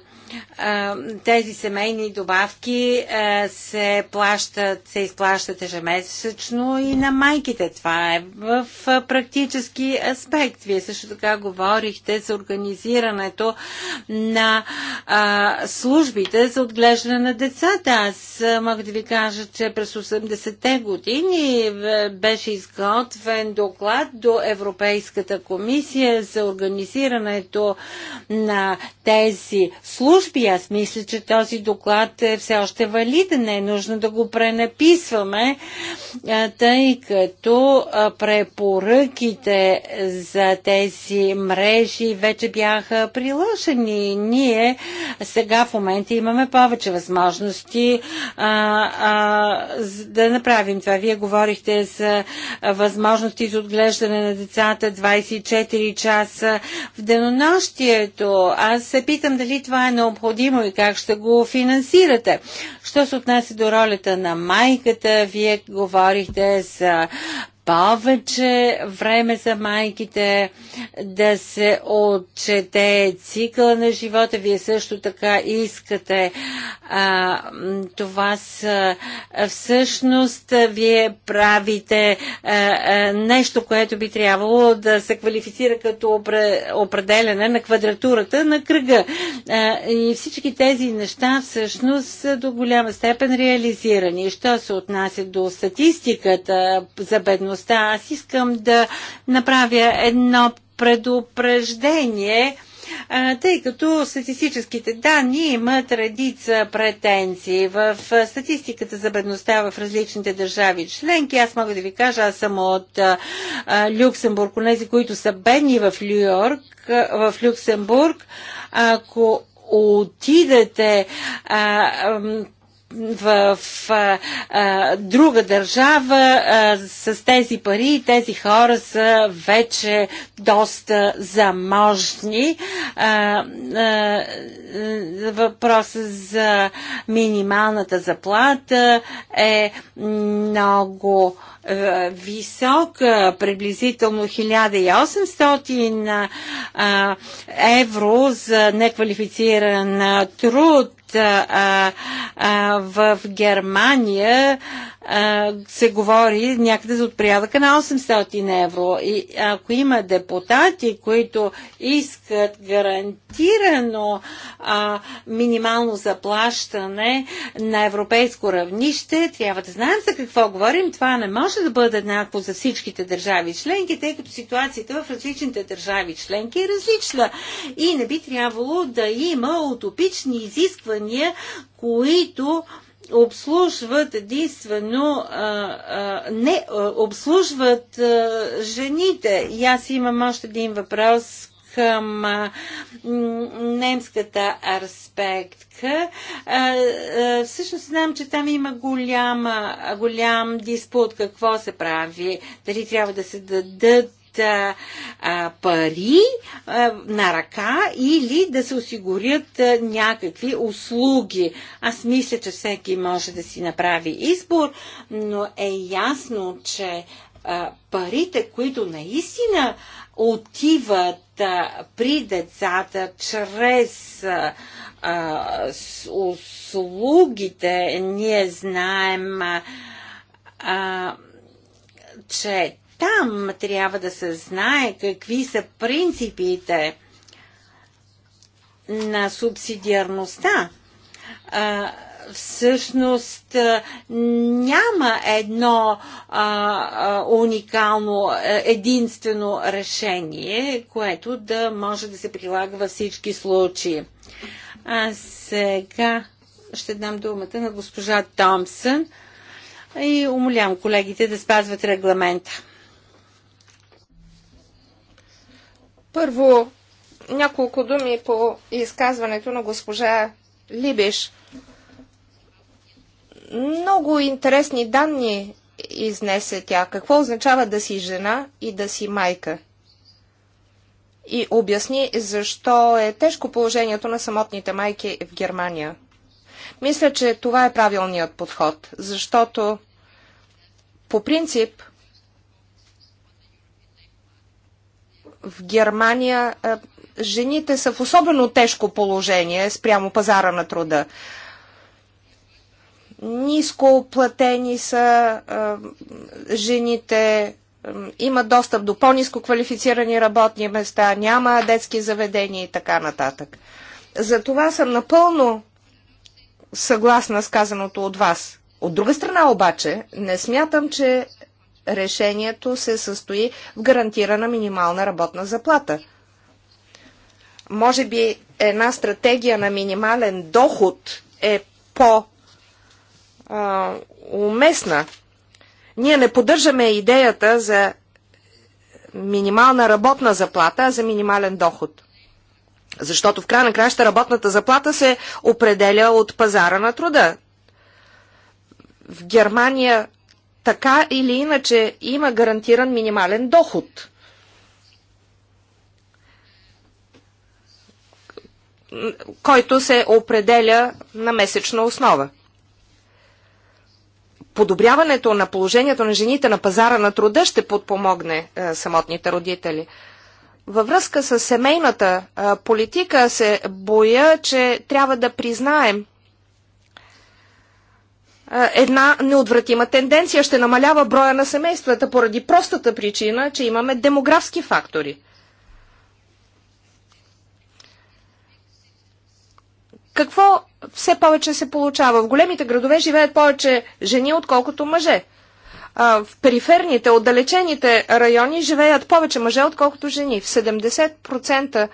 тези семейни добавки се плащат, се изплащат ежемесечно и на майките. Това е в практически аспект. Вие също така говорихте за организирането на службите за отглеждане на децата. Аз мога да ви кажа, че през 80-те години беше изготвен доклад до Европейската комисия за организирането на тези служби служби. Аз мисля, че този доклад е все още валиден. Не е нужно да го пренаписваме, тъй като препоръките за тези мрежи вече бяха приложени. Ние сега в момента имаме повече възможности а, а, да направим това. Вие говорихте за възможности за отглеждане на децата 24 часа в денонощието. Аз се питам дали това е на необходимо и как ще го финансирате. Що се отнася до ролята на майката, вие говорихте за повече време за майките, да се отчете цикъла на живота. Вие също така искате. А, това са всъщност вие правите а, а, нещо, което би трябвало да се квалифицира като определене на квадратурата на кръга. А, и всички тези неща всъщност са до голяма степен реализирани. Що се отнася до статистиката за бедност, сигурността. Аз искам да направя едно предупреждение тъй като статистическите данни имат редица претенции. В статистиката за бедността в различните държави членки, аз мога да ви кажа, аз съм от Люксембург, онези, които са бедни в, Люйорк, в Люксембург, ако отидете а, в а, а, друга държава а, с тези пари и тези хора са вече доста заможни. А, а, въпросът за минималната заплата е много висок, приблизително 1800 евро за неквалифициран труд в Германия се говори някъде за от на 800 евро. И ако има депутати, които искат гарантирано а, минимално заплащане на европейско равнище, трябва да знаем за какво говорим. Това не може да бъде еднакво за всичките държави членки, тъй като ситуацията в различните държави членки е различна. И не би трябвало да има утопични изисквания, които обслужват единствено, а, а, не, а, обслужват а, жените. И аз имам още един въпрос към а, немската арспектка. А, а, всъщност знам, че там има голяма, голям диспут какво се прави. Дали трябва да се дадат а, пари а, на ръка или да се осигурят а, някакви услуги. Аз мисля, че всеки може да си направи избор, но е ясно, че а, парите, които наистина отиват а, при децата чрез а, а, с услугите, ние знаем, а, а, че там трябва да се знае какви са принципите на субсидиарността. А, всъщност няма едно а, уникално, е, единствено решение, което да може да се прилага във всички случаи. А сега ще дам думата на госпожа Томсън и умолявам колегите да спазват регламента. Първо, няколко думи по изказването на госпожа Либиш. Много интересни данни изнесе тя. Какво означава да си жена и да си майка? И обясни защо е тежко положението на самотните майки в Германия. Мисля, че това е правилният подход, защото по принцип в Германия жените са в особено тежко положение спрямо пазара на труда. Ниско платени са жените, има достъп до по-низко квалифицирани работни места, няма детски заведения и така нататък. Затова съм напълно съгласна с казаното от вас. От друга страна обаче, не смятам, че решението се състои в гарантирана минимална работна заплата. Може би една стратегия на минимален доход е по-уместна. Ние не поддържаме идеята за минимална работна заплата, а за минимален доход. Защото в край на краща работната заплата се определя от пазара на труда. В Германия така или иначе има гарантиран минимален доход. който се определя на месечна основа. Подобряването на положението на жените на пазара на труда ще подпомогне е, самотните родители. Във връзка с семейната е, политика се боя, че трябва да признаем, е, една неотвратима тенденция. Ще намалява броя на семействата поради простата причина, че имаме демографски фактори. Какво все повече се получава? В големите градове живеят повече жени, отколкото мъже. В периферните, отдалечените райони живеят повече мъже, отколкото жени. В 70%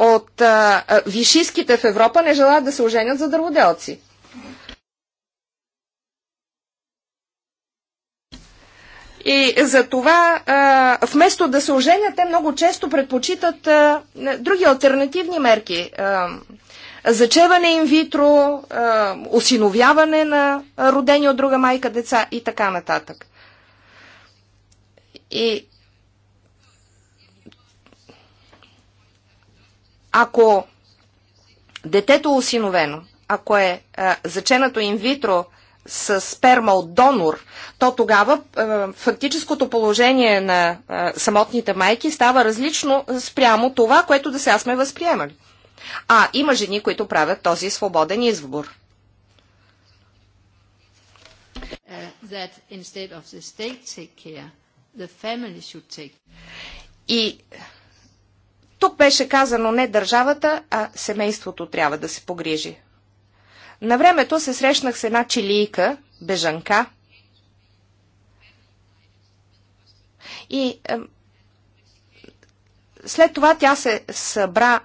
от а, вишистките в Европа не желаят да се оженят за дърводелци. И за това, вместо да се оженят, те много често предпочитат други альтернативни мерки. зачеване инвитро, витро, осиновяване на родени от друга майка деца и така нататък. И Ако детето е осиновено, ако е а, е, заченато инвитро с сперма от донор, то тогава а, е, фактическото положение на а, самотните майки става различно спрямо това, което да сега сме възприемали. А има жени, които правят този свободен избор. Uh, И тук беше казано не държавата, а семейството трябва да се погрижи. На времето се срещнах с една чилийка, бежанка. И е, след това тя се събра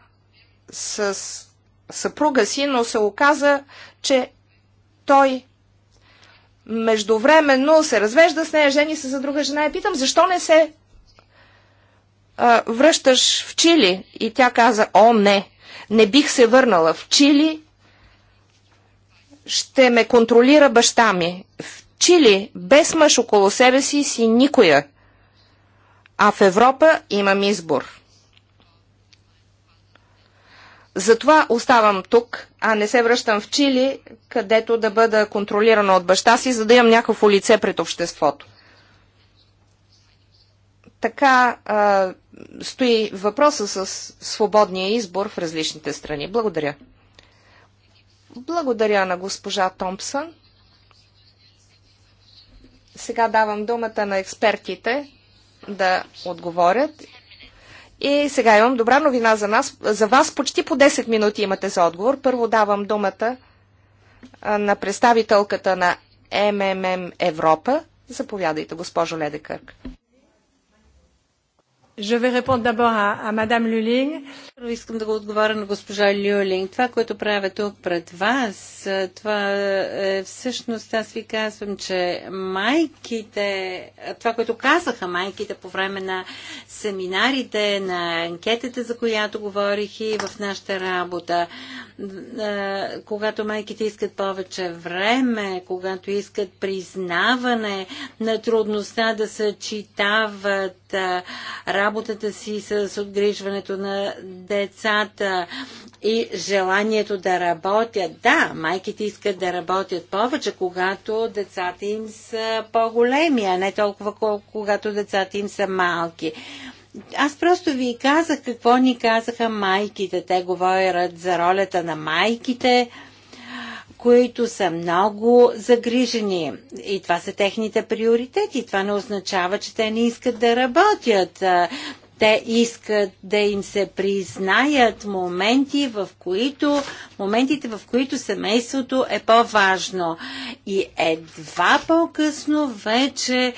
с съпруга си, но се оказа, че той междувременно се развежда с нея, жени се за друга жена и питам, защо не се а, връщаш в Чили. И тя каза, о не, не бих се върнала в Чили, ще ме контролира баща ми. В Чили, без мъж около себе си, си никоя. А в Европа имам избор. Затова оставам тук, а не се връщам в Чили, където да бъда контролирана от баща си, за да имам някакво лице пред обществото така а, стои въпроса с свободния избор в различните страни. Благодаря. Благодаря на госпожа Томпсън. Сега давам думата на експертите да отговорят. И сега имам добра новина за нас. За вас почти по 10 минути имате за отговор. Първо давам думата на представителката на МММ Европа. Заповядайте, госпожо Ледекърк. Je vais répondre d'abord à, à Madame Люлинг. Искам да го отговоря на госпожа Люлинг. Това, което правя тук пред вас, това е всъщност аз ви казвам, че майките, това, което казаха майките по време на семинарите, на анкетата, за която говорих и в нашата работа, е, когато майките искат повече време, когато искат признаване на трудността да съчетават е, работата си с отгрижването на децата и желанието да работят. Да, майките искат да работят повече, когато децата им са по-големи, а не толкова когато децата им са малки. Аз просто ви казах какво ни казаха майките. Те говорят за ролята на майките, които са много загрижени. И това са техните приоритети. Това не означава, че те не искат да работят. Те искат да им се признаят моменти, в които, моментите, в които семейството е по-важно. И едва по-късно вече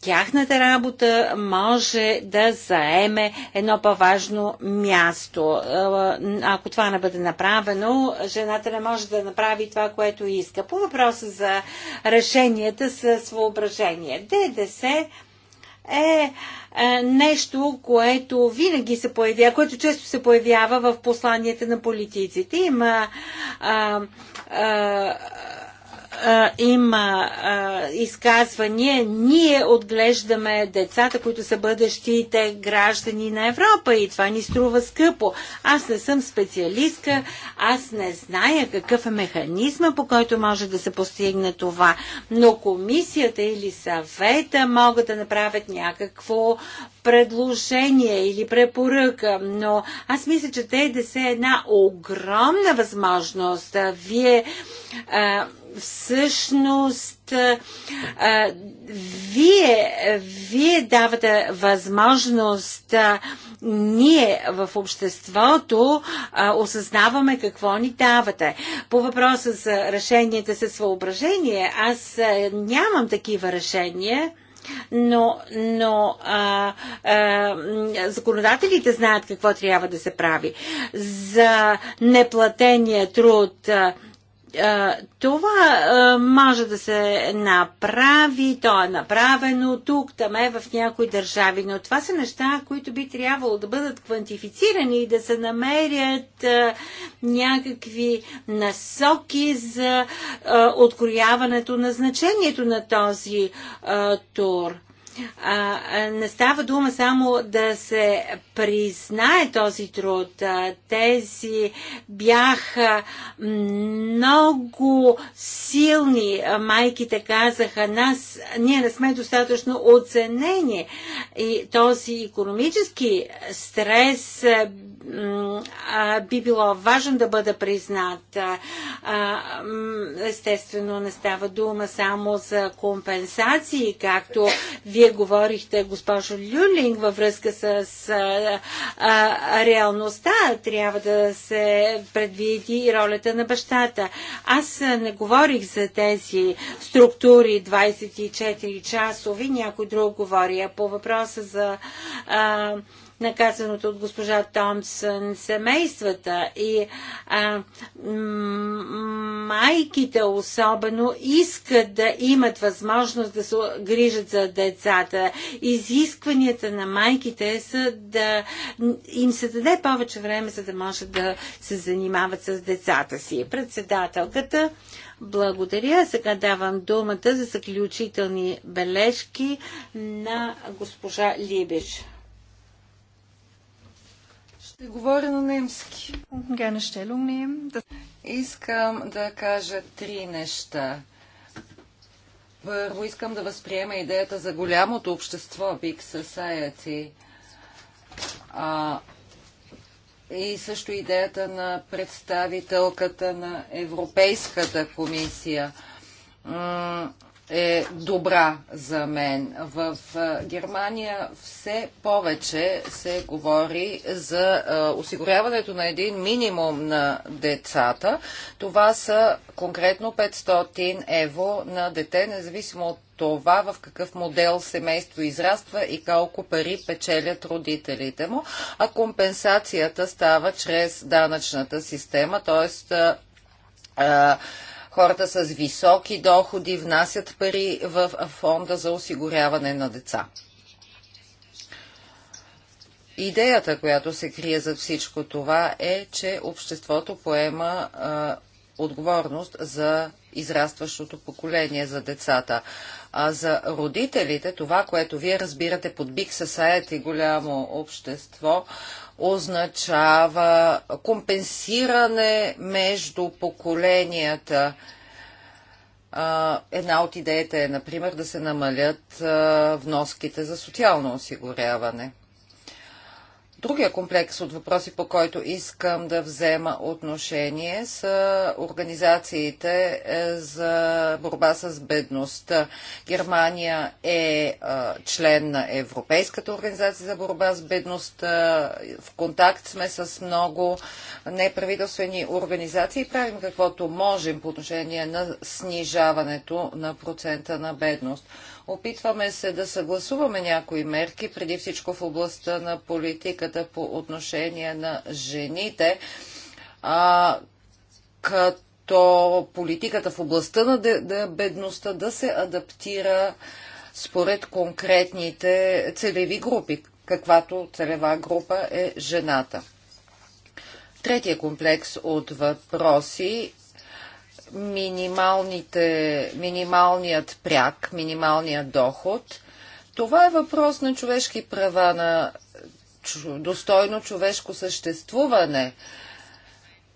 тяхната работа може да заеме едно по-важно място. Е, ако това не бъде направено, жената не може да направи това, което иска. По въпроса за решенията с въображение. ДДС е, е нещо, което винаги се появява, което често се появява в посланията на политиците. Има а, е, а, а, има а, изказвания, ние отглеждаме децата, които са бъдещите граждани на Европа и това ни струва скъпо. Аз не съм специалистка, аз не зная какъв е механизма, по който може да се постигне това, но комисията или съвета могат да направят някакво предложение или препоръка, но аз мисля, че ТДС е една огромна възможност. Вие а, всъщност а, вие, вие давате възможност а, ние в обществото а, осъзнаваме какво ни давате. По въпроса за решенията с въображение, аз а, нямам такива решения. Но, но а, а, законодателите знаят какво трябва да се прави. За неплатения труд а, това може да се направи, то е направено тук, там е в някои държави, но това са неща, които би трябвало да бъдат квантифицирани и да се намерят някакви насоки за открояването на значението на този тур а, не става дума само да се признае този труд. Тези бяха много силни. Майките казаха, нас, ние не сме достатъчно оценени. И този економически стрес би било важно да бъде признат. естествено, не става дума само за компенсации, както вие говорихте, госпожо Люлинг, във връзка с реалността. Трябва да се предвиди и ролята на бащата. Аз не говорих за тези структури 24 часови, някой друг говори. А по въпроса за а, наказаното от госпожа Томсън семействата и а, майките особено искат да имат възможност да се грижат за децата. Изискванията на майките са да им се даде повече време, за да може да се занимават с децата си. Председателката благодаря. Сега давам думата за заключителни бележки на госпожа Либиш. Ще говоря на немски. Искам да кажа три неща. Първо искам да възприема идеята за голямото общество, Big Society. А, и също идеята на представителката на Европейската комисия е добра за мен. В Германия все повече се говори за осигуряването на един минимум на децата. Това са конкретно 500 евро на дете, независимо от това в какъв модел семейство израства и колко пари печелят родителите му, а компенсацията става чрез данъчната система, т.е Хората с високи доходи внасят пари в фонда за осигуряване на деца. Идеята, която се крие за всичко това е, че обществото поема а, отговорност за израстващото поколение, за децата. А за родителите, това, което вие разбирате под Big Society, голямо общество, означава компенсиране между поколенията. Една от идеите е, например, да се намалят вноските за социално осигуряване. Другия комплекс от въпроси, по който искам да взема отношение, са организациите е, за борба с бедността. Германия е, е член на Европейската организация за борба с бедността. В контакт сме с много неправителствени организации и правим каквото можем по отношение на снижаването на процента на бедност. Опитваме се да съгласуваме някои мерки, преди всичко в областта на политиката по отношение на жените, а, като политиката в областта на бедността да се адаптира според конкретните целеви групи, каквато целева група е жената. Третия комплекс от въпроси минималните, минималният пряк, минималният доход. Това е въпрос на човешки права, на достойно човешко съществуване.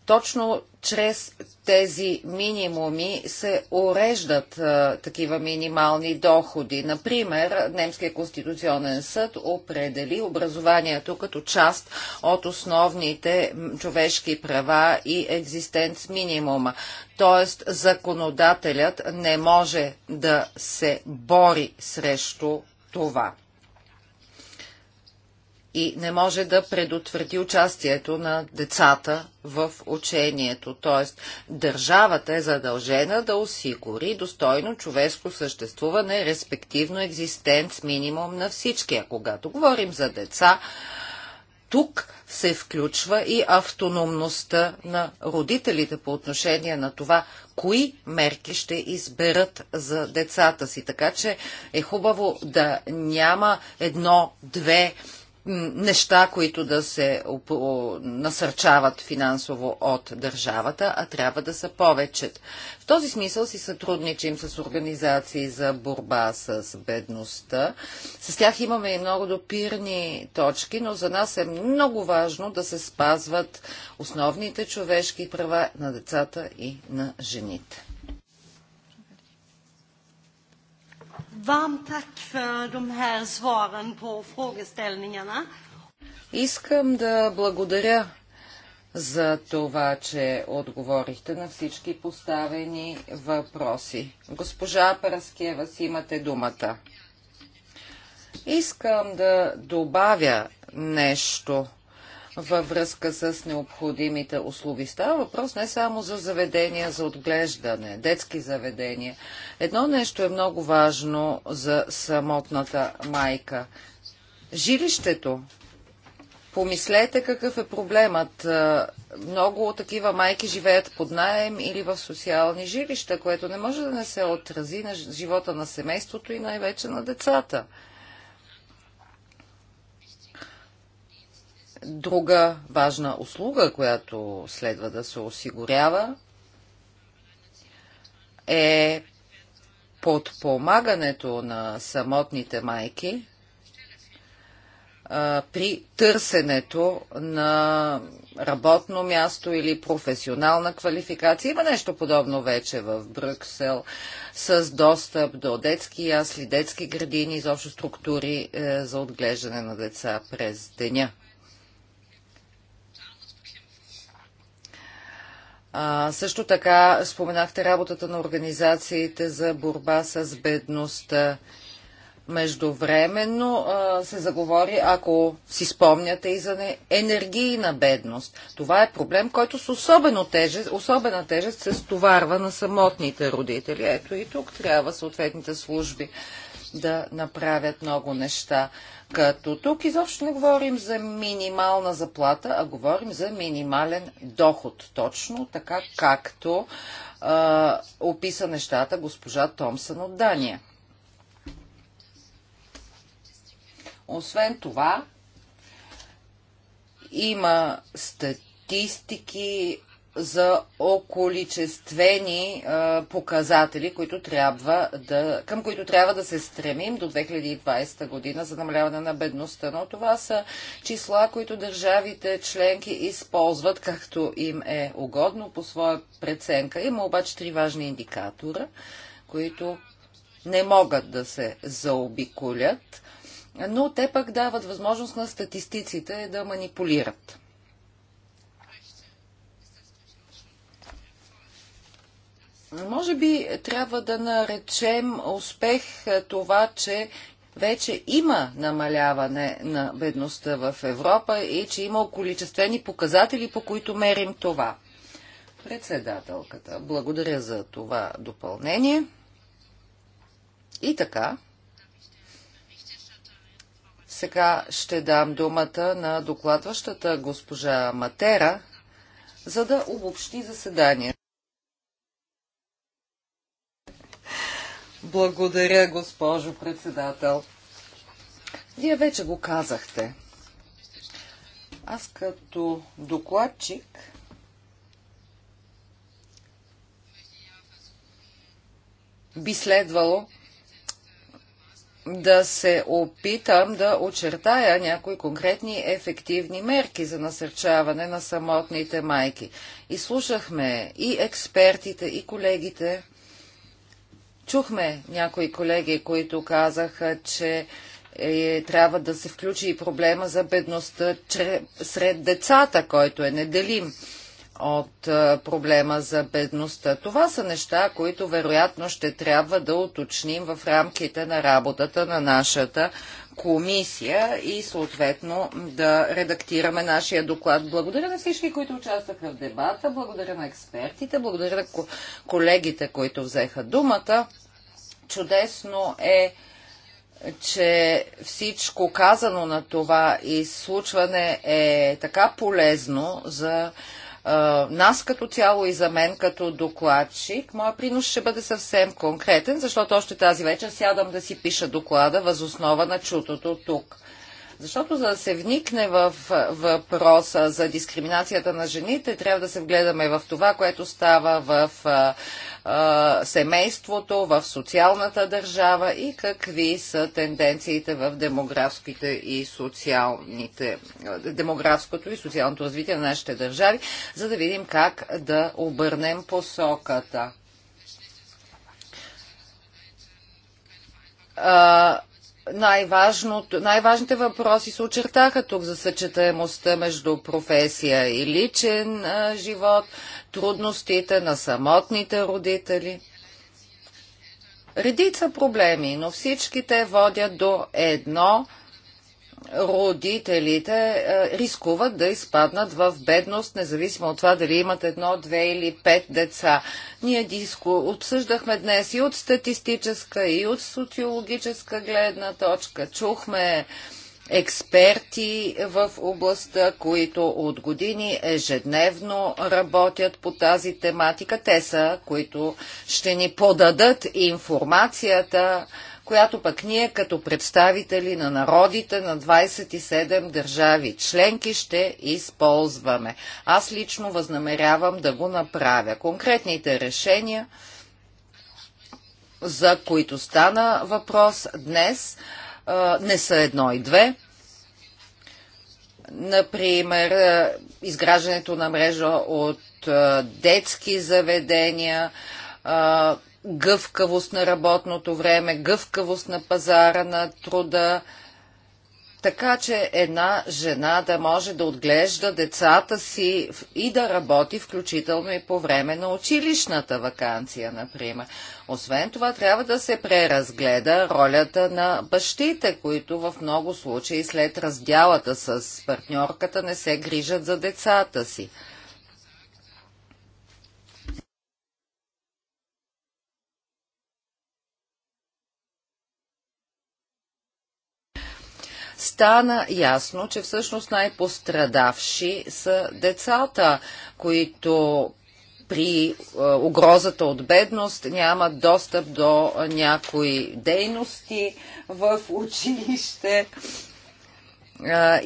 Точно чрез тези минимуми се уреждат а, такива минимални доходи. Например, Немския конституционен съд определи образованието като част от основните човешки права и екзистенц минимума. Тоест, законодателят не може да се бори срещу това и не може да предотврати участието на децата в учението. Тоест, държавата е задължена да осигури достойно човешко съществуване, респективно екзистенц минимум на всички. А когато говорим за деца, тук се включва и автономността на родителите по отношение на това, кои мерки ще изберат за децата си. Така че е хубаво да няма едно-две неща, които да се насърчават финансово от държавата, а трябва да са повече. В този смисъл си сътрудничим с организации за борба с бедността. С тях имаме и много допирни точки, но за нас е много важно да се спазват основните човешки права на децата и на жените. Varmt tack för de här svaren på frågeställningarna. Искам да благодаря за това, че отговорихте на всички поставени въпроси. Госпожа Параскева, си имате думата. Искам да добавя нещо във връзка с необходимите услуги. Става въпрос не само за заведения за отглеждане, детски заведения. Едно нещо е много важно за самотната майка. Жилището. Помислете какъв е проблемът. Е, много от такива майки живеят под найем или в социални жилища, което не може да не се отрази на живота на семейството и най-вече на децата. Друга важна услуга, която следва да се осигурява, е подпомагането на самотните майки а, при търсенето на работно място или професионална квалификация. Има нещо подобно вече в Брюксел с достъп до детски ясли, детски градини, изобщо структури е, за отглеждане на деца през деня. А, също така споменахте работата на организациите за борба с бедността. Междувременно а, се заговори, ако си спомняте, и за енергийна бедност. Това е проблем, който с особено тежест, особена тежест се стоварва на самотните родители. Ето и тук трябва съответните служби да направят много неща. Като тук изобщо не говорим за минимална заплата, а говорим за минимален доход. Точно така, както а, описа нещата госпожа Томсън от Дания. Освен това, има статистики за околичествени а, показатели, които трябва да, към които трябва да се стремим до 2020 година за намаляване на бедността. Но това са числа, които държавите членки използват както им е угодно по своя преценка. Има обаче три важни индикатора, които не могат да се заобиколят, но те пък дават възможност на статистиците да манипулират. Може би трябва да наречем успех е, това, че вече има намаляване на бедността в Европа и че има количествени показатели, по които мерим това. Председателката, благодаря за това допълнение. И така, сега ще дам думата на докладващата госпожа Матера, за да обобщи заседанието. Благодаря, госпожо председател. Вие вече го казахте. Аз като докладчик би следвало да се опитам да очертая някои конкретни ефективни мерки за насърчаване на самотните майки. И слушахме и експертите, и колегите Чухме някои колеги, които казаха, че е, трябва да се включи и проблема за бедността чрез, сред децата, който е неделим от е, проблема за бедността. Това са неща, които вероятно ще трябва да уточним в рамките на работата на нашата комисия и съответно да редактираме нашия доклад. Благодаря на всички, които участваха в дебата, благодаря на експертите, благодаря на колегите, които взеха думата. Чудесно е че всичко казано на това изслучване е така полезно за нас като цяло и за мен като докладчик. Моя принос ще бъде съвсем конкретен, защото още тази вечер сядам да си пиша доклада възоснова на чутото тук. Защото за да се вникне в въпроса за дискриминацията на жените, трябва да се вгледаме в това, което става в семейството в социалната държава и какви са тенденциите в демографските и социалните, демографското и социалното развитие на нашите държави, за да видим как да обърнем посоката най-важното, най-важните въпроси се очертаха тук за съчетаемостта между професия и личен а, живот, трудностите на самотните родители. Редица проблеми, но всички те водят до едно – родителите е, рискуват да изпаднат в бедност, независимо от това дали имат едно, две или пет деца. Ние диско обсъждахме днес и от статистическа, и от социологическа гледна точка. Чухме експерти в областта, които от години ежедневно работят по тази тематика. Те са, които ще ни подадат информацията, която пък ние като представители на народите на 27 държави членки ще използваме. Аз лично възнамерявам да го направя. Конкретните решения, за които стана въпрос днес, не са едно и две. Например, изграждането на мрежа от детски заведения, гъвкавост на работното време, гъвкавост на пазара на труда, така че една жена да може да отглежда децата си и да работи, включително и по време на училищната вакансия, например. Освен това, трябва да се преразгледа ролята на бащите, които в много случаи след раздялата с партньорката не се грижат за децата си. стана ясно, че всъщност най-пострадавши са децата, които при е, угрозата от бедност нямат достъп до някои дейности в училище е,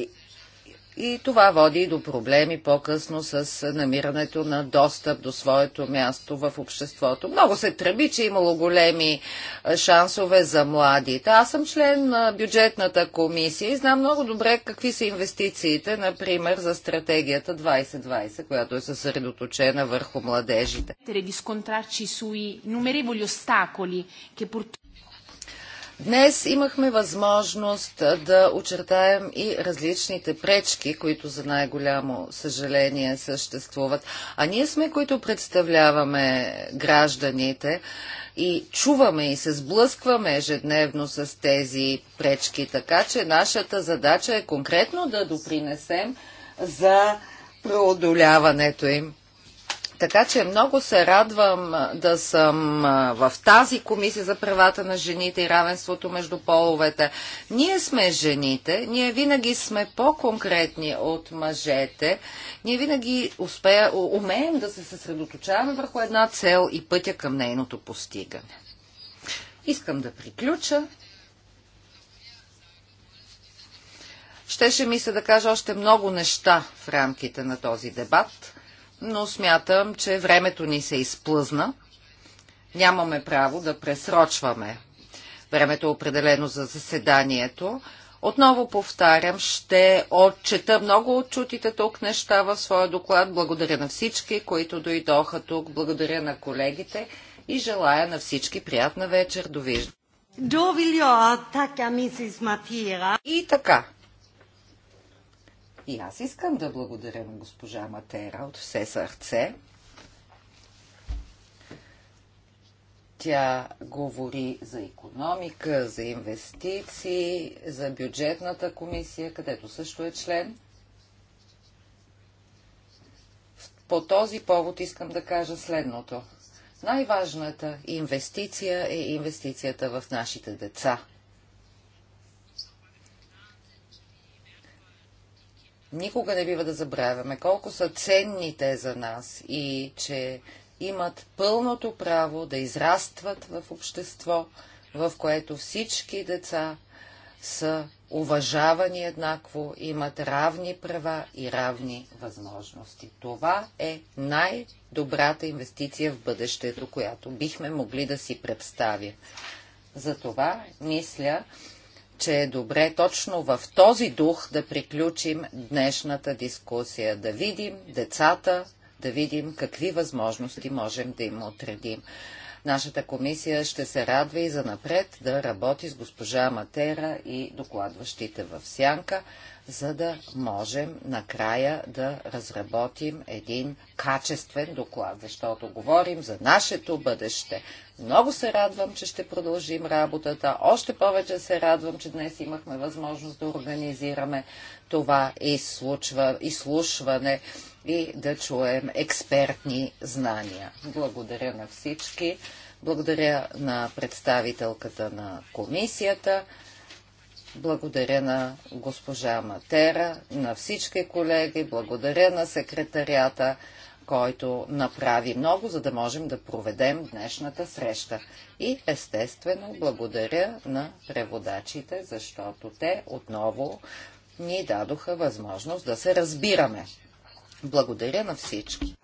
и това води до проблеми по-късно с намирането на достъп до своето място в обществото. Много се тръби, че е имало големи е, шансове за младите. Аз съм член на бюджетната комисия и знам много добре какви са инвестициите, например, за стратегията 2020, която е съсредоточена върху младежите. Днес имахме възможност да очертаем и различните пречки, които за най-голямо съжаление съществуват. А ние сме, които представляваме гражданите и чуваме и се сблъскваме ежедневно с тези пречки. Така че нашата задача е конкретно да допринесем за преодоляването им. Така че много се радвам да съм в тази комисия за правата на жените и равенството между половете. Ние сме жените, ние винаги сме по-конкретни от мъжете, ние винаги успея, умеем да се съсредоточаваме върху една цел и пътя към нейното постигане. Искам да приключа. Щеше ми се да кажа още много неща в рамките на този дебат но смятам, че времето ни се изплъзна. Нямаме право да пресрочваме времето е определено за заседанието. Отново повтарям, ще отчета много от чутите тук неща в своя доклад. Благодаря на всички, които дойдоха тук. Благодаря на колегите и желая на всички приятна вечер. Довиждане. И така, и аз искам да благодаря на госпожа Матера от все сърце. Тя говори за економика, за инвестиции, за бюджетната комисия, където също е член. По този повод искам да кажа следното. Най-важната инвестиция е инвестицията в нашите деца – Никога не бива да забравяме колко са ценни те за нас и че имат пълното право да израстват в общество, в което всички деца са уважавани еднакво, имат равни права и равни възможности. Това е най-добрата инвестиция в бъдещето, която бихме могли да си представим. Затова мисля, че е добре точно в този дух да приключим днешната дискусия, да видим децата, да видим какви възможности можем да им отредим. Нашата комисия ще се радва и за напред да работи с госпожа Матера и докладващите в Сянка, за да можем накрая да разработим един качествен доклад, защото говорим за нашето бъдеще. Много се радвам, че ще продължим работата. Още повече се радвам, че днес имахме възможност да организираме това изслушване и да чуем експертни знания. Благодаря на всички. Благодаря на представителката на комисията. Благодаря на госпожа Матера, на всички колеги, благодаря на секретарията, който направи много, за да можем да проведем днешната среща. И естествено благодаря на преводачите, защото те отново ни дадоха възможност да се разбираме. Благодаря на всички.